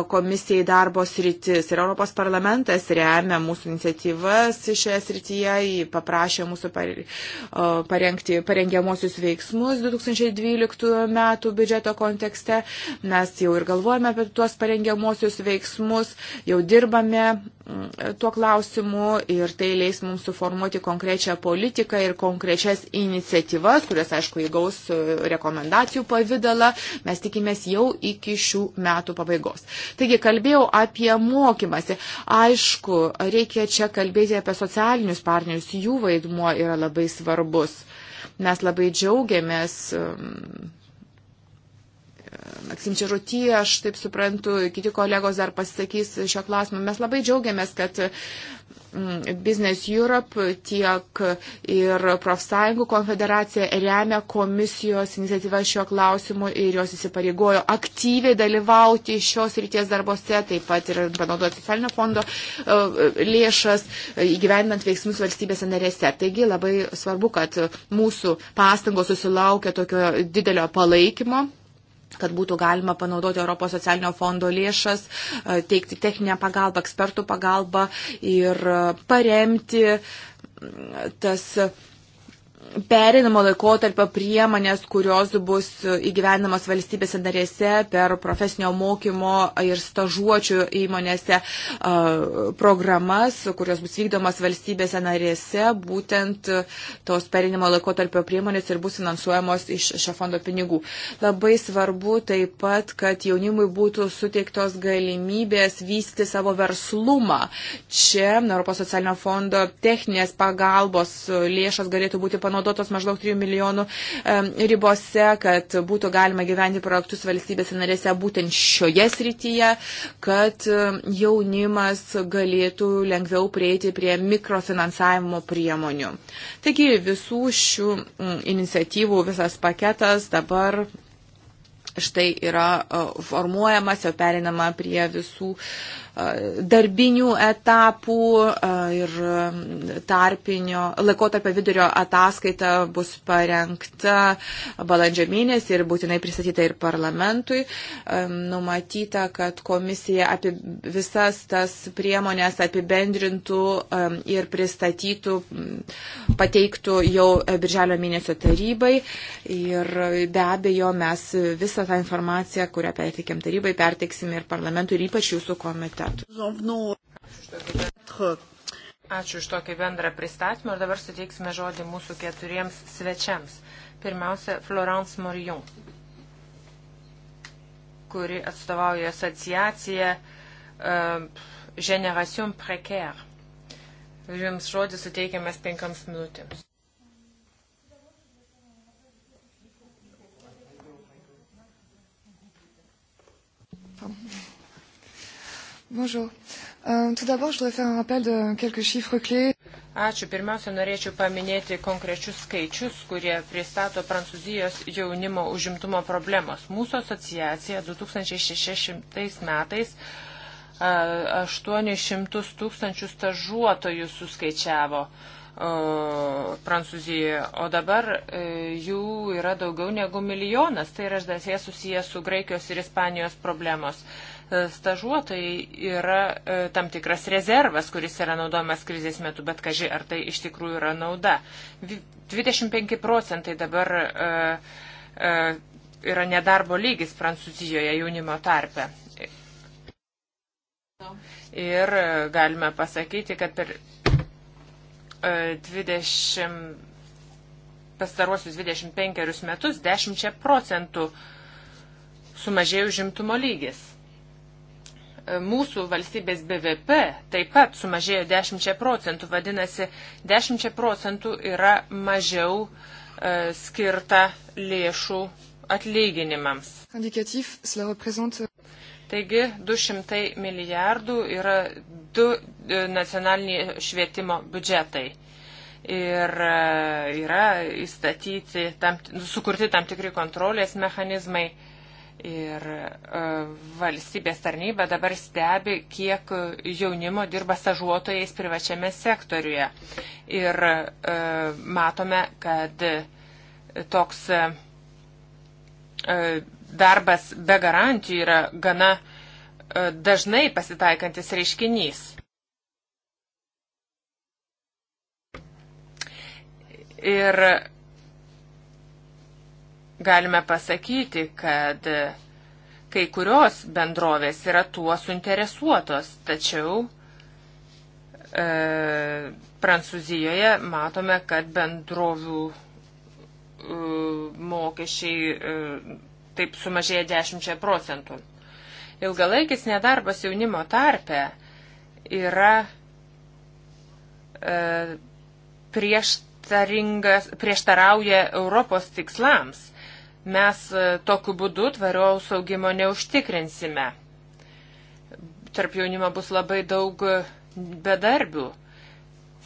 komisijai darbo sritis. Ir Europos parlamentas remia mūsų iniciatyvas šioje srityje, paprašė mūsų parengti parengiamosius veiksmus 2012 metų biudžeto kontekste. Mes jau ir galvojame apie tuos parengiamosius veiksmus, jau dirbame mm, tuo klausimu ir tai leis mums suformuoti konkrečią politiką ir konkrečias iniciatyvas pastabas, kurios, aišku, įgaus e, rekomendacijų pavydalą, mes tikimės jau iki šių metų pabaigos. Taigi, kalbėjau apie mokymasi. Aišku, reikia čia kalbėti apie socialinius partnerius, jų vaidmuo yra labai svarbus. Mes labai džiaugiamės. Um, Maksim Čerutį, aš taip suprantu, kiti kolegos dar pasisakys šio klausimu. Mes labai džiaugiamės, kad Mm, Business Europe, tiek ir profsąjungų konfederacija remia komisijos iniciatyvą šiuo klausimu ir jos įsipareigojo aktyviai dalyvauti šios ryties darbose, taip pat ir panaudoti socialinio fondo e, lėšas, e, įgyvendinant veiksmus valstybėse narėse. Taigi labai svarbu, kad mūsų pastangos susilaukia tokio didelio palaikymo kad būtų galima panaudoti Europos socialinio fondo lėšas, e, teikti techninę pagalbą, ekspertų pagalbą ir e, paremti tas perinamo laikotarpio priemonės, kurios bus įgyvenamos valstybėse narėse per profesinio mokymo ir stažuočių įmonėse programas, kurios bus vykdomas valstybėse narėse, būtent e, tos perinamo laikotarpio priemonės ir bus finansuojamos iš šio fondo pinigų. Labai svarbu taip pat, kad jaunimui būtų suteiktos galimybės vysti savo verslumą. Čia Europos socialinio fondo techninės pagalbos lėšas galėtų būti panaudojamas panaudotos maždaug 3 milijonų ribose, kad būtų galima gyventi projektus valstybėse narėse būtent šioje srityje, kad jaunimas galėtų lengviau prieiti prie mikrofinansavimo priemonių. Taigi visų šių iniciatyvų visas paketas dabar štai yra formuojamas, jau perinama prie visų uh, darbinių etapų ir tarpinio laikotarpio vidurio ataskaita bus parengta balandžio mėnesį ir būtinai pristatyta ir parlamentui. Numatyta, kad komisija apie visas tas priemonės apibendrintų ir pristatytų, pateiktų jau birželio mėnesio tarybai. Ir be abejo, mes visą tą informaciją, kurią perteikėm tarybai, perteiksime ir parlamentui, ir ypač jūsų komitetui sveikatų. Ačiū už tokį bendrą pristatymą ir dabar suteiksime žodį mūsų keturiems svečiams. Pirmiausia, Florence Morion, kuri atstovauja asociaciją uh, Generation Precaire. Jums žodį suteikiamas penkiams minutėms. Pardon. Bonjour. Euh, tout d'abord, je voudrais faire un rappel de quelques chiffres clés. Ačiū. Pirmiausia, norėčiau paminėti konkrečius skaičius, kurie pristato Prancūzijos jaunimo užimtumo problemos. Mūsų asociacija 2600 metais 800 tūkstančių stažuotojų suskaičiavo. Prancūzijoje, o dabar e, jų yra daugiau negu milijonas, tai yra dasie susijęs su Graikijos ir Ispanijos problemos. E, stažuotojai yra e, tam tikras rezervas, kuris yra naudojamas krizės metu, bet kaži, ar tai iš tikrųjų yra nauda. 25 procentai dabar e, yra nedarbo lygis Prancūzijoje jaunimo tarpe. Ir galime pasakyti, kad per 20, pastaruosius 25 metus 10 procentų sumažėjo žimtumo lygis mūsų valstybės BVP taip pat sumažėjo 10 procentų, vadinasi, 10 procentų yra mažiau e, skirta lėšų atlyginimams. Taigi 200 milijardų yra du e, nacionaliniai švietimo biudžetai. Ir e, yra įstatyti, tam, sukurti tam tikri kontrolės mechanizmai. E, Ir e, valstybės tarnyba dabar stebi, kiek jaunimo dirba stažuotojais privačiame sektoriuje. Ir e, matome, kad toks e, darbas be garantijų yra gana dažnai pasitaikantis reiškinys. Ir galime pasakyti, kad kai kurios bendrovės yra tuo suinteresuotos, tačiau e, Prancūzijoje matome, kad bendrovių e, mokesčiai e, taip sumažėja 10 procentų. Ilgalaikis nedarbas jaunimo tarpe yra e, prieštarauja Europos tikslams Mes e, tokiu būdu tvariaus augimo neužtikrinsime. Tarp jaunimo bus labai daug e, bedarbių.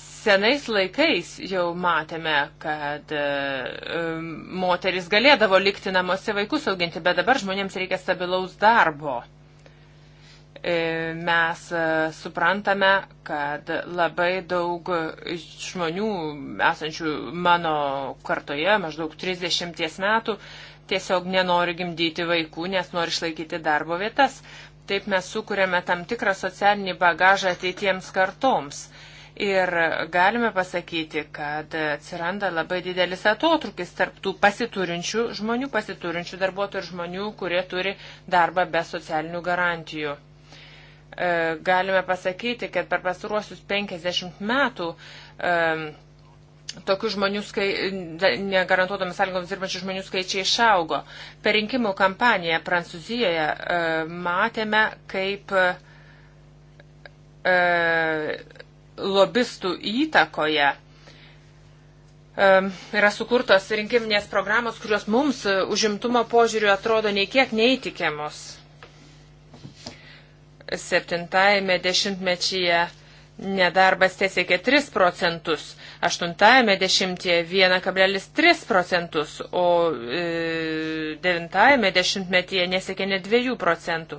Senais laikais jau matėme, kad e, moteris galėdavo likti namuose vaikus auginti, bet dabar žmonėms reikia stabilaus darbo mes suprantame, kad labai daug žmonių esančių mano kartoje, maždaug 30 metų, tiesiog nenori gimdyti vaikų, nes nori išlaikyti darbo vietas. Taip mes sukūrėme tam tikrą socialinį bagažą ateitiems kartoms. Ir galime pasakyti, kad atsiranda labai didelis atotrukis tarp tų pasiturinčių žmonių, pasiturinčių darbuotojų ir žmonių, kurie turi darbą be socialinių garantijų e, galime pasakyti, kad per pastaruosius 50 metų tokių žmonių, skai, negarantuotomis sąlygomis dirbančių žmonių skaičiai išaugo. Per rinkimų kampaniją Prancūzijoje e, matėme, kaip e, e lobistų įtakoje e, yra sukurtos rinkiminės programos, kurios mums užimtumo požiūriu atrodo nei kiek neįtikiamos. Septintajame dešimtmečyje Nedarbas tiesiekė 3 procentus, 8-ame dešimtėje 1,3 procentus, o 9-ame e, dešimtmetyje nesiekė net 2 procentų.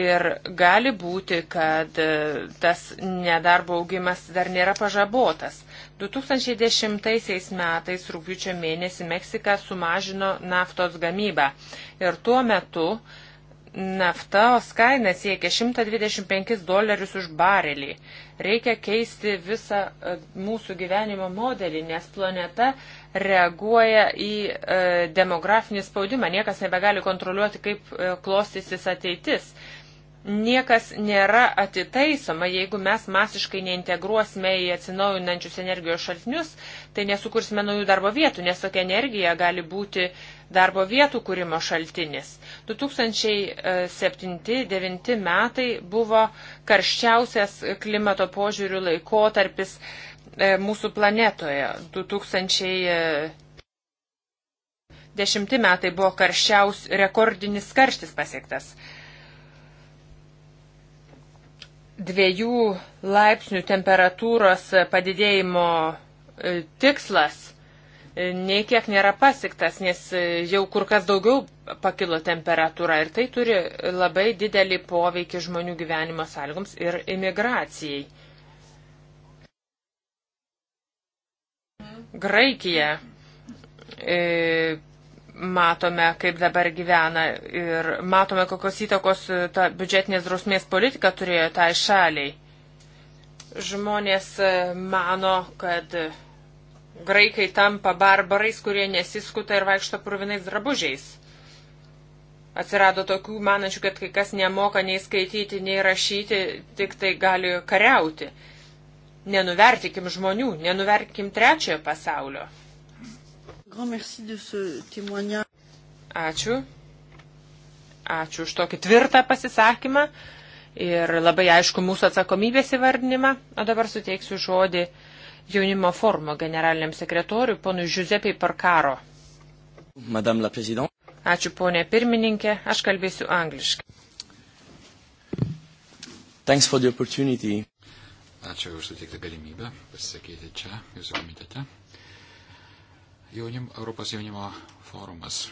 Ir gali būti, kad e, tas nedarbo augimas dar nėra pažabotas. 2010 metais rūpiučio mėnesį Meksika sumažino naftos gamybą. Ir tuo metu uh, Naftos kaina siekia 125 dolerius už barelį. Reikia keisti visą e, mūsų gyvenimo modelį, nes planeta reaguoja į e, demografinį spaudimą. Niekas nebegali kontroliuoti, kaip e, klostysis ateitis. Niekas nėra atitaisoma, jeigu mes masiškai neintegruosime į atsinaujinančius energijos šaltinius, tai nesukursime naujų darbo vietų, nes tokia energija gali būti darbo vietų kūrimo šaltinis. 2007-2009 metai buvo karščiausias klimato požiūrių laikotarpis e, mūsų planetoje. 2010 e, metai buvo karščiaus rekordinis karštis pasiektas. Dviejų laipsnių temperatūros padidėjimo e, tikslas niekiek nėra pasiktas, nes e, jau kur kas daugiau pakilo temperatūra ir tai turi labai didelį poveikį žmonių gyvenimo sąlygoms ir imigracijai. Graikija. E, matome, kaip dabar gyvena ir matome, kokios įtakos e, ta biudžetinės drausmės politika turėjo tai šaliai. Žmonės e, mano, kad graikai tampa barbarais, kurie nesiskuta ir vaikšto purvinais drabužiais. Atsirado tokių manančių, kad kai kas nemoka nei skaityti, nei rašyti, tik tai gali kariauti. Nenuvertikim žmonių, nenuvertikim trečiojo pasaulio. Ačiū. Ačiū už tokį tvirtą pasisakymą ir labai aišku mūsų atsakomybės įvardinimą. O dabar suteiksiu žodį jaunimo forumo generaliniam sekretoriui, ponui Giuseppei Parkaro. Ačiū, ponė pirmininkė, aš kalbėsiu angliškai. Ačiū už suteiktą galimybę pasisakyti čia, jūsų komitete. Jaunim, Europos jaunimo forumas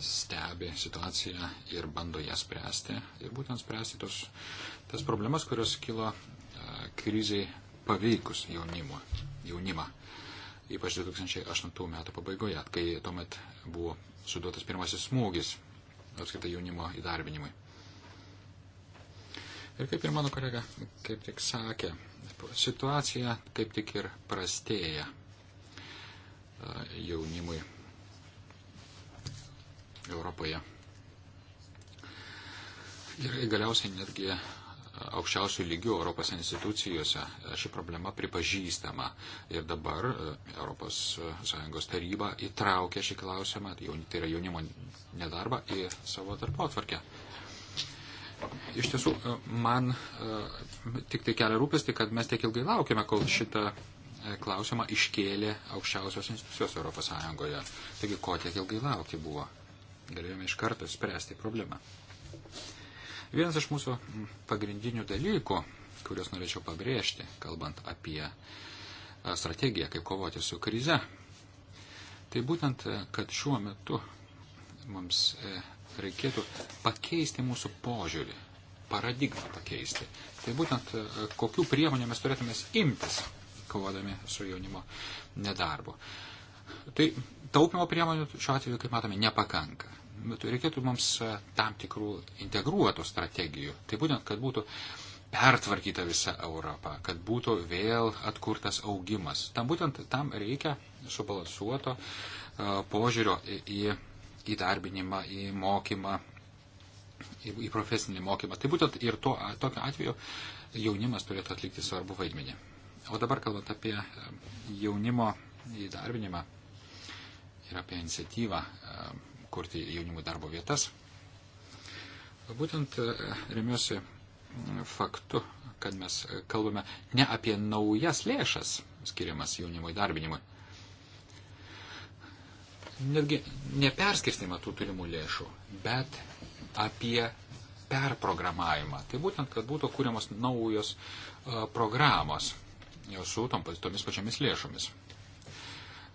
stebi situaciją ir bando ją spręsti. Ir būtent spręsti tos, tas problemas, kurios kilo e, krizai paveikus jaunimo, jaunimą, ypač 2008 metų pabaigoje, kai tuomet buvo suduotas pirmasis smūgis apskritai jaunimo įdarbinimui. Ir kaip ir mano kolega kaip tik sakė, situacija kaip tik ir prastėja e, jaunimui Europoje. Ir galiausiai netgi aukščiausių lygių Europos institucijose e, ši problema pripažįstama. Ir dabar ES e, taryba įtraukia šį klausimą, tai, tai yra jaunimo nedarbą, į savo darbotvarkę. Iš tiesų, e, man tik tai kelia rūpesti, kad mes tiek ilgai laukime, kol šitą klausimą iškėlė aukščiausios institucijos Europos Sąjungoje. Taigi, ko tiek ilgai laukti buvo? Galėjome iš karto spręsti problemą. Vienas iš mūsų pagrindinių dalykų, kuriuos norėčiau pabrėžti, kalbant apie e, strategiją, kaip kovoti su krize, tai būtent, e, kad šiuo metu mums e, reikėtų pakeisti mūsų požiūrį, paradigmą pakeisti. Tai būtent, kokių priemonių mes turėtume imtis, kovodami su jaunimo nedarbu. Tai taupimo priemonių šiuo atveju, kaip matome, nepakanka metu reikėtų mums e, tam tikrų integruotų strategijų. Tai būtent, kad būtų pertvarkyta visa Europa, kad būtų vėl atkurtas augimas. Tam būtent tam reikia subalansuoto e, požiūrio į įdarbinimą, į mokymą, į, į profesinį mokymą. Tai būtent ir to, tokiu atveju jaunimas turėtų atlikti svarbu vaidmenį. O dabar kalbant apie e, jaunimo įdarbinimą ir apie iniciatyvą kurti jaunimų darbo vietas. Būtent e, remiuosi faktu, kad mes e, kalbame ne apie naujas lėšas skiriamas jaunimo įdarbinimui. Netgi neperskirstimą tų turimų lėšų, bet apie perprogramavimą. Tai būtent, kad būtų kūriamos naujos e, programos jau su tomis pačiomis lėšomis.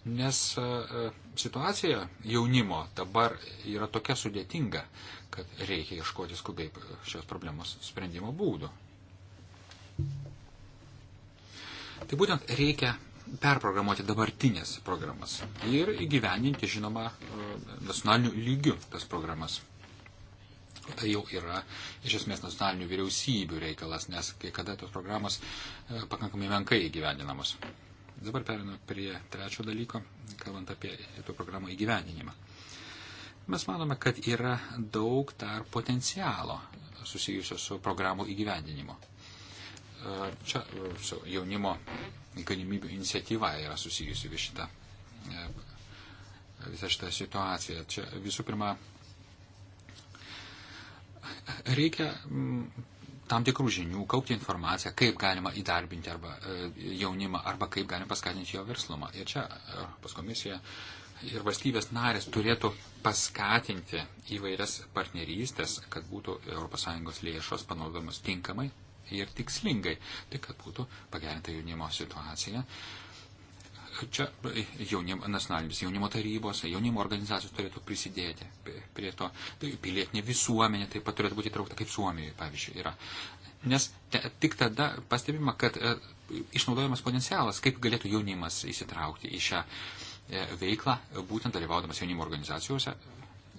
Nes e, e, situacija jaunimo dabar yra tokia sudėtinga, kad reikia ieškoti skubiai šios problemos sprendimo būdų. Tai būtent reikia perprogramuoti dabartinės programas ir įgyvendinti, žinoma, e, nacionaliniu lygiu tas programas. Tai jau yra iš esmės nacionalinių vyriausybių reikalas, nes kai kada tos programos pakankamai menkai įgyvendinamos. Dabar perinu prie trečio dalyko, kalbant apie tų programų įgyvendinimą. Mes manome, kad yra daug dar potencialo susijusio su programų įgyvendinimu. E, čia e, su jaunimo galimybių iniciatyva yra susijusi vis šita, e, visa šita situacija. Čia visų pirma, reikia tam tikrų žinių, kaupti informaciją, kaip galima įdarbinti arba e, jaunimą, arba kaip galima paskatinti jo verslumą. Ir čia Europos komisija ir valstybės narės turėtų paskatinti įvairias partnerystės, kad būtų ES lėšos panaudomas tinkamai ir tikslingai, tai kad būtų pagerinta jaunimo situacija, čia jaunim, nacionalinės jaunimo tarybos, jaunimo organizacijos turėtų prisidėti prie to. Tai pilietinė visuomenė taip pat turėtų būti įtraukta, kaip Suomijoje, pavyzdžiui, yra. Nes te, tik tada pastebima, kad e, išnaudojamas potencialas, kaip galėtų jaunimas įsitraukti į šią e, veiklą, būtent dalyvaudamas jaunimo organizacijose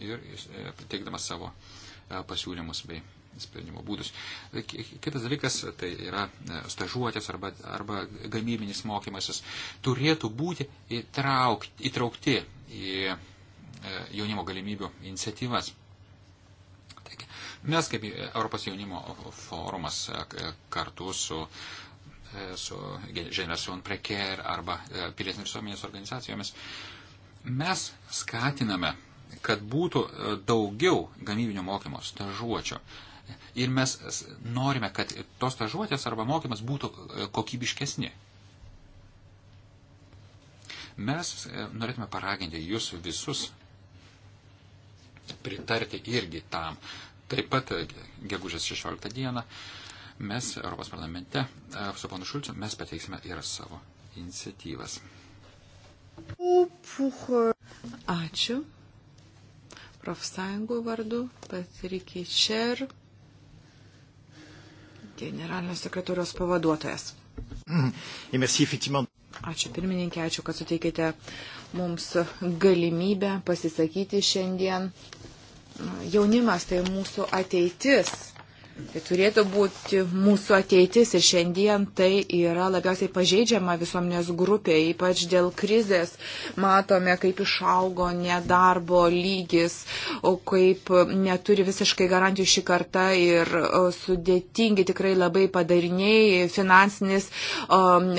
ir e, teikdamas savo e, pasiūlymus bei sprendimo būdus. Tai kitas dalykas tai yra e, stažuotės arba, arba gamybinis mokymasis turėtų būti įtraukti, įtraukti į e, jaunimo galimybių iniciatyvas. Taigi, mes kaip Europos jaunimo forumas e, kartu su su Generation Precare arba pilietinės visuomenės organizacijomis, mes skatiname kad būtų daugiau gamybinio mokymo stažuočio. Ir mes norime, kad tos stažuotės arba mokymas būtų e, kokybiškesni. Mes e, norėtume paraginti jūs visus pritarti irgi tam. Taip pat e, gegužės 16 dieną mes Europos parlamente su ponu Šulciu mes pateiksime ir savo iniciatyvas. Ačiū. Profsąjungų vardu Patrikė Šer generalinio sekretorijos pavaduotojas. Mm, ačiū pirmininkė, ačiū, kad suteikėte mums galimybę pasisakyti šiandien. Jaunimas tai mūsų ateitis Tai turėtų būti mūsų ateitis ir šiandien tai yra labiausiai pažeidžiama visuomenės grupė, ypač dėl krizės. Matome, kaip išaugo nedarbo lygis, o kaip neturi visiškai garantijų šį kartą ir sudėtingi tikrai labai padariniai, finansinis um,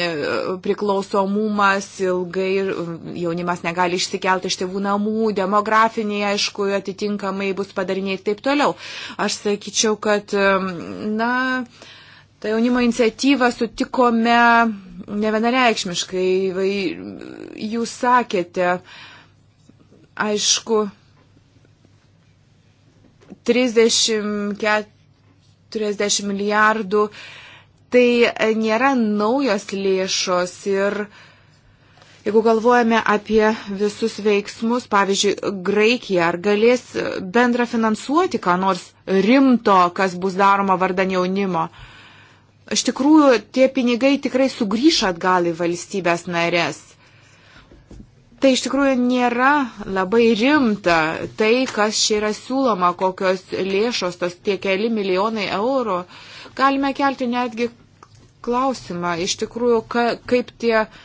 priklausomumas, ilgai jaunimas negali išsikelti iš tėvų namų, demografiniai, aišku, atitinkamai bus padariniai ir taip toliau. Aš sakyčiau, kad na, tą jaunimo iniciatyvą sutikome nevienareikšmiškai. Jūs sakėte, aišku, 30-40 milijardų tai nėra naujos lėšos ir uh, Jeigu galvojame apie visus veiksmus, pavyzdžiui, Graikija, ar galės bendra finansuoti ką nors rimto, kas bus daroma vardan jaunimo? Iš tikrųjų, tie pinigai tikrai sugrįš atgal į valstybės narės. Tai iš tikrųjų nėra labai rimta tai, kas čia yra siūloma, kokios lėšos, tos tie keli milijonai eurų. Galime kelti netgi klausimą, iš tikrųjų, ka, kaip tie uh,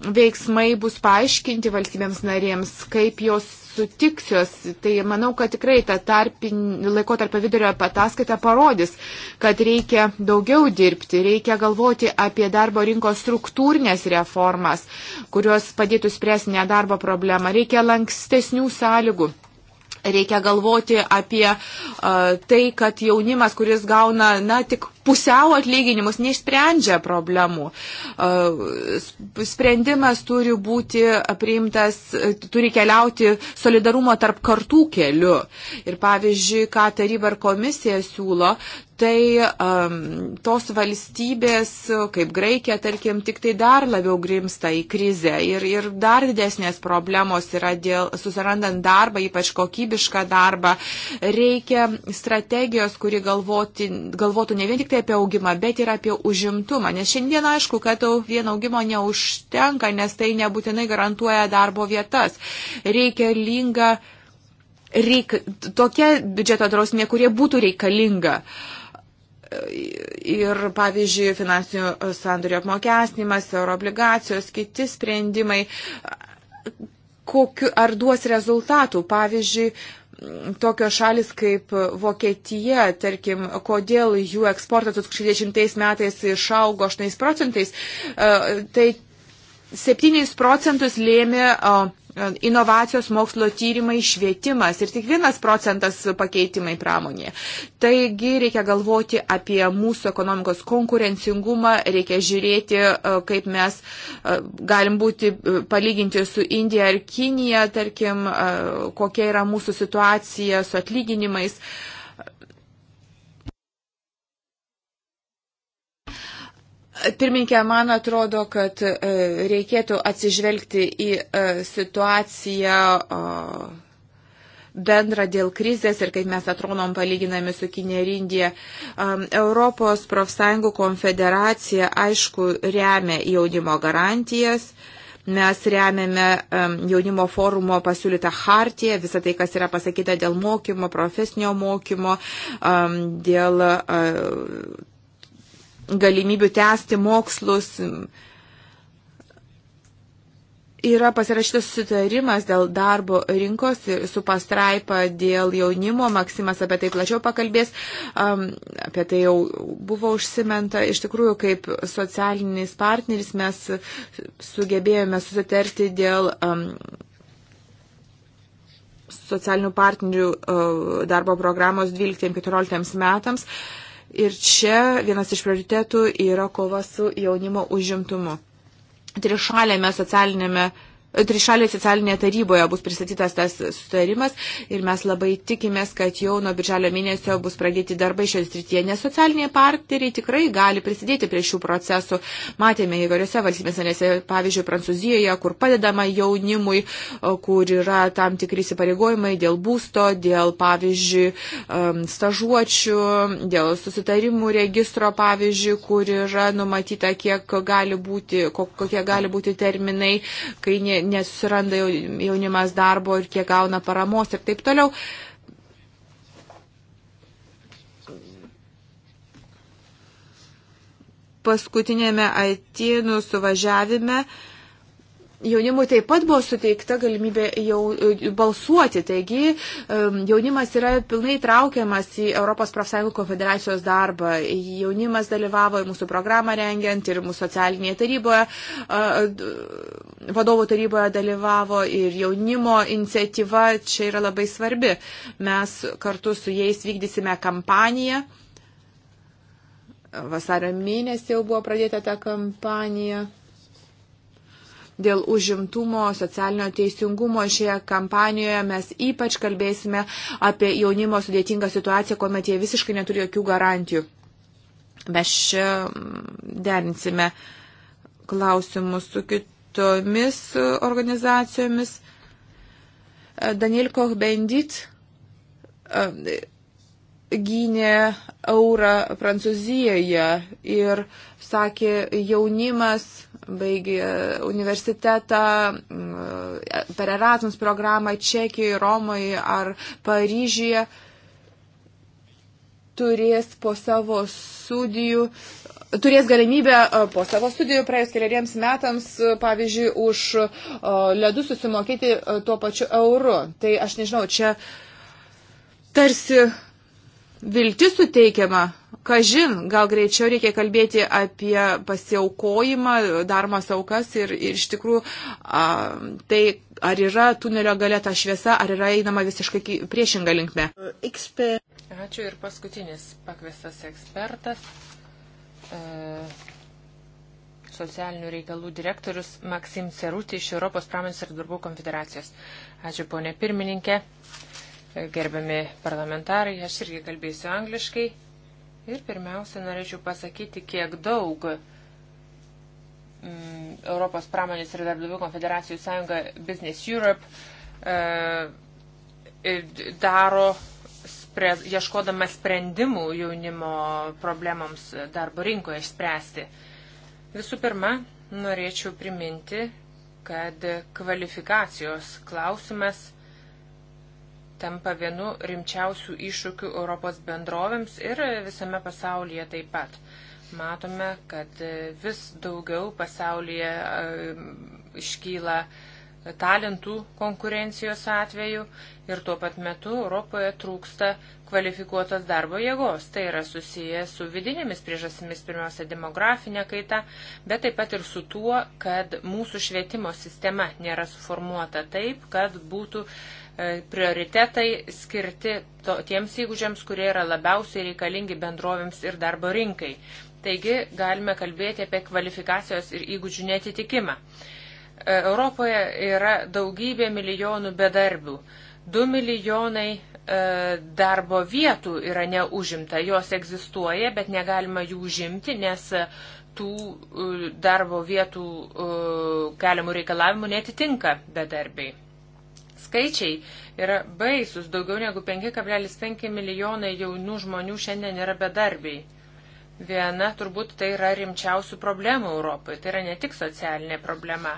veiksmai bus paaiškinti valstybėms narėms, kaip jos sutiksios. Tai manau, kad tikrai ta tarpin, laiko tarp vidurio pataskaita parodys, kad reikia daugiau dirbti, reikia galvoti apie darbo rinkos struktūrinės reformas, kurios padėtų spręsti nedarbo problemą, reikia lankstesnių sąlygų. Reikia galvoti apie uh, tai, kad jaunimas, kuris gauna, na, tik pusiau atlyginimus neišsprendžia problemų. E, sprendimas turi būti priimtas, turi keliauti solidarumo tarp kartų keliu. Ir pavyzdžiui, ką taryba ir komisija siūlo, tai um, tos valstybės, kaip Graikija, tarkim, tik tai dar labiau grimsta į krizę ir, ir dar didesnės problemos yra dėl susirandant darbą, ypač kokybišką darbą. Reikia strategijos, kuri galvoti, galvotų ne vien tik tai apie augimą, bet ir apie užimtumą. Nes šiandien aišku, kad vien augimo neužtenka, nes tai nebūtinai garantuoja darbo vietas. Reikalinga reik, tokia biudžeto drausmė, kurie būtų reikalinga. Ir, pavyzdžiui, finansinių sandorių apmokestinimas, euroobligacijos, kiti sprendimai kokiu, ar duos rezultatų. Pavyzdžiui, tokios šalis kaip Vokietija, tarkim, kodėl jų eksportas 2010 metais išaugo 8 procentais, e, tai 7 procentus lėmė e, inovacijos, mokslo tyrimai, švietimas ir tik vienas procentas pakeitimai pramonėje. Taigi reikia galvoti apie mūsų ekonomikos konkurencingumą, reikia žiūrėti, e, kaip mes e, galim būti e, palyginti su Indija ar Kinija, tarkim, kokia yra mūsų situacija su atlyginimais. Uh, Pirminkė, man atrodo, kad e, reikėtų atsižvelgti į e, situaciją bendrą dėl krizės ir kaip mes atrodom palyginami su Kinė ir Indija. Europos profsąjungų konfederacija, aišku, remia jaunimo garantijas. Mes remiame jaunimo forumo pasiūlytą hartiją, visą tai, kas yra pasakyta dėl mokymo, profesinio mokymo, dėl galimybių tęsti mokslus. Yra pasirašytas sutarimas dėl darbo rinkos su pastraipa dėl jaunimo, Maksimas apie tai plačiau pakalbės, um, apie tai jau buvo užsimenta. Iš tikrųjų, kaip socialiniais partneris mes sugebėjome susitarti dėl. Um, socialinių partnerių darbo programos 12-14 metams. Uh, Ir čia vienas iš prioritetų yra kova su jaunimo užimtumu. Trišalėme socialinėme uh, trišalėje socialinėje taryboje bus pristatytas tas sutarimas ir mes labai tikimės, kad jau nuo birželio mėnesio bus pradėti darbai šioje srityje, nes socialiniai partneriai tikrai gali prisidėti prie šių procesų. Matėme įvairiose valstybėse, nes pavyzdžiui, Prancūzijoje, kur padedama jaunimui, kur yra tam tikri įsipareigojimai dėl būsto, dėl pavyzdžiui, um, stažuočių, dėl susitarimų registro, pavyzdžiui, kur yra numatyta, kiek gali būti, kokie gali būti terminai, kai ne, nesusiranda jaunimas darbo ir kiek gauna paramos ir taip toliau. Paskutinėme Atinų suvažiavime uh, jaunimui taip pat buvo suteikta galimybė jau e, balsuoti, taigi e, jaunimas yra pilnai traukiamas į Europos profsąjungų konfederacijos darbą. Jaunimas dalyvavo ir mūsų programą rengiant, ir mūsų socialinėje taryboje, vadovų taryboje dalyvavo, ir jaunimo iniciatyva čia yra labai svarbi. Mes kartu su jais vykdysime kampaniją. Vasario mėnesį jau buvo pradėta ta kampanija dėl užimtumo, socialinio teisingumo. Šioje kampanijoje mes ypač kalbėsime apie jaunimo sudėtingą situaciją, kuomet jie visiškai neturi jokių garantijų. Mes čia mm, derinsime klausimus su kitomis organizacijomis. E, Daniel Koch-Bendit e, gynė eurą Prancūzijoje ir sakė, jaunimas baigė universitetą mm, per Erasmus programą Čekijoje, Romoje ar Paryžyje, turės po savo studijų turės galimybę e, po savo studijų praėjus keliariems metams, e, pavyzdžiui, už e, ledus susimokėti tuo pačiu euru. Tai aš nežinau, čia tarsi viltis suteikiama Kažin, gal greičiau reikia kalbėti apie pasiaukojimą, darmas aukas ir, ir iš tikrųjų a, tai, ar yra tunelio gale ta šviesa, ar yra einama visiškai priešinga linkme. Eksper... Ačiū ir paskutinis pakvestas ekspertas, e, socialinių reikalų direktorius Maksim Serutį iš Europos pramonės ir darbų konfederacijos. Ačiū ponė pirmininkė, gerbiami parlamentarai, aš irgi kalbėsiu angliškai. Ir pirmiausia, norėčiau pasakyti, kiek daug mm, Europos pramonės ir darbdavių konfederacijų sąjunga Business Europe e, daro, spre, ieškodama sprendimų jaunimo problemams darbo rinkoje išspręsti. Visų pirma, norėčiau priminti, kad kvalifikacijos klausimas – tampa vienu rimčiausių iššūkių Europos bendrovėms ir visame pasaulyje taip pat. Matome, kad vis daugiau pasaulyje e, iškyla talentų konkurencijos atveju ir tuo pat metu Europoje trūksta kvalifikuotos darbo jėgos. Tai yra susiję su vidinėmis priežasimis, pirmiausia, demografinė kaita, bet taip pat ir su tuo, kad mūsų švietimo sistema nėra suformuota taip, kad būtų E, prioritetai skirti to, tiems įgūdžiams, kurie yra labiausiai reikalingi bendrovėms ir darbo rinkai. Taigi galime kalbėti apie kvalifikacijos ir įgūdžių netitikimą. E, Europoje yra daugybė milijonų bedarbių. 2 milijonai e, darbo vietų yra neužimta. Jos egzistuoja, bet negalima jų užimti, nes tų darbo vietų keliamų reikalavimų netitinka bedarbiai. Skaičiai yra baisus, daugiau negu 5,5 milijonai jaunų žmonių šiandien yra bedarbiai. Viena turbūt tai yra rimčiausių problemų Europoje, tai yra ne tik socialinė problema.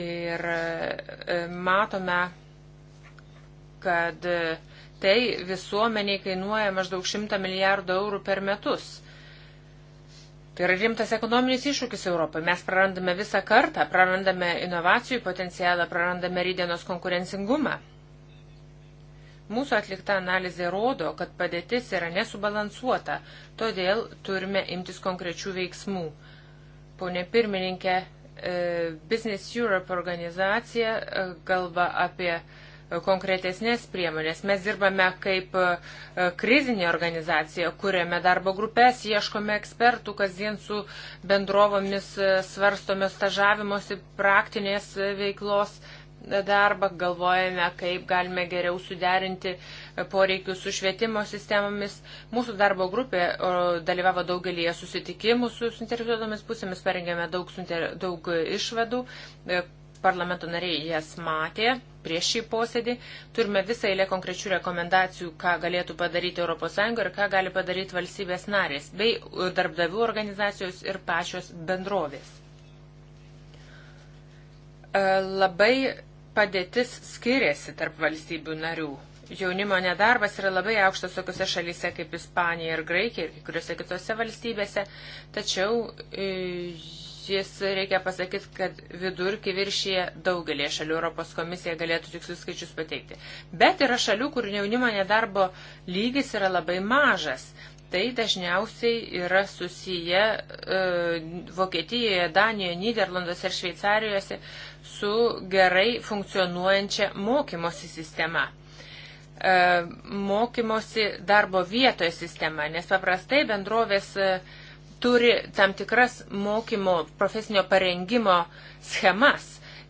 Ir e, matome, kad e, tai visuomeniai kainuoja maždaug 100 milijardų eurų per metus. Tai yra rimtas ekonominis iššūkis Europai. Mes prarandame visą kartą, prarandame inovacijų potencialą, prarandame rydienos konkurencingumą. Mūsų atlikta analizė rodo, kad padėtis yra nesubalansuota, todėl turime imtis konkrečių veiksmų. Pone pirmininkė, e, Business Europe organizacija kalba e, apie konkretesnės priemonės. Mes dirbame kaip e, krizinė organizacija, kuriame darbo grupės, ieškome ekspertų, kasdien su bendrovomis e, svarstome stažavimosi praktinės e, veiklos darbą, galvojame, kaip galime geriau suderinti poreikius su švietimo sistemomis. Mūsų darbo grupė dalyvavo daugelį susitikimų su suinteresuotomis pusėmis, parengėme daug, daug išvadų, parlamento nariai jas matė prieš šį posėdį. Turime visą eilę konkrečių rekomendacijų, ką galėtų padaryti ES ir ką gali padaryti valstybės narės, bei e, darbdavių organizacijos ir pačios bendrovės. E, labai padėtis skiriasi tarp valstybių narių. Jaunimo nedarbas yra labai aukštas tokiuose šalyse kaip Ispanija ir Graikija ir kai kuriuose kitose valstybėse, tačiau e, jis reikia pasakyti, kad vidurki viršyje daugelie šalių Europos komisija galėtų tikslius skaičius pateikti. Bet yra šalių, kur jaunimo nedarbo lygis yra labai mažas. Tai dažniausiai yra susiję e, Vokietijoje, Danijoje, Niderlanduose ir Šveicarijose su gerai funkcionuojančia mokymosi sistema e, mokymosi darbo vietoje sistema, nes paprastai bendrovės e, turi tam tikras mokymo, profesinio parengimo schemas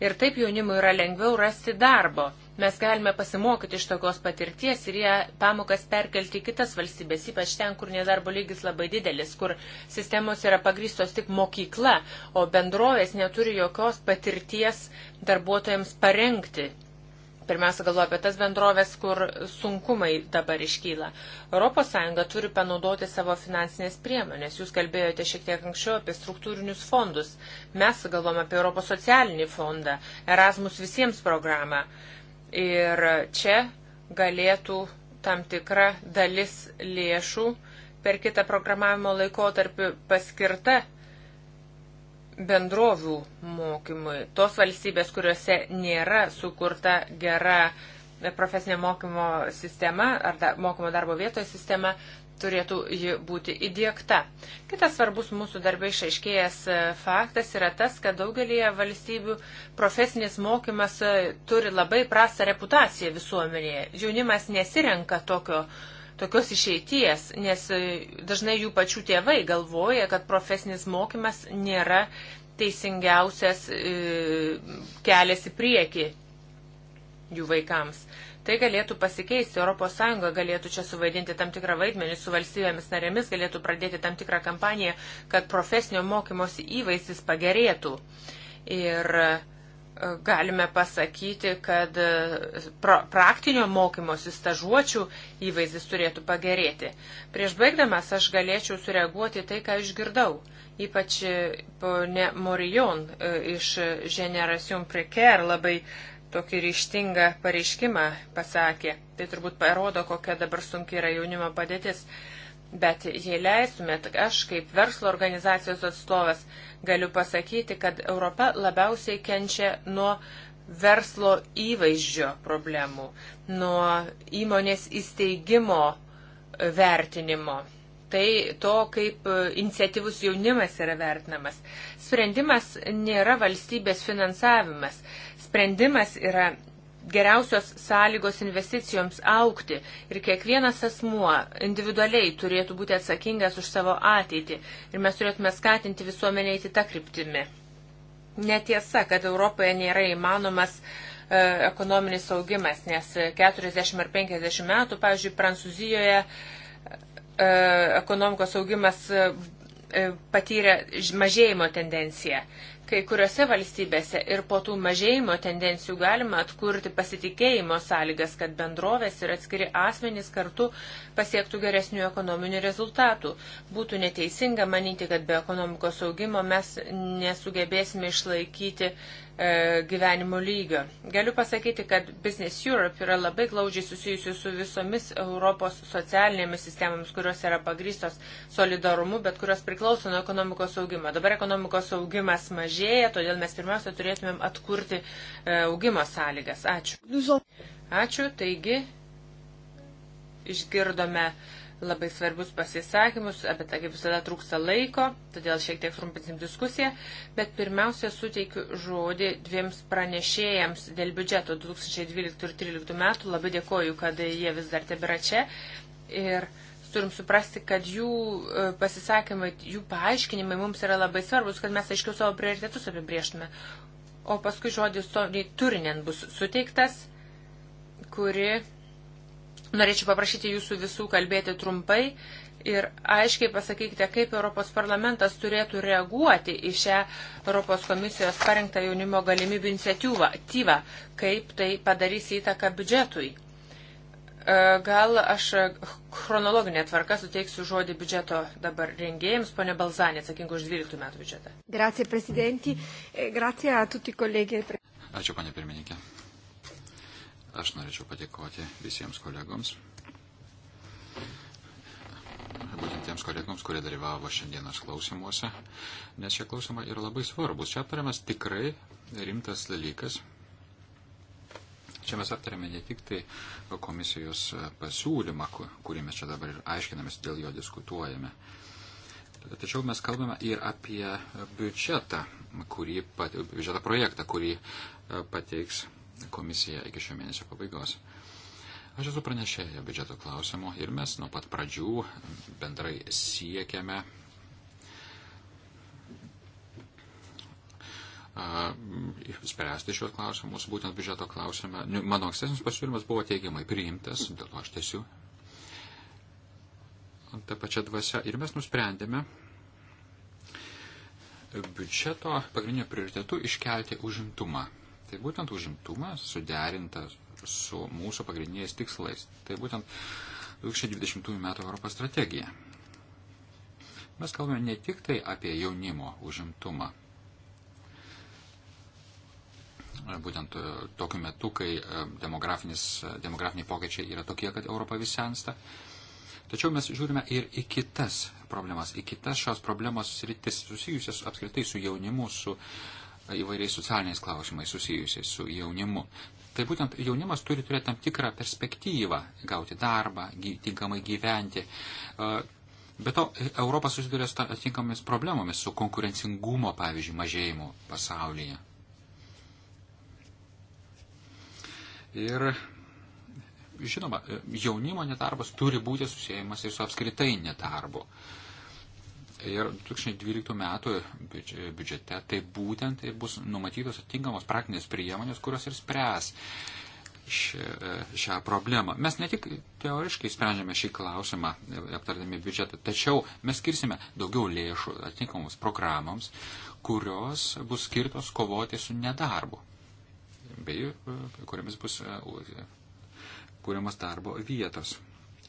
ir taip jaunimui yra lengviau rasti darbo. Mes galime pasimokyti iš tokios patirties ir ją pamokas perkelti į kitas valstybės, ypač ten, kur nedarbo lygis labai didelis, kur sistemos yra pagrystos tik mokykla, o bendrovės neturi jokios patirties darbuotojams parengti Pirmiausia, galvoju apie tas bendrovės, kur sunkumai dabar iškyla. ES turi panaudoti savo finansinės priemonės. Jūs kalbėjote šiek tiek anksčiau apie struktūrinius fondus. Mes galvom apie Europos socialinį fondą, Erasmus visiems programą. Ir čia galėtų tam tikra dalis lėšų per kitą programavimo laikotarpį paskirta bendrovių mokymui. Tos valstybės, kuriuose nėra sukurta gera profesinė mokymo sistema ar da, mokymo darbo vietoje sistema, turėtų ji būti įdėkta. Kitas svarbus mūsų darbai išaiškėjęs e, faktas yra tas, kad daugelįje valstybių profesinis mokymas e, turi labai prastą reputaciją visuomenėje. Jaunimas nesirenka tokio uh, tokios išeities, nes e, dažnai jų pačių tėvai galvoja, kad profesinis mokymas nėra teisingiausias e, kelias į priekį jų vaikams. Tai galėtų pasikeisti, ES galėtų čia suvaidinti tam tikrą vaidmenį su valstybėmis narėmis, galėtų pradėti tam tikrą kampaniją, kad profesinio mokymosi įvaizdis pagerėtų. Ir uh, galime pasakyti, kad e, pra, praktinio mokymosi stažuočių įvaizdis turėtų pagerėti. Prieš baigdamas aš galėčiau sureaguoti tai, ką išgirdau, ypač e, ponė Morijon e, iš Generation Precare labai tokį ryštingą pareiškimą pasakė. Tai turbūt parodo, kokia dabar sunki yra jaunimo padėtis. Bet jei leisumėt, aš kaip verslo organizacijos atstovas, galiu pasakyti, kad Europa labiausiai kenčia nuo verslo įvaizdžio problemų, nuo įmonės įsteigimo e, vertinimo. Tai to, kaip e, iniciatyvus jaunimas yra vertinamas. Sprendimas nėra valstybės finansavimas. Sprendimas yra geriausios sąlygos investicijoms aukti ir kiekvienas asmuo individualiai turėtų būti atsakingas už savo ateitį ir mes turėtume skatinti visuomenę eiti tą kryptimį. Netiesa, kad Europoje nėra įmanomas e, ekonominis augimas, nes 40 ar 50 metų, pavyzdžiui, Prancūzijoje e, ekonomikos augimas e, patyrė mažėjimo tendenciją kai kuriuose valstybėse ir po tų mažėjimo tendencijų galima atkurti pasitikėjimo sąlygas, kad bendrovės ir atskiri asmenys kartu pasiektų geresnių ekonominių rezultatų. Būtų neteisinga manyti, kad be ekonomikos augimo mes nesugebėsime išlaikyti E, gyvenimo lygio. Galiu pasakyti, kad Business Europe yra labai glaudžiai susijusi su visomis Europos socialinėmis sistemomis, kurios yra pagrystos solidarumu, bet kurios priklauso nuo ekonomikos augimo. Dabar ekonomikos augimas mažėja, todėl mes pirmiausia turėtumėm atkurti e, augimo sąlygas. Ačiū. Ačiū, taigi išgirdome uh, labai svarbus pasisakymus, apie tai kaip visada trūksta laiko, todėl šiek tiek trumpinsim diskusiją, bet pirmiausia suteikiu žodį dviems pranešėjams dėl biudžeto 2012 ir 2013 metų. Labai dėkoju, kad jie vis dar tebėra čia. Ir turim suprasti, kad jų e, pasisakymai, jų paaiškinimai mums yra labai svarbus, kad mes aiškiau savo prioritetus apibrieštume. O paskui žodis Tony Turinen bus suteiktas, kuri Norėčiau paprašyti jūsų visų kalbėti trumpai ir aiškiai pasakykite, kaip Europos parlamentas turėtų reaguoti į šią Europos komisijos parengtą jaunimo galimybių iniciatyvą, kaip tai padarys įtaką biudžetui. E, gal aš chronologinė tvarka suteiksiu žodį biudžeto dabar rengėjams, ponė Balzanė, atsakinga už 12 metų biudžetą. Grazie, prezidenti. E, grazie a tutti kolegi. Ačiū, ponė pirmininkė. Aš norėčiau padėkoti visiems kolegoms, būtent tiems kolegoms, kurie dalyvavo šiandienos klausimuose, nes šie klausimai yra labai svarbus. Čia aptariamas tikrai rimtas dalykas. Čia mes aptarėme ne tik tai komisijos pasiūlymą, kurį mes čia dabar ir aiškinamės, dėl jo diskutuojame. Tačiau mes kalbame ir apie biudžetą, kurį, biudžetą projektą, kurį pateiks komisija iki šio mėnesio pabaigos. Aš esu pranešėja biudžeto klausimo ir mes nuo pat pradžių bendrai siekiame spręsti šios klausimus, būtent biudžeto klausimą. Nu, mano ankstesnis pasiūlymas buvo teigiamai priimtas, dėl to aš tiesiu tą pačią dvasę. Ir mes nusprendėme biudžeto pagrindinio prioritetų iškelti užimtumą. Tai būtent užimtumas suderintas su mūsų pagrindiniais tikslais. Tai būtent 2020 m. Europos strategija. Mes kalbame ne tik tai apie jaunimo užimtumą. Būtent e, tokiu metu, kai e, e, demografiniai pokyčiai yra tokie, kad Europa vis sensta. Tačiau mes žiūrime ir į kitas problemas, į kitas šios problemos sritis susijusias apskritai su jaunimu, su uh, įvairiais socialiniais klausimais susijusiais su jaunimu. Tai būtent jaunimas turi turėti tam tikrą perspektyvą gauti darbą, tinkamai gyventi. Be to, Europa susiduria su atitinkamomis problemomis, su konkurencingumo, pavyzdžiui, mažėjimu pasaulyje. Ir žinoma, jaunimo nedarbas turi būti susijęs ir su apskritai nedarbu. Uh, Ir 2012 metų biudžete tai būtent tai bus numatytos atitinkamos praktinės priemonės, kurios ir spręs ši, šią problemą. Mes ne tik teoriškai sprendžiame šį klausimą, aptardami biudžetą, tačiau mes skirsime daugiau lėšų atitinkamoms programoms, kurios bus skirtos kovoti su nedarbu, bei e, kuriamis bus e, kūriamas darbo vietos.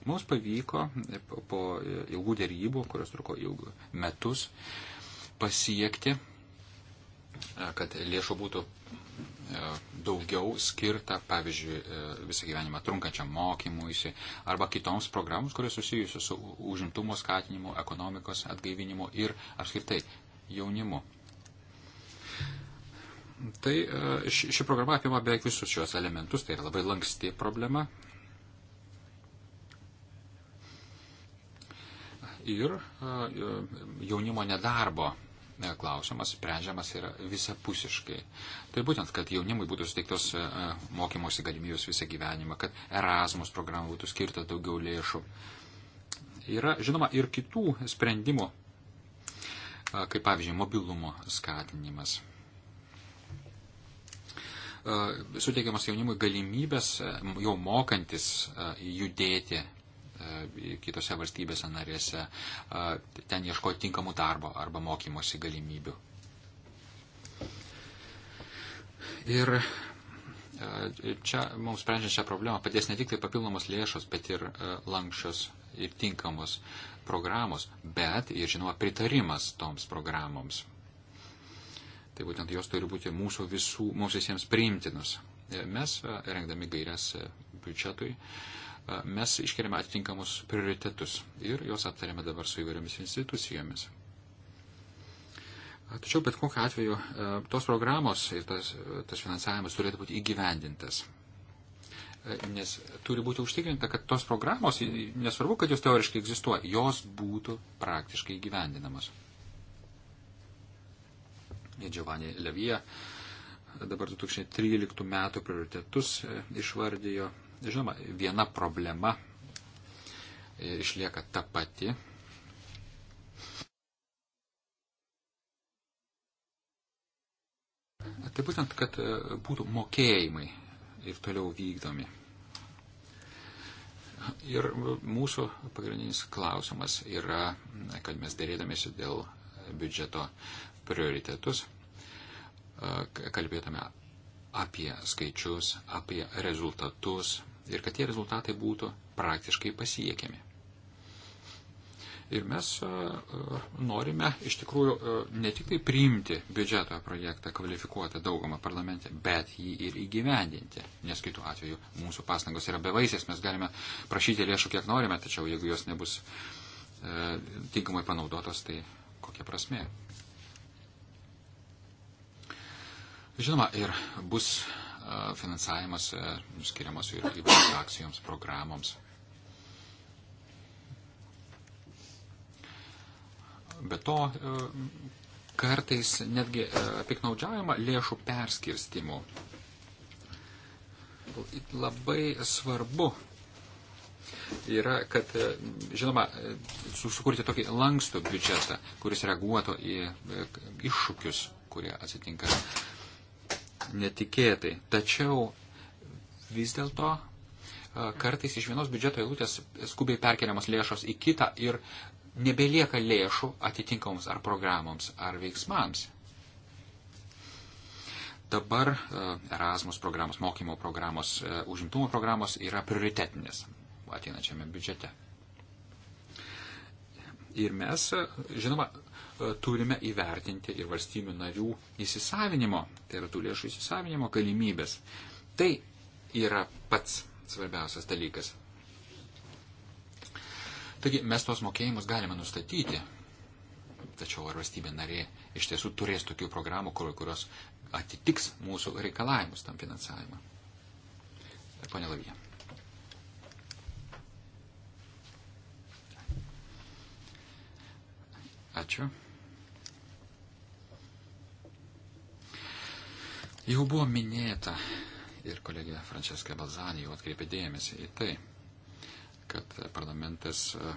Mums pavyko e, po ilgų dėrybų, kurios truko ilgų metus, pasiekti, e, kad lėšų būtų e, daugiau skirta, pavyzdžiui, visą gyvenimą trunkančiam mokymuisi arba kitoms programoms, kurios susijusios su užimtumo skatinimu, ekonomikos atgaivinimu ir apskritai jaunimu. Tai ši programa apima beveik visus šios elementus, tai yra labai lanksti problema, ir e, e, jaunimo nedarbo e, klausimas sprendžiamas yra visapusiškai. Tai būtent, kad jaunimui būtų suteiktos mokymosi galimybės visą gyvenimą, kad Erasmus programai būtų skirta daugiau lėšų. Yra, žinoma, ir kitų sprendimų, kaip pavyzdžiui, mobilumo skatinimas. Suteikiamas jaunimui galimybės jau mokantis judėti E, kitose valstybėse narėse, e, ten ieškoti tinkamų darbo arba mokymosi galimybių. Ir e, čia mums sprendžiant šią problemą padės ne tik tai papildomos lėšos, bet ir lankščios ir tinkamos programos, bet ir, žinoma, pritarimas toms programoms. Tai būtent jos turi būti mūsų visų, mums visiems priimtinus. Mes, rengdami gairias biudžetui, mes iškeliame atitinkamus prioritetus ir juos aptarėme dabar su įvairiomis institucijomis. Tačiau bet kokiu atveju tos programos ir tas, tas finansavimas turėtų būti įgyvendintas. Nes turi būti užtikrinta, kad tos programos, nesvarbu, kad jos teoriškai egzistuoja, jos būtų praktiškai įgyvendinamos. Giovanni Levija dabar 2013 metų prioritetus išvardijo Žinoma, viena problema e, išlieka ta pati. Tai būtent, kad e, būtų mokėjimai ir toliau vykdomi. Ir mūsų pagrindinis klausimas yra, kad mes dėrėdamėsi dėl biudžeto prioritetus, e, kalbėtume apie skaičius, apie rezultatus, ir kad tie rezultatai būtų praktiškai pasiekiami. Ir mes e, e, norime iš tikrųjų e, ne tik tai priimti biudžeto projektą kvalifikuotą daugumą parlamente, bet jį ir įgyvendinti. Nes kitų atveju mūsų pastangos yra bevaisės, mes galime prašyti lėšų kiek norime, tačiau jeigu jos nebus e, tinkamai panaudotos, tai kokia prasme. Žinoma, ir bus finansavimas skiriamas įvairioms akcijoms, programoms. Be to, kartais netgi piknaudžiaujama lėšų perskirstimu. Labai svarbu yra, kad, žinoma, sukurti tokį lankstų biudžetą, kuris reaguotų į iššūkius, kurie atsitinka netikėtai. Tačiau vis dėlto kartais iš vienos biudžeto eilutės skubiai perkeliamos lėšos į kitą ir nebelieka lėšų atitinkamoms ar programoms ar veiksmams. Dabar Erasmus programos, mokymo programos, užimtumo programos yra prioritetinės ateinančiame biudžete. Ir mes, žinoma, E, turime įvertinti ir valstybių narių įsisavinimo, tai yra tų lėšų įsisavinimo galimybės. Tai yra pats svarbiausias dalykas. Taigi mes tos mokėjimus galime nustatyti, tačiau ar valstybė narė iš tiesų turės tokių programų, kurios atitiks mūsų reikalavimus tam finansavimą. Pone Lavija. Ačiū. Jau buvo minėta ir kolegė Franceska Balzani jau atkreipė dėmesį į tai, kad parlamentas e,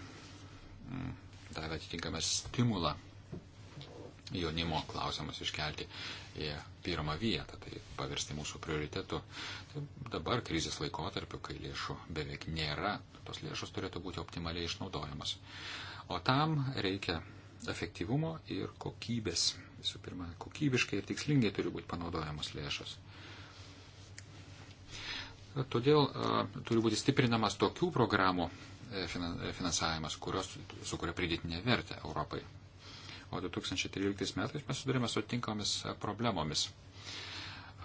davė atitinkamą stimulą jaunimo klausimus iškelti į pirmą vietą, tai paversti mūsų prioritetu. Tai dabar krizės laikotarpiu, kai lėšų beveik nėra, tos lėšos turėtų būti optimaliai išnaudojamos. O tam reikia efektyvumo ir kokybės. Visų pirma, kokybiškai ir tikslingai turi būti panaudojamos lėšos. Todėl a, turi būti stiprinamas tokių programų e, e, finansavimas, kurios sukuria pridėtinę vertę Europai. O 2013 metais mes sudarėme su tinkamomis problemomis.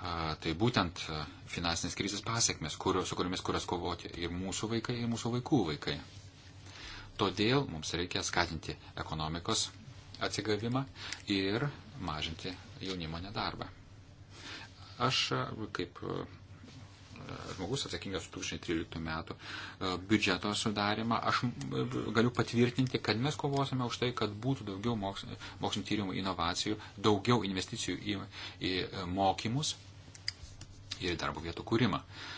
A, tai būtent finansinės krizės pasiekmes, kurio, su kuriomis kurias kovoti ir mūsų vaikai, ir mūsų vaikų vaikai. Todėl mums reikia skatinti ekonomikos atsigavimą ir mažinti jaunimo nedarbą. Aš kaip e, žmogus atsakingas 2013 metų e, biudžeto sudarimą, aš e, galiu patvirtinti, kad mes kovosime už tai, kad būtų daugiau mokslinio tyrimų inovacijų, daugiau investicijų į, į mokymus ir darbo vietų kūrimą. Uh,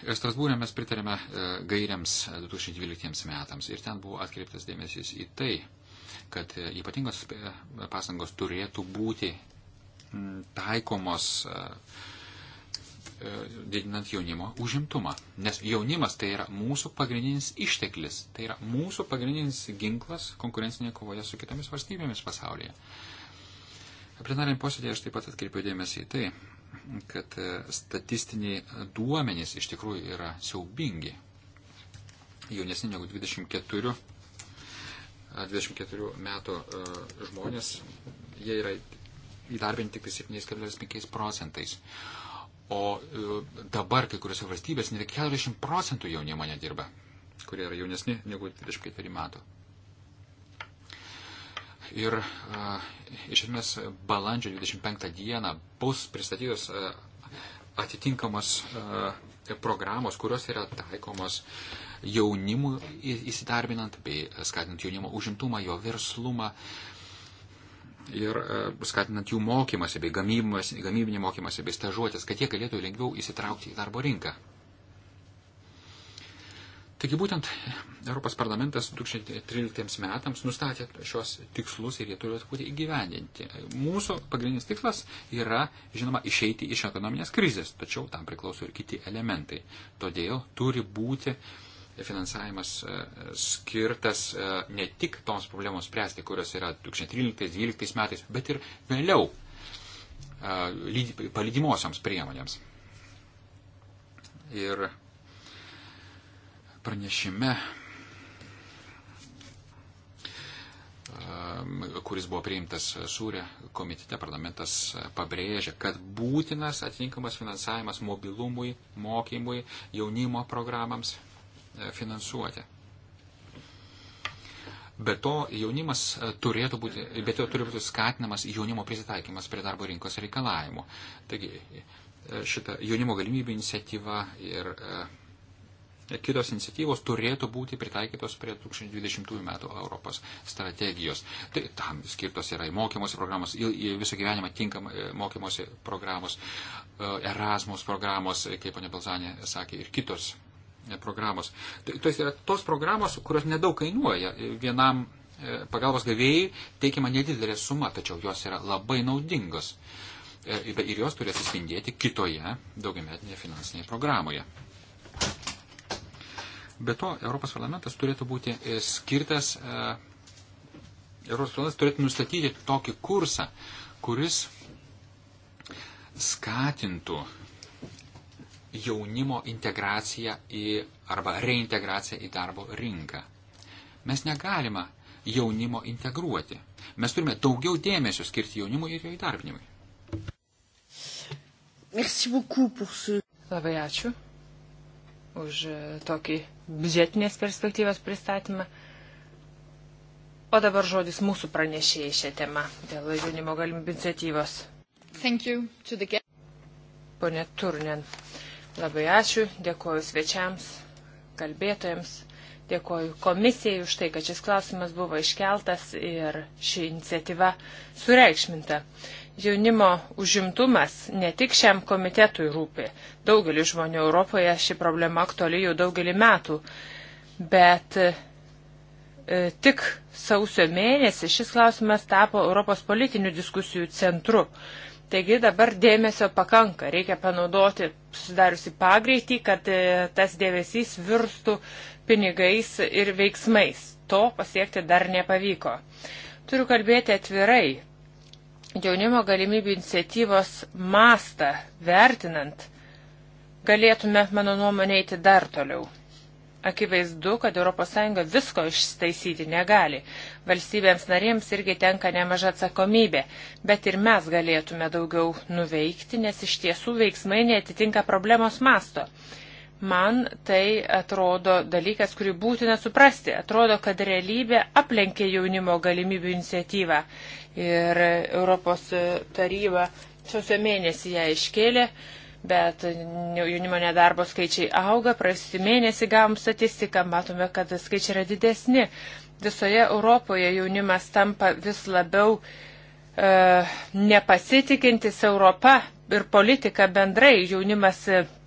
Strasbūrė mes pritarėme e, gairiams 2012 e, metams ir ten buvo atkreiptas dėmesys į tai, kad e, ypatingos pasangos turėtų būti taikomos didinant jaunimo užimtumą. Nes jaunimas tai yra mūsų pagrindinis išteklis, tai yra mūsų pagrindinis ginklas konkurencinėje kovoje su kitomis valstybėmis pasaulyje. Plenariniam posėdėje aš taip pat atkreipiu dėmesį į tai, kad e, statistiniai duomenys iš tikrųjų yra siaubingi. Jaunesni negu 24, 24 e, metų e, žmonės, jie yra įdarbinti tik 7,5 procentais. O dabar kai kuriuose valstybėse net 40 procentų jaunimo nedirba, kurie yra jaunesni negu 24 metų ir a, iš esmės balandžio 25 dieną bus pristatytos a, atitinkamos a, programos, kurios yra taikomos jaunimui įsidarbinant bei skatinant jaunimo užimtumą, jo verslumą ir skatinant jų mokymasi bei gamybinį mokymasi bei stažuotis, kad jie galėtų lengviau įsitraukti į darbo rinką. Taigi būtent Europos parlamentas 2013 metams nustatė šios tikslus ir jie turėtų būti įgyvendinti. Mūsų pagrindinis tikslas yra, žinoma, išeiti iš ekonominės krizės, tačiau tam priklauso ir kiti elementai. Todėl turi būti finansavimas e, skirtas e, ne tik toms problemoms spręsti, kurios yra 2013-2012 metais, bet ir vėliau e, palydimosioms priemonėms. Ir pranešime, um, kuris buvo priimtas Sūrė komitete, parlamentas pabrėžia, kad būtinas atitinkamas finansavimas mobilumui, mokymui, jaunimo programams e, finansuoti. Be to, jaunimas turėtų būti, bet to turi būti skatinamas jaunimo prisitaikymas prie darbo rinkos reikalavimų. Taigi, e, šita jaunimo galimybių iniciatyva ir e, kitos iniciatyvos turėtų būti pritaikytos prie 2020 metų Europos strategijos. Tai tam skirtos yra į mokymosi programos, į, į visą gyvenimą tinkam e, mokymosi programos, e, Erasmus programos, e, kaip ponė Balzanė sakė, ir kitos programos. Tai, tai yra tos programos, kurios nedaug kainuoja vienam pagalbos gavėjai teikiama nedidelė suma, tačiau jos yra labai naudingos. Ir jos turės atsispindėti kitoje daugiametinėje finansinėje programoje. Be to, Europos parlamentas turėtų būti e, skirtas, e, Europos parlamentas turėtų nustatyti tokį kursą, kuris skatintų jaunimo integraciją į, arba reintegraciją į darbo rinką. Mes negalime jaunimo integruoti. Mes turime daugiau dėmesio skirti jaunimui ir jo įdarbinimui. Labai ačiū už e, tokį biudžetinės perspektyvos pristatymą. O dabar žodis mūsų pranešėjai šią temą dėl jaunimo galimybių iniciatyvos. The... Pone Turnen, labai ačiū, dėkoju svečiams, kalbėtojams, dėkoju komisijai už tai, kad šis klausimas buvo iškeltas ir ši iniciatyva sureikšminta. Jaunimo užimtumas ne tik šiam komitetui rūpi. Daugelis žmonių Europoje ši problema aktuali jau daugelį metų. Bet e, tik sausio mėnesį šis klausimas tapo Europos politinių diskusijų centru. Taigi dabar dėmesio pakanka, reikia panaudoti susidariusi pagreitį, kad e, tas dėmesys virstų pinigais ir veiksmais. To pasiekti dar nepavyko. Turiu kalbėti atvirai, jaunimo galimybių iniciatyvos mastą vertinant, galėtume, mano nuomonė, eiti dar toliau. Akivaizdu, kad ES visko išstaisyti negali. Valstybėms narėms irgi tenka nemaža atsakomybė, bet ir mes galėtume daugiau nuveikti, nes iš tiesų veiksmai netitinka problemos masto. Man tai atrodo dalykas, kurį būtina suprasti. Atrodo, kad realybė aplenkė jaunimo galimybių iniciatyvą ir Europos taryba sausio mėnesį ją iškėlė, bet jaunimo nedarbo skaičiai auga. Praėjusį mėnesį gavom statistiką, matome, kad skaičiai yra didesni. Visoje Europoje jaunimas tampa vis labiau e, nepasitikintis Europą, ir politika bendrai jaunimas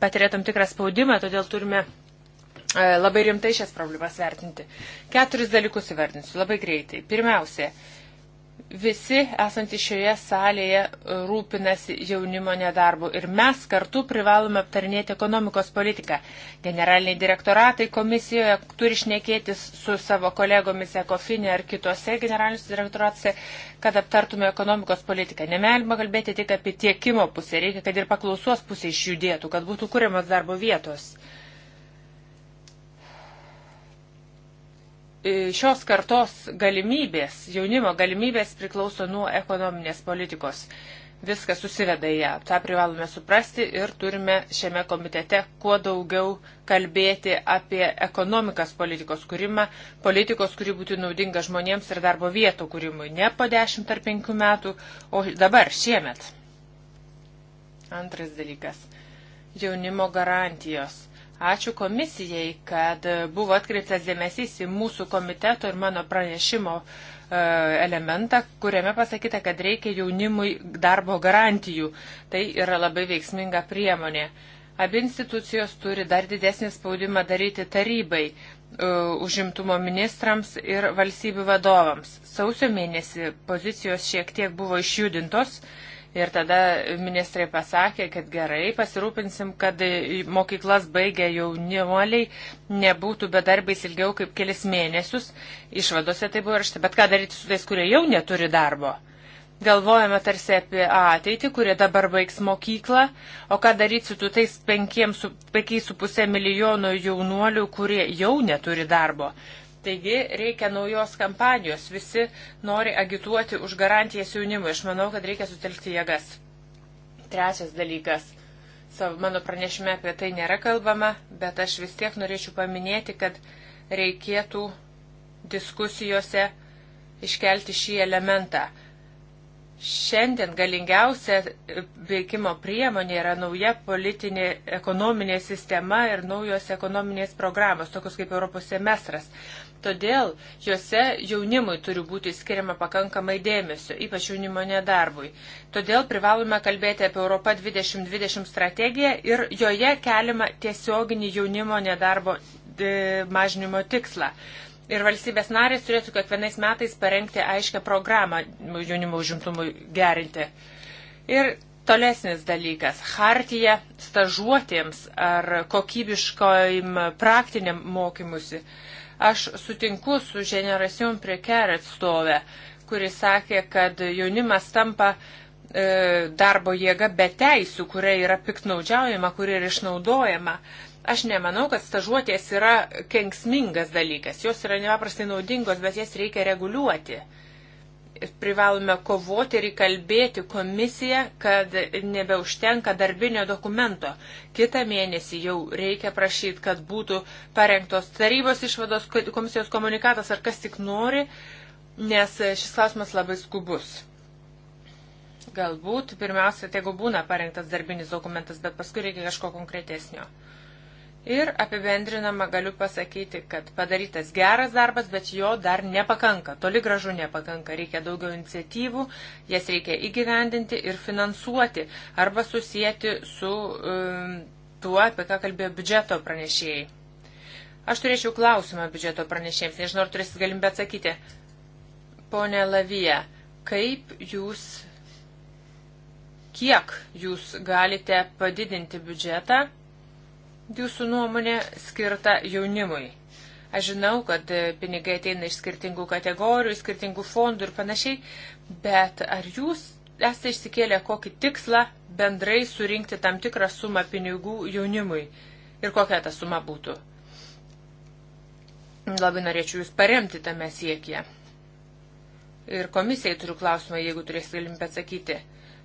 patiria tam tikrą spaudimą, todėl turime e, labai rimtai šias problemas vertinti. Keturis dalykus įvardinsiu labai greitai. Pirmiausia, visi esantys šioje salėje rūpinasi jaunimo nedarbu ir mes kartu privalome aptarnėti ekonomikos politiką. Generaliniai direktoratai komisijoje turi šnekėtis su savo kolegomis Ekofinė ar kitose generaliniuose direktoratuose, kad aptartume ekonomikos politiką. Nemelima kalbėti tik apie tiekimo pusę, reikia, kad ir paklausos pusė išjudėtų, kad būtų kuriamas darbo vietos. E, šios kartos galimybės, jaunimo galimybės priklauso nuo ekonominės politikos. Viskas susiveda į ją. Ta privalome suprasti ir turime šiame komitete kuo daugiau kalbėti apie ekonomikas politikos kūrimą, politikos, kuri būtų naudinga žmonėms ir darbo vietų kūrimui. Ne po 10 ar 5 metų, o dabar, šiemet. Antras dalykas. Jaunimo garantijos Ačiū komisijai, kad buvo atkreiptas dėmesys į mūsų komiteto ir mano pranešimo e, elementą, kuriame pasakyta, kad reikia jaunimui darbo garantijų. Tai yra labai veiksminga priemonė. Abi institucijos turi dar didesnį spaudimą daryti tarybai, e, užimtumo ministrams ir valstybių vadovams. Sausio mėnesį pozicijos šiek tiek buvo išjudintos Ir tada ministrai pasakė, kad gerai, pasirūpinsim, kad mokyklas baigę jaunimuoliai nebūtų bedarbiais ilgiau kaip kelis mėnesius. Išvadose tai buvo rašta. Bet ką daryti su tais, kurie jau neturi darbo? Galvojame tarsi apie ateitį, kurie dabar baigs mokyklą, o ką daryti su tais penkiais su pusė milijono jaunuolių, kurie jau neturi darbo. Taigi reikia naujos kampanijos. Visi nori agituoti už garantijas jaunimui. Aš manau, kad reikia sutelkti jėgas. Trečias dalykas. Savo mano pranešime apie tai nėra kalbama, bet aš vis tiek norėčiau paminėti, kad reikėtų diskusijose iškelti šį elementą. Šiandien galingiausia veikimo priemonė yra nauja politinė ekonominė sistema ir naujos ekonominės programos, tokios kaip Europos semestras. Todėl juose jaunimui turi būti skiriama pakankamai dėmesio, ypač jaunimo nedarbui. Todėl privalome kalbėti apie Europą 2020 strategiją ir joje keliama tiesioginį jaunimo nedarbo e, mažinimo tikslą. Ir valstybės narės turėtų kiekvienais metais parengti aiškę programą jaunimo užimtumui gerinti. Ir tolesnis dalykas - hartija stažuotėms ar kokybiškojim praktiniam mokymusi. Aš sutinku su Generation Preker atstovė, kuris sakė, kad jaunimas tampa e, darbo jėga be teisų, kuria yra piknaudžiaujama, kuria yra išnaudojama. Aš nemanau, kad stažuotės yra kenksmingas dalykas. Jos yra nepaprastai naudingos, bet jas reikia reguliuoti. E, privalome kovoti ir įkalbėti komisiją, kad nebeužtenka darbinio dokumento. Kita mėnesį jau reikia prašyti, kad būtų parengtos tarybos išvados, komisijos komunikatas ar kas tik nori, nes šis klausimas labai skubus. Galbūt pirmiausia, jeigu būna parengtas darbinis dokumentas, bet paskui reikia kažko konkretesnio. Ir apibendrinama galiu pasakyti, kad padarytas geras darbas, bet jo dar nepakanka, toli gražu nepakanka. Reikia daugiau iniciatyvų, jas reikia įgyvendinti ir finansuoti arba susijęti su um, tuo, apie ką kalbėjo biudžeto pranešėjai. Aš turėčiau klausimą biudžeto pranešėjams, nežinau, ar turėsit galimybę atsakyti. Pone Lavija, kaip jūs, kiek jūs galite padidinti biudžetą? jūsų nuomonė skirta jaunimui? Aš žinau, kad e, pinigai ateina iš skirtingų kategorijų, skirtingų fondų ir panašiai, bet ar jūs esate išsikėlę kokį tikslą bendrai surinkti tam tikrą sumą pinigų jaunimui? Ir kokia ta suma būtų? Labai norėčiau jūs paremti tame siekyje. Ir komisijai turiu klausimą, jeigu turės galimybę atsakyti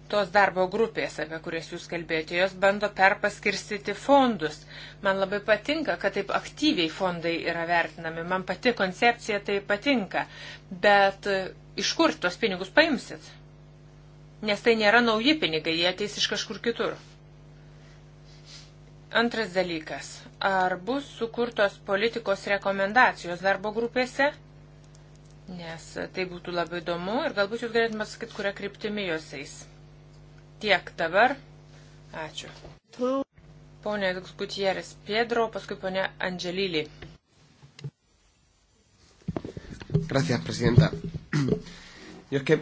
tos darbo grupės, apie kurias jūs kalbėjote, jos bando perpaskirstyti fondus. Man labai patinka, kad taip aktyviai fondai yra vertinami. Man pati koncepcija tai patinka. Bet e, iš kur tos pinigus paimsit? Nes tai nėra nauji pinigai, jie ateis iš kažkur kitur. Antras dalykas. Ar bus sukurtos politikos rekomendacijos darbo grupėse? Nes e, tai būtų labai įdomu ir galbūt jūs galėtumėte sakyti, kuria kryptimi jos eis tiek dabar. Ačiū. Pone Gutierrez Piedro, paskui pone Andželylį. Gracias, presidenta. Yo es que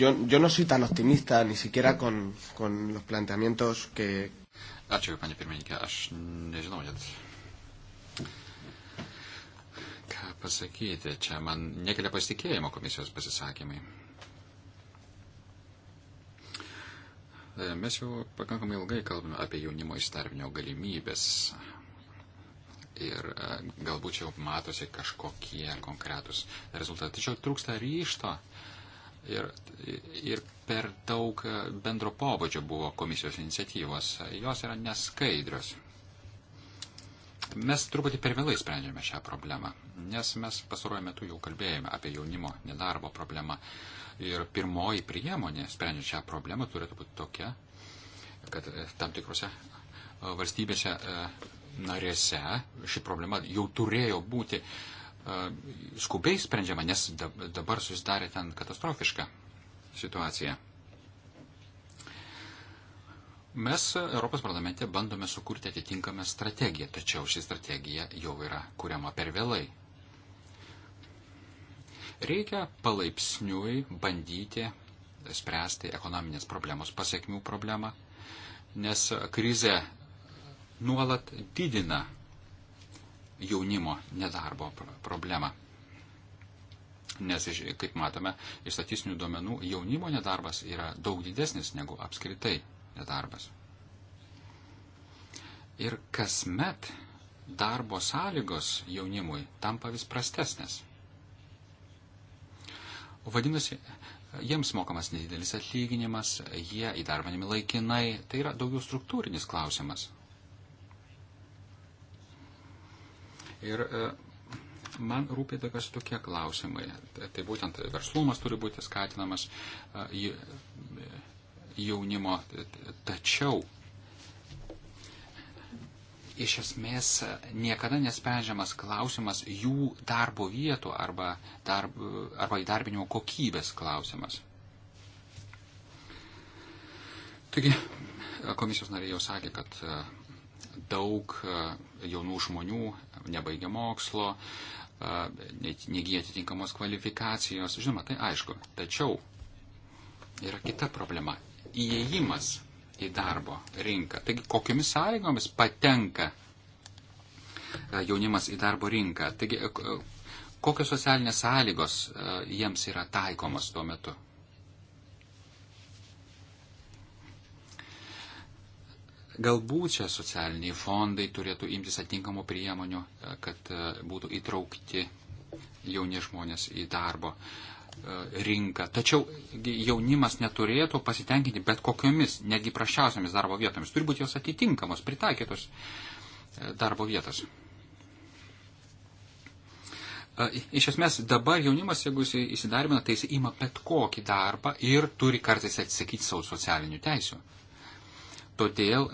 yo, yo no soy tan optimista ni siquiera con, con los planteamientos que. Ačiū, panė pirmininkė, aš nežinau net. Ką pasakyti, čia man nekelia pasitikėjimo komisijos pasisakymai. E, mes jau pakankamai ilgai kalbame apie jaunimo įsidarbinio galimybės. Ir e, galbūt jau matosi kažkokie konkretūs rezultatai. Tačiau trūksta ryšto ir, ir per daug bendro pobūdžio buvo komisijos iniciatyvos. Jos yra neskaidrios. Mes truputį per vėlai sprendžiame šią problemą, nes mes pastaruoju metu jau kalbėjome apie jaunimo nedarbo problemą. Uh, Ir pirmoji priemonė, sprendžiant šią problemą, turėtų būti tokia, kad e, tam tikrose e, valstybėse e, narėse ši problema jau turėjo būti skubiai sprendžiama, nes dabar susidarė ten katastrofiška situacija. Mes Europos parlamente bandome sukurti atitinkamą strategiją, tačiau ši strategija jau yra kuriama per vėlai. Reikia palaipsniui bandyti spręsti ekonominės problemos pasiekmių problemą, nes krize nuolat didina jaunimo nedarbo problemą. Nes, kaip matome, iš statistinių duomenų jaunimo nedarbas yra daug didesnis negu apskritai nedarbas. Ir kasmet darbo sąlygos jaunimui tampa vis prastesnės. Vadinasi, jiems mokamas nedidelis atlyginimas, jie įdarbinami laikinai, tai yra daugiau struktūrinis klausimas. Ir e, man rūpė tokios tokie klausimai. Tai, tai būtent verslumas turi būti skatinamas e, e, jaunimo, tačiau iš esmės niekada nesprendžiamas klausimas jų darbo vietų arba, darb, arba įdarbinimo kokybės klausimas. Taigi, komisijos nariai jau sakė, kad e, daug e, jaunų žmonių nebaigia mokslo, e, negyja atitinkamos kvalifikacijos, žinoma, tai aišku. Tačiau yra kita problema. Įėjimas į darbo rinką. Taigi, kokiamis sąlygomis patenka e, jaunimas į darbo rinką? Taigi, e, e, kokios socialinės sąlygos jiems yra taikomos tuo metu? Galbūt čia socialiniai fondai turėtų imtis atinkamų priemonių, kad būtų įtraukti jauni žmonės į darbo uh, E, rinką. Tačiau jaunimas neturėtų pasitenkinti bet kokiomis, netgi prašiausiamis darbo vietomis. Turi būti jos atitinkamos, pritaikytos e, darbo vietos. E, iš esmės, dabar jaunimas, jeigu jis įsidarbina, tai jis ima bet kokį darbą ir turi kartais atsisakyti savo socialinių teisių. Todėl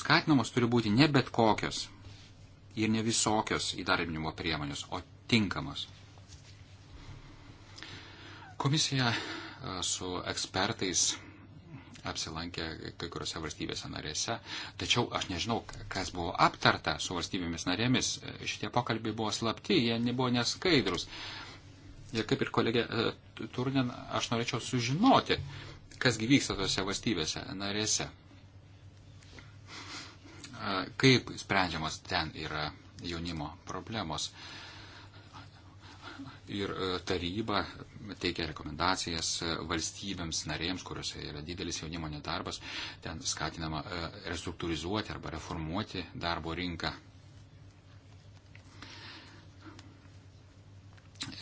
skatinamos turi būti ne bet kokios ir ne visokios įdarbinimo priemonės, o tinkamos. Komisija e, su ekspertais apsilankė kai kuriuose valstybėse narėse, tačiau aš nežinau, kas buvo aptarta su valstybėmis narėmis. E, šitie pokalbiai buvo slapti, jie nebuvo neskaidrus. Ir kaip ir kolegė e, Turnin, aš norėčiau sužinoti, kas vyksta tose valstybėse narėse. Kaip sprendžiamas ten yra jaunimo problemos. Uh, ir e, taryba teikia rekomendacijas e, valstybėms narėms, kuriuose yra didelis jaunimo nedarbas, ten skatinama e, restruktūrizuoti arba reformuoti darbo rinką.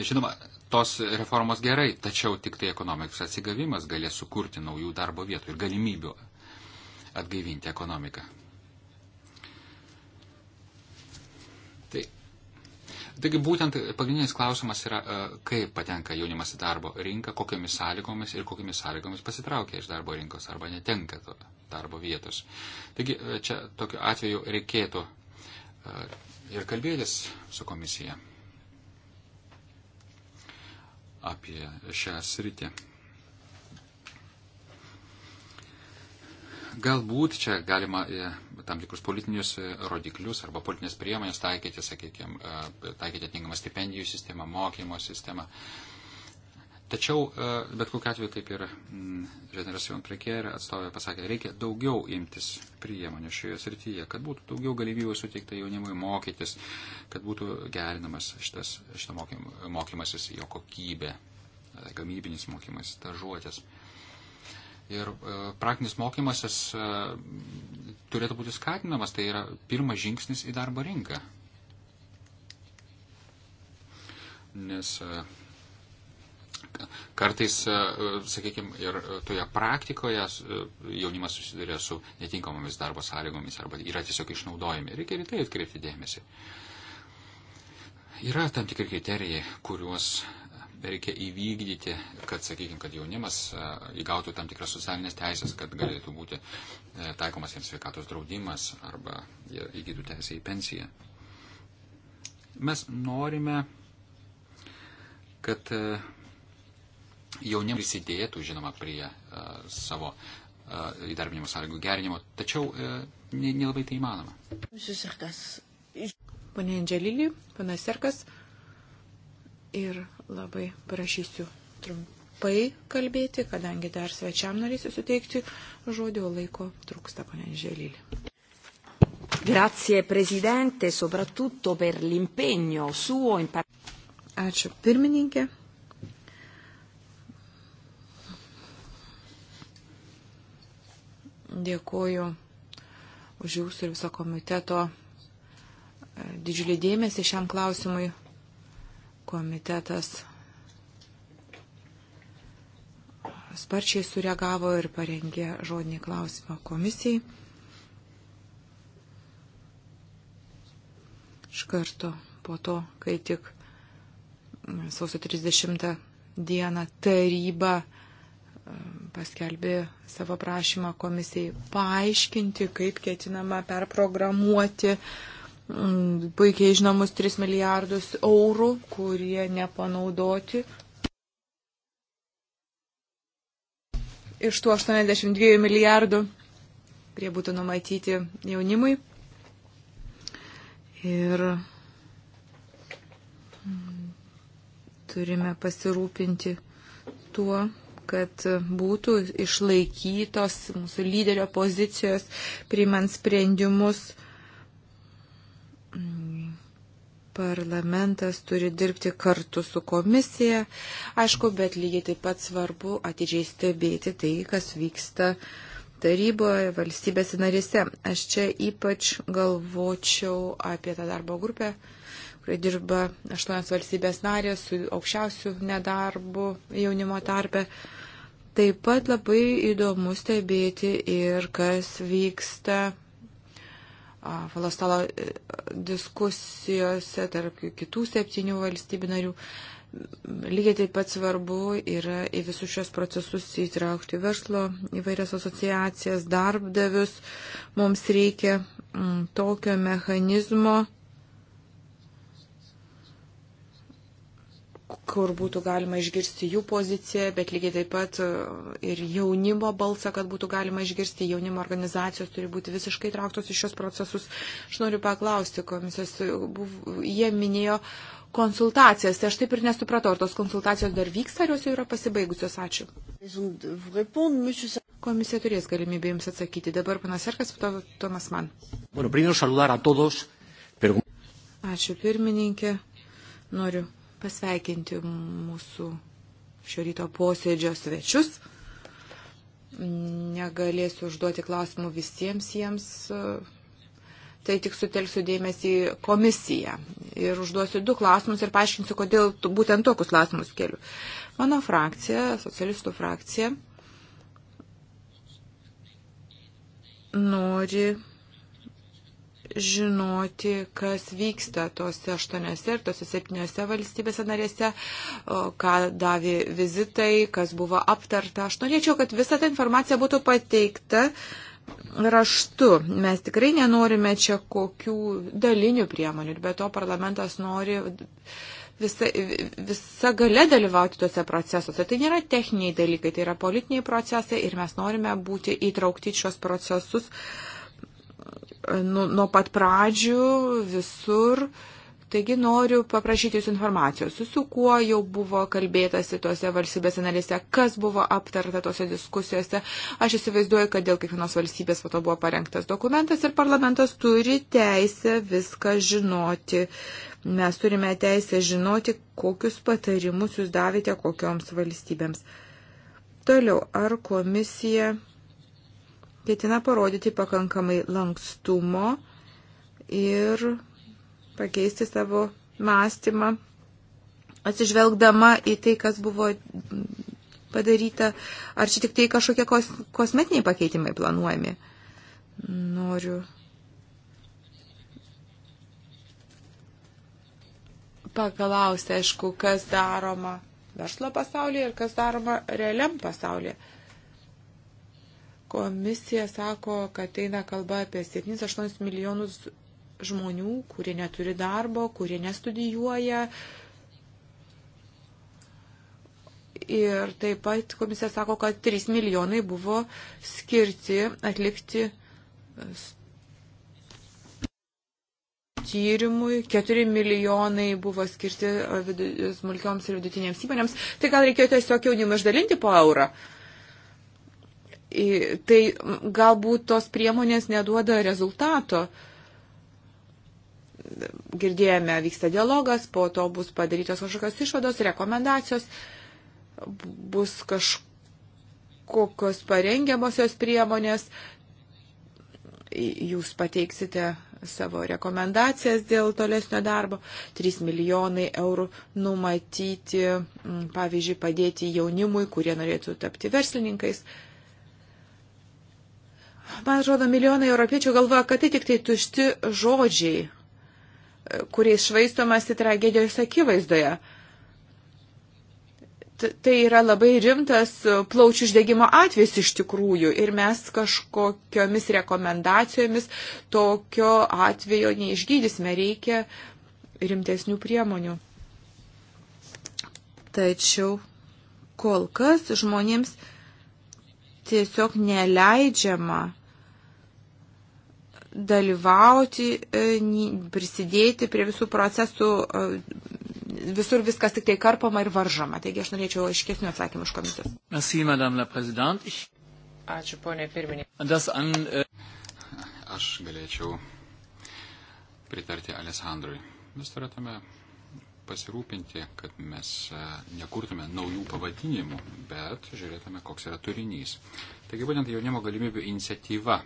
Žinoma, tos reformos gerai, tačiau tik tai ekonomikos atsigavimas galės sukurti naujų darbo vietų ir galimybių atgaivinti ekonomiką. Taigi būtent pagrindinis klausimas yra, e, kaip patenka jaunimas į darbo rinką, kokiamis sąlygomis ir kokiamis sąlygomis pasitraukia iš darbo rinkos arba netenka to darbo vietos. Taigi e, čia tokiu atveju reikėtų e, ir kalbėtis su komisija apie šią sritį. Galbūt čia galima e, tam tikrus politinius e, rodiklius arba politinės priemonės taikyti, sakykime, taikyti atitinkamą stipendijų sistemą, mokymo sistemą. Tačiau, e, bet kokiu atveju, kaip ir mm, Generacion Prekier atstovė pasakė, reikia daugiau imtis priemonių šioje srityje, kad būtų daugiau galimybių suteikta jaunimui mokytis, kad būtų gerinamas šitas, šita mokym, mokymasis, jo kokybė, gamybinis mokymasis, stažuotės. Tai ir e, praktinis mokymasis e, turėtų būti skatinamas, tai yra pirmas žingsnis į darbo rinką. Nes e, kartais, sakykime, ir toje praktikoje jaunimas susiduria su netinkamomis darbo sąlygomis arba yra tiesiog išnaudojami. Reikia ir tai atkreipti dėmesį. Yra tam tikri kriterijai, kuriuos reikia įvykdyti, kad, sakykime, kad jaunimas e, įgautų tam tikras socialinės teisės, kad galėtų būti e, taikomas jiems sveikatos draudimas arba jie įgytų teisę į pensiją. Mes norime, kad e, jaunimas prisidėtų, žinoma, prie savo įdarbinimo sąlygų gerinimo, tačiau nelabai tai įmanoma. Pane Andželilį, panas Serkas ir labai prašysiu trumpai kalbėti, kadangi dar svečiam norėsiu suteikti žodžio laiko trūksta, ponė Želylė. Grazie Presidente, soprattutto per l'impegno suo in Ačiū pirmininkė. Dėkuoju už jūsų ir viso komiteto e, didžiulį dėmesį šiam klausimui komitetas sparčiai sureagavo ir parengė žodinį klausimą komisijai. Iš karto po to, kai tik sausio 30 dieną taryba e, paskelbė savo prašymą komisijai paaiškinti, kaip ketinama perprogramuoti uh, Mm, puikiai žinomus 3 milijardus eurų, kurie nepanaudoti. Iš tų 82 milijardų, kurie būtų numatyti jaunimui. Ir mm, turime pasirūpinti tuo, kad būtų išlaikytos mūsų lyderio pozicijos, priimant sprendimus parlamentas turi dirbti kartu su komisija, aišku, bet lygiai taip pat svarbu atidžiai stebėti tai, kas vyksta taryboje, valstybėse narėse. Aš čia ypač galvočiau apie tą darbo grupę, kuri dirba aštuonios valstybės narės su aukščiausiu nedarbu jaunimo tarpe. Taip pat labai įdomu stebėti ir kas vyksta Falostalo e, diskusijose tarp kitų septynių valstybių narių. Lygiai taip pat svarbu yra į visus šios procesus įtraukti verslo įvairias asociacijas, darbdavius. Mums reikia mm, tokio mechanizmo, kur būtų galima išgirsti jų poziciją, bet lygiai taip pat e, ir jaunimo balsą, kad būtų galima išgirsti, jaunimo organizacijos turi būti visiškai trauktos į šios procesus. Aš noriu paklausti komisijos, e, jie minėjo konsultacijas, tai aš taip ir nesupratau, ar tos konsultacijos dar vyksta, ar jos jau yra pasibaigusios. Ačiū. Komisija turės galimybę jums atsakyti. Dabar panas Erkas, to, Tomas man. Bueno, primero saludar a todos, pero... Ačiū pirmininkė. Noriu pasveikinti mūsų šio ryto posėdžio svečius. Negalėsiu užduoti klausimų visiems jiems, tai tik sutelksiu dėmesį komisiją ir užduosiu du klausimus ir paaiškinsiu, kodėl būtent tokius klausimus keliu. Mano frakcija, socialistų frakcija, nori žinoti, kas vyksta tose aštuoniuose ir tose septyniuose valstybėse narėse, ką davė vizitai, kas buvo aptarta. Aš norėčiau, kad visa ta informacija būtų pateikta raštu. Mes tikrai nenorime čia kokių dalinių priemonių, bet to parlamentas nori visa, visa gale dalyvauti tuose procesuose. Tai nėra techniniai dalykai, tai yra politiniai procesai ir mes norime būti įtraukti šios procesus uh, nu, nuo pat pradžių visur. Taigi noriu paprašyti Jūsų informacijos, su kuo jau buvo kalbėtasi tose valstybės analise, kas buvo aptarta tose diskusijose. Aš įsivaizduoju, kad dėl kiekvienos valstybės po to buvo parengtas dokumentas ir parlamentas turi teisę viską žinoti. Mes turime teisę žinoti, kokius patarimus Jūs davėte kokioms valstybėms. Toliau, ar komisija ketina parodyti pakankamai lankstumo ir pakeisti savo mąstymą, atsižvelgdama į tai, kas buvo padaryta, ar čia tik tai kažkokie kos, kosmetiniai pakeitimai planuojami. Noriu paklausti, aišku, kas daroma verslo pasaulyje ir kas daroma realiam pasaulyje. Komisija sako, kad eina kalba apie 7-8 milijonus žmonių, kurie neturi darbo, kurie nestudijuoja. Ir taip pat komisija sako, kad 3 milijonai buvo skirti atlikti tyrimui, 4 milijonai buvo skirti smulkioms ir vidutinėms įmonėms. Tai gal reikėjo tiesiog jaunimui išdalinti po eurą. Uh, tai galbūt tos priemonės neduoda rezultato. Girdėjome, vyksta dialogas, po to bus padarytos kažkokios išvados, rekomendacijos, bus kažkokios parengiamosios priemonės, jūs pateiksite savo rekomendacijas dėl tolesnio darbo. 3 milijonai eurų numatyti, pavyzdžiui, padėti jaunimui, kurie norėtų tapti verslininkais. Man atrodo, milijonai europiečių galvoja, kad tai tik tai tušti žodžiai, e, kuriais švaistomasi tragedijos akivaizdoje. T tai yra labai rimtas e, plaučių uždegimo atvejs iš tikrųjų ir mes kažkokiomis rekomendacijomis tokio atvejo neišgydysime, reikia rimtesnių priemonių. Tačiau kol kas žmonėms tiesiog neleidžiama dalyvauti, e, prisidėti prie visų procesų, e, visur viskas tik tai karpama ir varžoma. Taigi aš norėčiau aiškesnių atsakymų iš komisijos. Merci, madame la prezidente. Ačiū, ponė pirmininkė. Äh, aš galėčiau pritarti Alessandrui. Mes turėtume pasirūpinti, kad mes e, nekurtume naujų pavadinimų, bet žiūrėtume, koks yra turinys. Taigi būtent jaunimo galimybių iniciatyva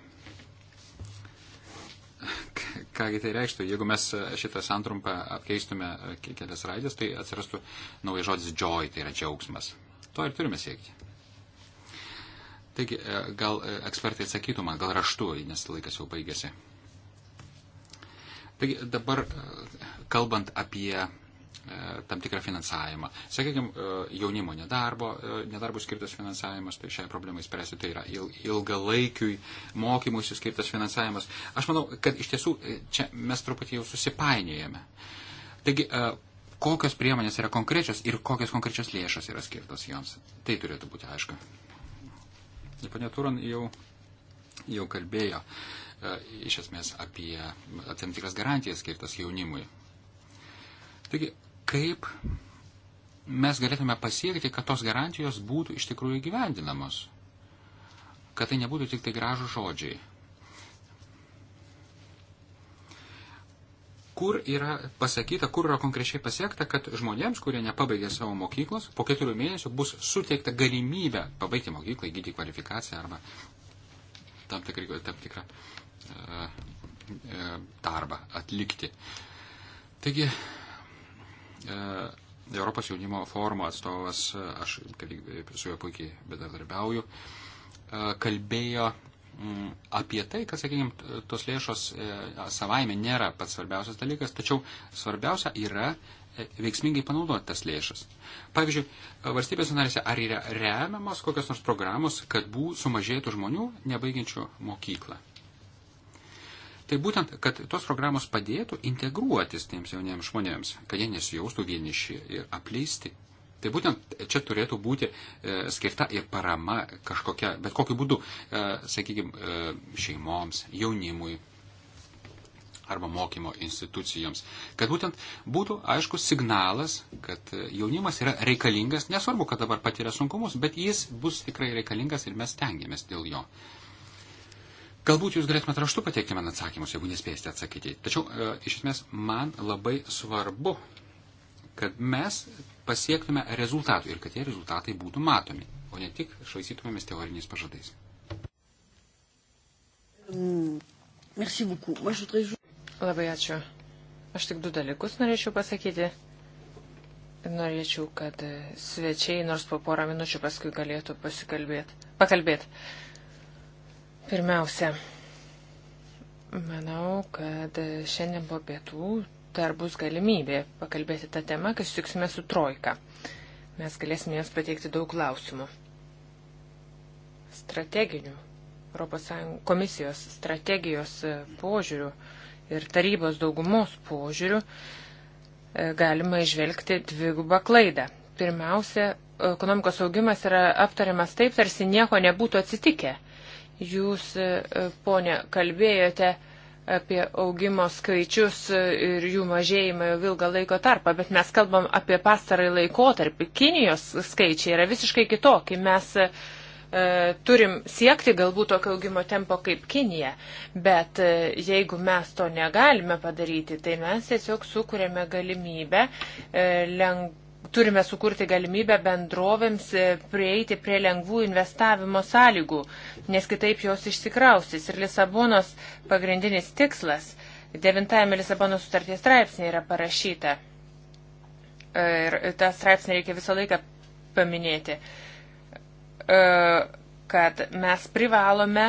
kągi tai reikštų, jeigu mes šitą santrumpą apkeistume kelias raidės, tai atsirastų naujas žodis joy, tai yra džiaugsmas. To ir turime siekti. Taigi, e, gal e, ekspertai atsakytų man, gal raštu, nes laikas jau baigėsi. Taigi dabar, e, kalbant apie E, tam tikrą finansavimą. Sakykime, e, jaunimo nedarbo, e, nedarbo skirtas finansavimas, tai šiai problemai spręsti, tai yra ilgalaikiui mokymusi skirtas finansavimas. Aš manau, kad iš tiesų čia mes truputį jau susipainėjame. Taigi, kokios priemonės yra konkrečios ir kokios konkrečios lėšos yra skirtos joms. Tai turėtų būti aišku. Pane Turan jau, jau kalbėjo iš esmės apie tam tikras garantijas skirtas jaunimui. Taigi, kaip mes galėtume pasiekti, kad tos garantijos būtų iš tikrųjų gyvendinamos, kad tai nebūtų tik tai gražų žodžiai. Kur yra pasakyta, kur yra konkrečiai pasiekta, kad žmonėms, kurie nepabaigė savo mokyklos, po keturių mėnesių bus suteikta galimybė pabaigti mokyklą, įgyti kvalifikaciją arba tam, tikri, tam tikrą uh, uh, darbą atlikti. Taigi, E, Europos jaunimo forumo atstovas, e, aš su juo puikiai bedarbiauju, e, kalbėjo mm, apie tai, kad, sakykime, tos lėšos savaime nėra pats svarbiausias dalykas, tačiau svarbiausia yra veiksmingai panaudoti tas lėšas. Pavyzdžiui, valstybės narėse ar yra remiamos kokios nors programos, kad būtų sumažėtų žmonių nebaigiančių mokyklą. Tai būtent, kad tos programos padėtų integruotis tiems jauniems žmonėms, kad jie nesijaustų vieniši ir apleisti. Tai būtent čia turėtų būti e, skirta ir parama kažkokia, bet kokiu būdu, e, sakykime, e, šeimoms, jaunimui arba mokymo institucijoms. Kad būtent būtų aiškus signalas, kad jaunimas yra reikalingas, nesvarbu, kad dabar patiria sunkumus, bet jis bus tikrai reikalingas ir mes tengiamės dėl jo. E, Galbūt jūs galėtumėt raštu pateikti man atsakymus, jeigu nespėsite atsakyti. Tačiau e, iš esmės man labai svarbu, kad mes pasiektume rezultatų ir kad tie rezultatai būtų matomi, o ne tik švaistytumėmės teoriniais pažadais. Mm, labai ačiū. Aš tik du dalykus norėčiau pasakyti. Norėčiau, kad svečiai nors po porą minučių paskui galėtų pasikalbėti. Pakalbėti. Pirmiausia, manau, kad šiandien po pietų dar bus galimybė pakalbėti tą temą, kai sutiksime su Trojka. Mes galėsime jos pateikti daug klausimų. Strateginių Europos Sąjungos komisijos strategijos e, požiūrių ir tarybos daugumos požiūrių e, galima išvelgti dvigubą klaidą. Pirmiausia, ekonomikos augimas yra aptariamas taip, tarsi nieko nebūtų atsitikę. Jūs, e, e, ponė, kalbėjote apie augimo skaičius ir jų mažėjimą jau ilgą laiko tarpą, bet mes kalbam apie pastarąjį laikotarpį. Kinijos skaičiai yra visiškai kitokie. Mes e, e turim siekti galbūt tokio augimo tempo kaip Kinija, bet e, jeigu mes to negalime padaryti, tai mes tiesiog sukūrėme galimybę e, lengvai turime sukurti galimybę bendrovėms e, prieiti prie lengvų investavimo sąlygų, nes kitaip jos išsikraustys. Ir Lisabonos pagrindinis tikslas, devintajame Lisabonos sutarties straipsnė yra parašyta. E, ir tą straipsnį reikia visą laiką paminėti, e, kad mes privalome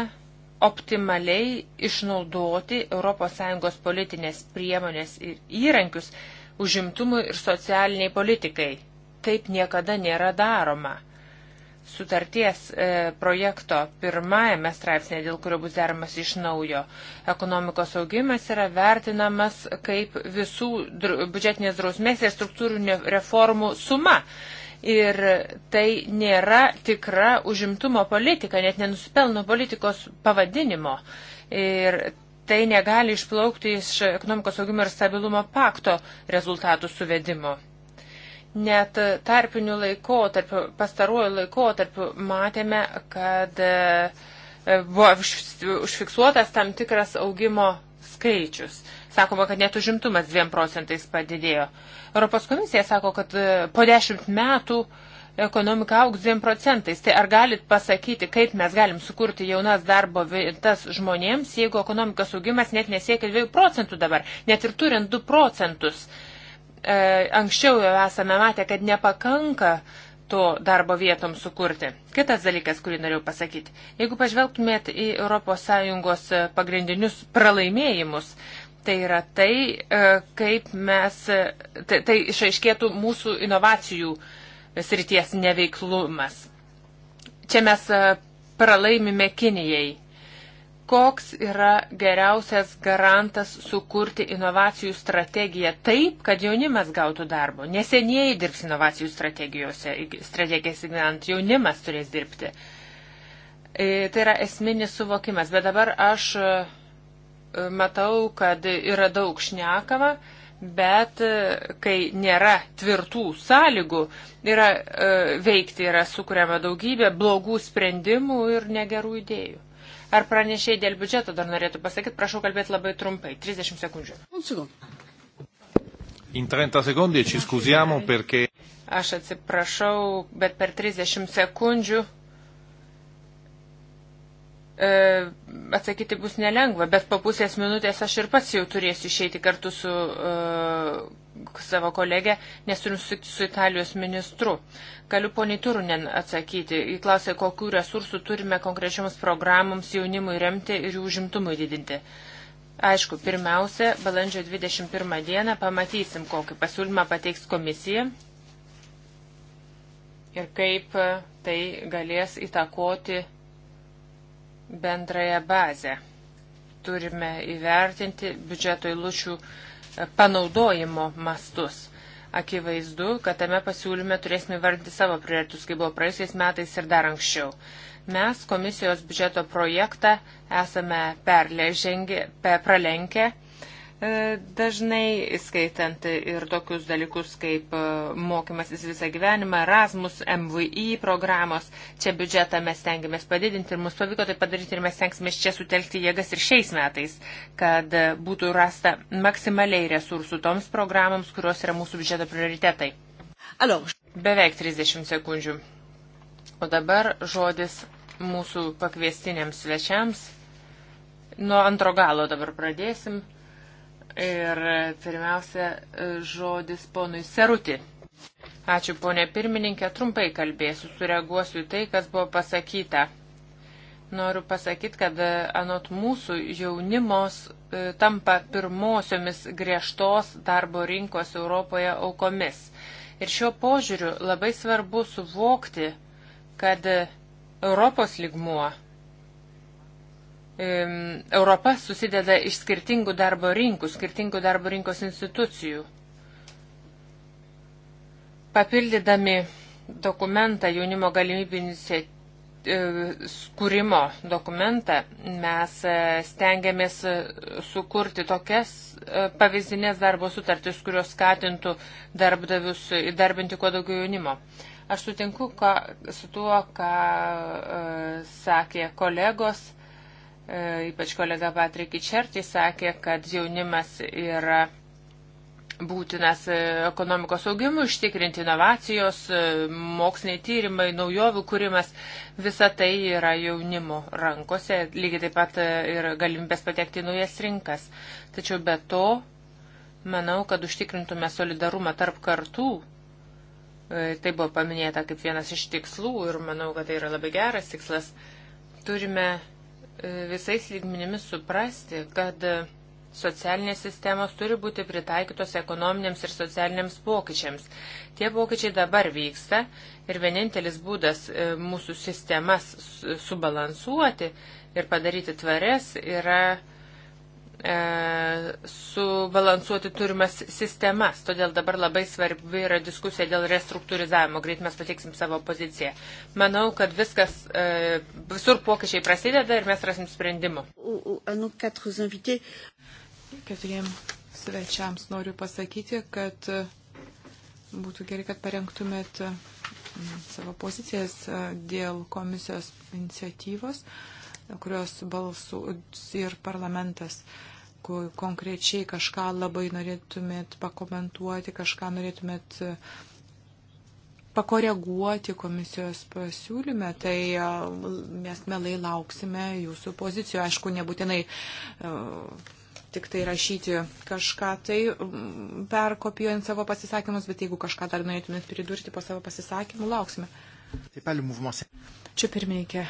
optimaliai išnaudoti ES politinės priemonės ir įrankius, užimtumui ir socialiniai politikai. Taip niekada nėra daroma. Sutarties e, projekto pirmajame straipsnė, dėl kurio bus deramas iš naujo, ekonomikos augimas yra vertinamas kaip visų biudžetinės drausmės ir struktūrinių reformų suma ir tai nėra tikra užimtumo politika, net nenusipelno politikos pavadinimo. Ir tai negali išplaukti iš ekonomikos augimo ir stabilumo pakto rezultatų suvedimo. Net tarpiniu laikotarpiu, pastaruoju laikotarpiu matėme, kad e, buvo užfiksuotas tam tikras augimo skaičius. Sakoma, kad net užimtumas 2 procentais padidėjo. Europos komisija sako, kad e, po 10 metų uh, ekonomika auks 2 procentais. Tai ar galit pasakyti, kaip mes galim sukurti jaunas darbo vietas žmonėms, jeigu ekonomikos augimas net nesiekia 2 procentų dabar, net ir turint 2 procentus. E, anksčiau jau esame matę, kad nepakanka to darbo vietom sukurti. Kitas dalykas, kurį norėjau pasakyti. Jeigu pažvelgtumėt į ES e, pagrindinius pralaimėjimus, tai yra tai, e, kaip mes, e, tai, tai išaiškėtų mūsų inovacijų uh, srities neveiklumas. Čia mes e, pralaimime Kinijai. Koks yra geriausias garantas sukurti inovacijų strategiją taip, kad jaunimas gautų darbo? Neseniai dirbs inovacijų strategijose, strategijas įgyvent, jaunimas turės dirbti. E, tai yra esminis suvokimas, bet dabar aš e, matau, kad yra daug šnekama, bet e, kai nėra tvirtų sąlygų, yra e, veikti, yra sukuriama daugybė blogų sprendimų ir negerų idėjų. Ar pranešiai dėl biudžeto dar norėtų pasakyti, prašau kalbėti labai trumpai, 30 sekundžių. In 30 sekundį, ci scusiamo perché. Aš atsiprašau, bet per 30 sekundžių E, atsakyti bus nelengva, bet po pusės minutės aš ir pats jau turėsiu išeiti kartu su uh, savo kolege, nes turim susitikti su Italijos ministru. Galiu poniai Turunen atsakyti. Jis klausė, kokių resursų turime konkrečioms programoms jaunimui remti ir jų užimtumui didinti. Aišku, pirmiausia, balandžio 21 dieną pamatysim, kokį pasiūlymą pateiks komisija ir kaip e, tai galės įtakoti bendrąją bazę. Turime įvertinti biudžeto įlučių e, panaudojimo mastus. Akivaizdu, kad tame pasiūlyme turėsime vardinti savo prioritus, kaip buvo praėjusiais metais ir dar anksčiau. Mes komisijos biudžeto projektą esame perležengę, per pralenkę E, dažnai, skaitant ir tokius dalykus kaip e, mokymasis visą gyvenimą, Erasmus, MVI programos, čia biudžetą mes tengiamės padidinti ir mums pavyko tai padaryti ir mes tenksimės čia sutelkti jėgas ir šiais metais, kad e, būtų rasta maksimaliai resursų toms programoms, kurios yra mūsų biudžeto prioritetai. Alo. Beveik 30 sekundžių. O dabar žodis mūsų pakviestiniams svečiams. Nuo antro galo dabar pradėsim. Ir pirmiausia, žodis ponui Seruti. Ačiū, ponė pirmininkė, trumpai kalbėsiu, sureaguosiu į tai, kas buvo pasakyta. Noriu pasakyti, kad e, anot mūsų jaunimos e, tampa pirmosiomis griežtos darbo rinkos Europoje aukomis. Ir šiuo požiūriu labai svarbu suvokti, kad e, Europos ligmuo Europa susideda iš skirtingų darbo rinkų, skirtingų darbo rinkos institucijų. Papildydami dokumentą jaunimo galimybių e, skūrimo dokumentą, mes e, stengiamės e, sukurti tokias pavyzdinės darbo sutartis, kurios skatintų darbdavius įdarbinti kuo daugiau jaunimo. Aš sutinku ka, su tuo, ką e, sakė kolegos E, ypač kolega Patrikį Čertį sakė, kad jaunimas yra būtinas e, ekonomikos augimui užtikrinti inovacijos, e, moksliniai tyrimai, naujovių kūrimas, visa tai yra jaunimo rankose, lygiai taip pat ir galimybės patekti į naujas rinkas. Tačiau be to, manau, kad užtikrintume solidarumą tarp kartų. Tai buvo paminėta kaip vienas iš tikslų ir manau, kad tai yra labai geras tikslas. Turime visais lygmenimis suprasti, kad socialinės sistemos turi būti pritaikytos ekonominiams ir socialiniams pokyčiams. Tie pokyčiai dabar vyksta ir vienintelis būdas e, mūsų sistemas subalansuoti ir padaryti tvarias yra E, subalansuoti turimas sistemas. Todėl dabar labai svarbi yra diskusija dėl restruktūrizavimo. Greit mes pateiksim savo poziciją. Manau, kad viskas, e, visur pokyčiai prasideda ir mes rasim sprendimų. Nu, Keturiem svečiams noriu pasakyti, kad e, būtų gerai, kad parengtumėt savo pozicijas dėl komisijos iniciatyvos kurios balsų ir parlamentas uh, konkrečiai kažką labai norėtumėt pakomentuoti, kažką norėtumėt e, pakoreguoti komisijos pasiūlyme, tai e, mes melai lauksime jūsų pozicijų. Aišku, nebūtinai e, tik tai rašyti kažką, tai perkopijuojant savo pasisakymus, bet jeigu kažką dar norėtumėt pridurti po savo pasisakymų, lauksime. Čia pirmininkė,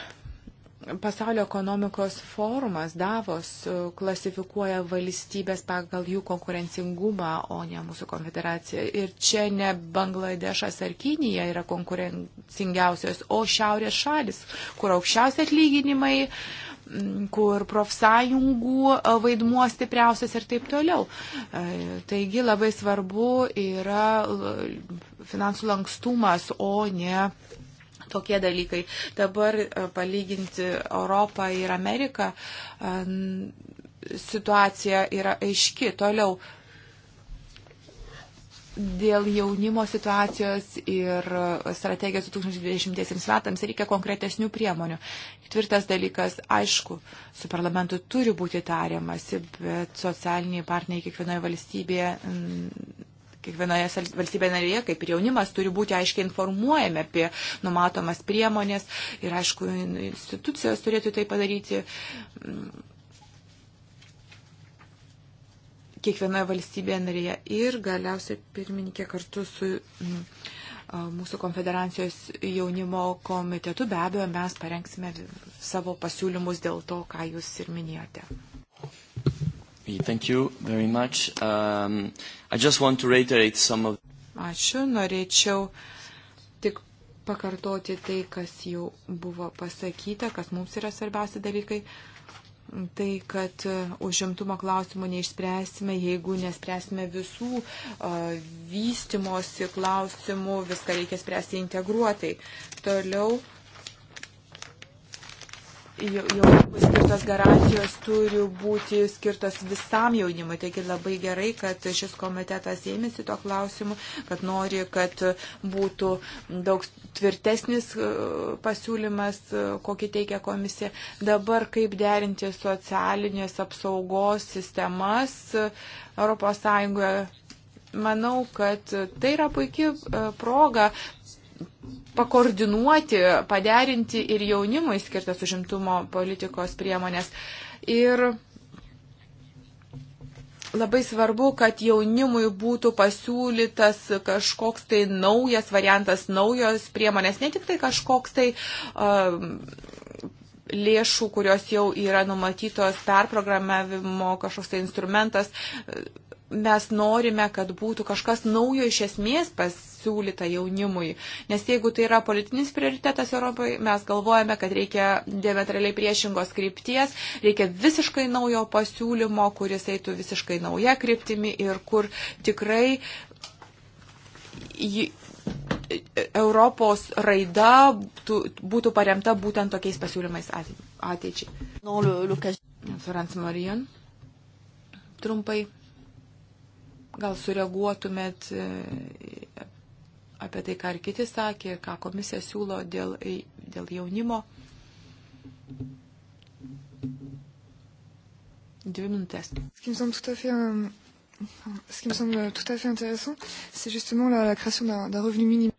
Pasaulio ekonomikos forumas Davos e, klasifikuoja valstybės pagal jų konkurencingumą, o ne mūsų konfederacija. Ir čia ne Bangladešas ar Kinija yra konkurencingiausios, o šiaurės šalis, kur aukščiausi atlyginimai, kur profsąjungų e, vaidmuo stipriausias ir taip toliau. E, taigi labai svarbu yra finansų lankstumas, o ne tokie dalykai. Dabar e, palyginti Europą ir Ameriką e, situacija yra aiški. Toliau dėl jaunimo situacijos ir e, strategijos 2020 metams reikia konkretesnių priemonių. Tvirtas dalykas, aišku, su parlamentu turi būti tariamasi, bet socialiniai partneriai kiekvienoje valstybėje kiekvienoje valstybėje narėje, kaip ir jaunimas, turi būti aiškiai informuojami apie numatomas priemonės ir, aišku, institucijos turėtų tai padaryti. Mm. Kiekvienoje valstybėje narėje ir galiausiai pirmininkė kartu su mm, mūsų konfederacijos jaunimo komitetu be abejo mes parengsime savo pasiūlymus dėl to, ką jūs ir minėjote. Thank you very much. Um, I just want to reiterate some of. Ačiū, norėčiau tik pakartoti tai, kas jau buvo pasakyta, kas mums yra svarbiausi dalykai. Tai, kad uh, užimtumo klausimų neišspręsime, jeigu nespręsime visų uh, vystimosi klausimų, viską reikia spręsti integruotai. Toliau jaunimui skirtos garantijos turi būti skirtos visam jaunimui. Taigi labai gerai, kad šis komitetas ėmėsi to klausimu, kad nori, kad būtų daug tvirtesnis e, pasiūlymas, e, kokį teikia komisija. Dabar kaip derinti socialinės apsaugos sistemas ES Manau, kad tai yra puikia e, proga pakoordinuoti, paderinti ir jaunimui skirtas užimtumo politikos priemonės. Ir labai svarbu, kad jaunimui būtų pasiūlytas kažkoks tai naujas variantas, naujos priemonės, ne tik tai kažkoks tai uh, lėšų, kurios jau yra numatytos perprogramavimo, kažkoks tai instrumentas. Uh, mes norime, kad būtų kažkas naujo iš esmės pasiūlyta jaunimui. Nes jeigu tai yra politinis prioritetas Europai, mes galvojame, kad reikia diametraliai priešingos krypties, reikia visiškai naujo pasiūlymo, kuris eitų visiškai nauja kryptimi ir kur tikrai Europos raida būtų paremta būtent tokiais pasiūlymais ateičiai. Florence Marion, trumpai gal sureaguotumėt e, apie tai, ką ir kiti sakė, ką komisija siūlo dėl, e, dėl jaunimo. Dvi minutės. Euh, ce qui me semble tout à fait intéressant, c'est justement la, la création d'un revenu minimum.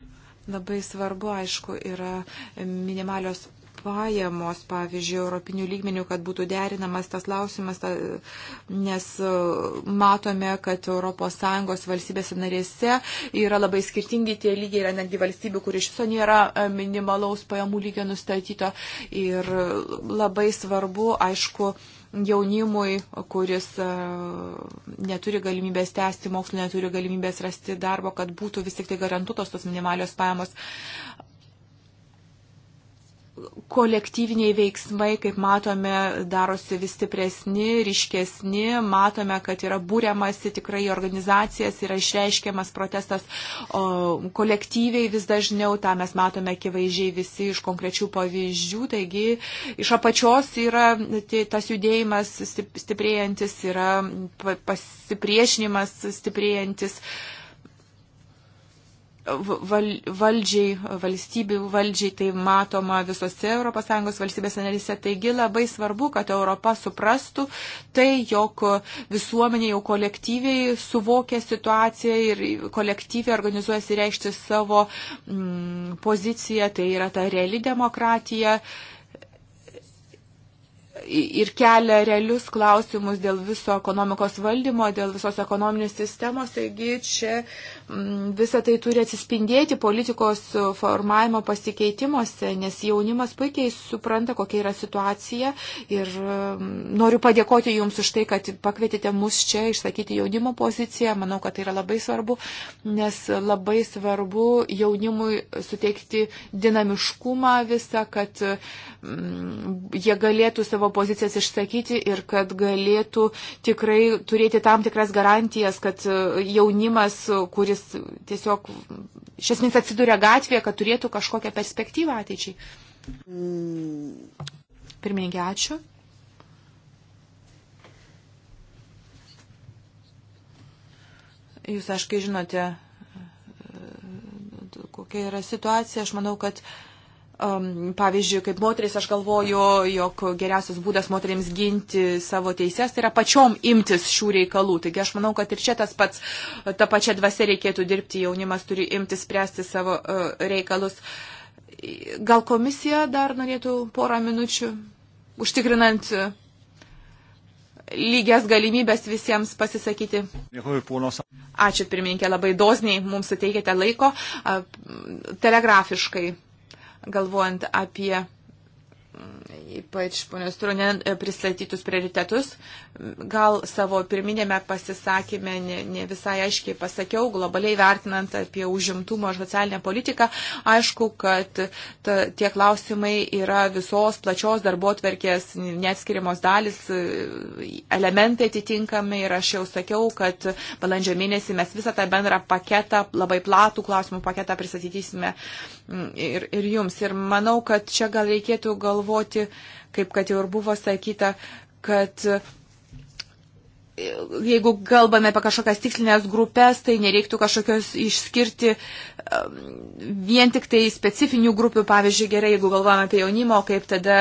Labai svarbu, aišku, yra minimalios pajamos, pavyzdžiui, europinių lygmenių, kad būtų derinamas tas lausimas, ta, nes e, matome, kad ES valstybės narėse yra labai skirtingi tie lygiai, yra netgi valstybių, kur iš viso nėra e, minimalaus pajamų lygio nustatyto ir labai svarbu, aišku, jaunimui, kuris e, neturi galimybės tęsti mokslo, neturi galimybės rasti darbo, kad būtų vis tik tai garantuotos tos minimalios pajamos kolektyviniai veiksmai, kaip matome, darosi vis stipresni, ryškesni, matome, kad yra būriamasi tikrai organizacijas, yra išreiškiamas protestas o, kolektyviai vis dažniau, tą mes matome akivaizdžiai visi iš konkrečių pavyzdžių, taigi iš apačios yra tas judėjimas stiprėjantis, yra pasipriešinimas stiprėjantis. Uh, val, valdžiai, valstybių valdžiai, tai matoma visose ES valstybės analise. Taigi labai svarbu, kad Europa suprastų tai, jog visuomenė jau kolektyviai suvokia situaciją ir kolektyviai organizuojasi reikšti savo mm, poziciją, tai yra ta reali demokratija. Uh, ir kelia realius klausimus dėl viso ekonomikos valdymo, dėl visos ekonominės sistemos, taigi čia mm, visą tai turi atsispindėti politikos formavimo pasikeitimuose, nes jaunimas puikiai supranta, kokia yra situacija ir mm, noriu padėkoti Jums už tai, kad pakvietėte mus čia išsakyti jaunimo poziciją, manau, kad tai yra labai svarbu, nes labai svarbu jaunimui suteikti dinamiškumą visą, kad mm, jie galėtų savo savo pozicijas išsakyti ir kad galėtų tikrai turėti tam tikras garantijas, kad e, jaunimas, kuris tiesiog iš esmės atsiduria gatvėje, kad turėtų kažkokią perspektyvą ateičiai. Pirmininkė, ačiū. Jūs, aiškiai, žinote, e, kokia yra situacija. Aš manau, kad uh, um, pavyzdžiui, kaip moteris, aš galvoju, jog geriausias būdas moteriams ginti savo teises tai yra pačiom imtis šių reikalų. Taigi aš manau, kad ir čia tas pats, ta pačia dvasia reikėtų dirbti, jaunimas turi imtis spręsti savo uh, reikalus. Gal komisija dar norėtų porą minučių, užtikrinant e, lygias galimybės visiems pasisakyti. Ačiū pirmininkė, labai dosniai mums suteikėte laiko telegrafiškai galvojant apie ypač ponios Turonė e, pristatytus prioritetus. Gal savo pirminėme pasisakymė ne, ne visai aiškiai pasakiau, globaliai vertinant apie užimtumo ir socialinę politiką, aišku, kad ta, tie klausimai yra visos plačios darbo tverkės neatskiriamos dalis, e, elementai atitinkami ir aš jau sakiau, kad balandžio mėnesį mes visą tą bendrą paketą, labai platų klausimų paketą pristatysime ir, ir jums. Ir manau, kad čia gal reikėtų galvoti, kaip kad jau ir buvo sakyta, kad jeigu kalbame apie kažkokias tikslinės grupės, tai nereiktų kažkokios išskirti um, vien tik tai specifinių grupių, pavyzdžiui, gerai, jeigu galvojame apie jaunimo, kaip tada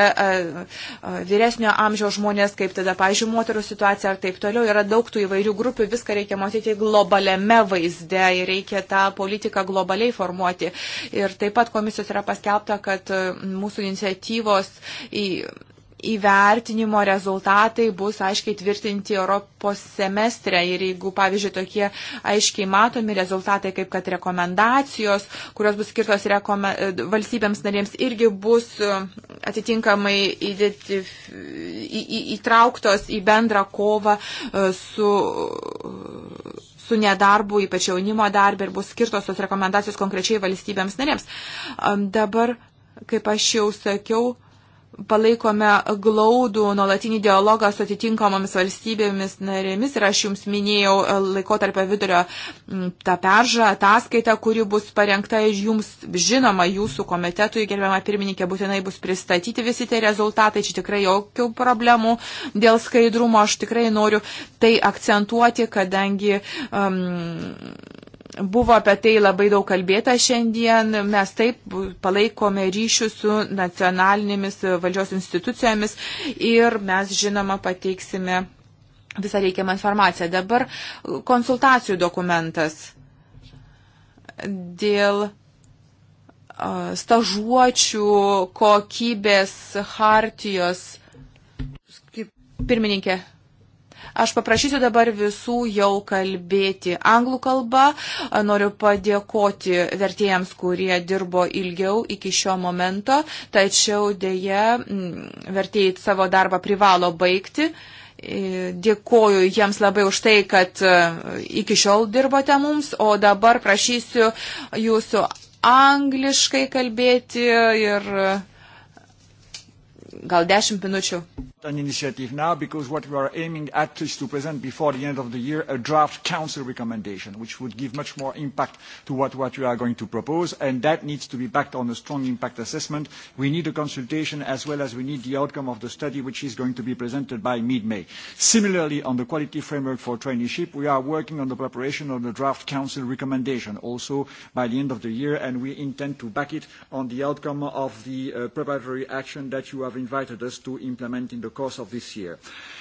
vyresnio amžiaus žmonės, kaip tada, pavyzdžiui, moterų situacija ar taip toliau, yra daug tų įvairių grupių, viską reikia matyti globaliame vaizde ir reikia tą politiką globaliai formuoti. Ir taip pat komisijos yra paskelbta, kad mūsų iniciatyvos į įvertinimo rezultatai bus aiškiai tvirtinti Europos semestre ir jeigu, pavyzdžiui, tokie aiškiai matomi rezultatai, kaip kad rekomendacijos, kurios bus skirtos rekome... valstybėms narėms, irgi bus um, atitinkamai įdėtif... į, į, įtrauktos į bendrą kovą uh, su uh, su nedarbu, ypač jaunimo darbė ir bus skirtos tos rekomendacijos konkrečiai valstybėms narėms. Um, dabar, kaip aš jau sakiau, palaikome glaudų nuolatinį dialogą su atitinkamomis valstybėmis narėmis ir aš jums minėjau e, laikotarpio vidurio tą peržą, ataskaitą, kuri bus parengta jums žinoma jūsų komitetui, gerbiama pirmininkė, būtinai bus pristatyti visi tie rezultatai, čia tikrai jokių problemų dėl skaidrumo, aš tikrai noriu tai akcentuoti, kadangi um, Buvo apie tai labai daug kalbėta šiandien. Mes taip palaikome ryšių su nacionalinėmis valdžios institucijomis ir mes žinoma pateiksime visą reikiamą informaciją. Dabar konsultacijų dokumentas dėl stažuočių kokybės hartijos. Pirmininkė. Aš paprašysiu dabar visų jau kalbėti anglų kalbą. Noriu padėkoti vertėjams, kurie dirbo ilgiau iki šio momento, tačiau dėja vertėjai savo darbą privalo baigti. Dėkoju jiems labai už tai, kad e, iki šiol dirbote mums, o dabar prašysiu jūsų angliškai kalbėti ir gal dešimt minučių. An initiative now because what we are aiming at is to present before the end of the year a draft council recommendation which would give much more impact to what, what we are going to propose and that needs to be backed on a strong impact assessment. We need a consultation as well as we need the outcome of the study which is going to be presented by mid-May. Similarly on the quality framework for traineeship we are working on the preparation of the draft council recommendation also by the end of the year and we intend to back it on the outcome of the uh, preparatory action that you have in invited us to implement in the course of this year. Uh,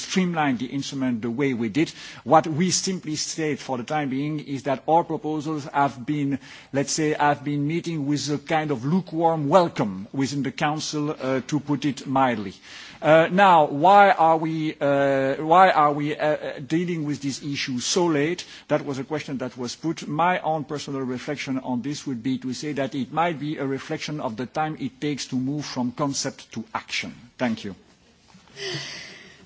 streamline the instrument the way we did. What we simply said for the time being is that our proposals have been, let's say, have been meeting with a kind of lukewarm welcome within the Council, uh, to put it mildly. Uh, now, why are we, uh, why are we uh, uh, dealing with this issue so late? That was a question that was put. My own personal reflection on this would be to say that it might be a reflection of the time it takes to move from concept to action. Thank you.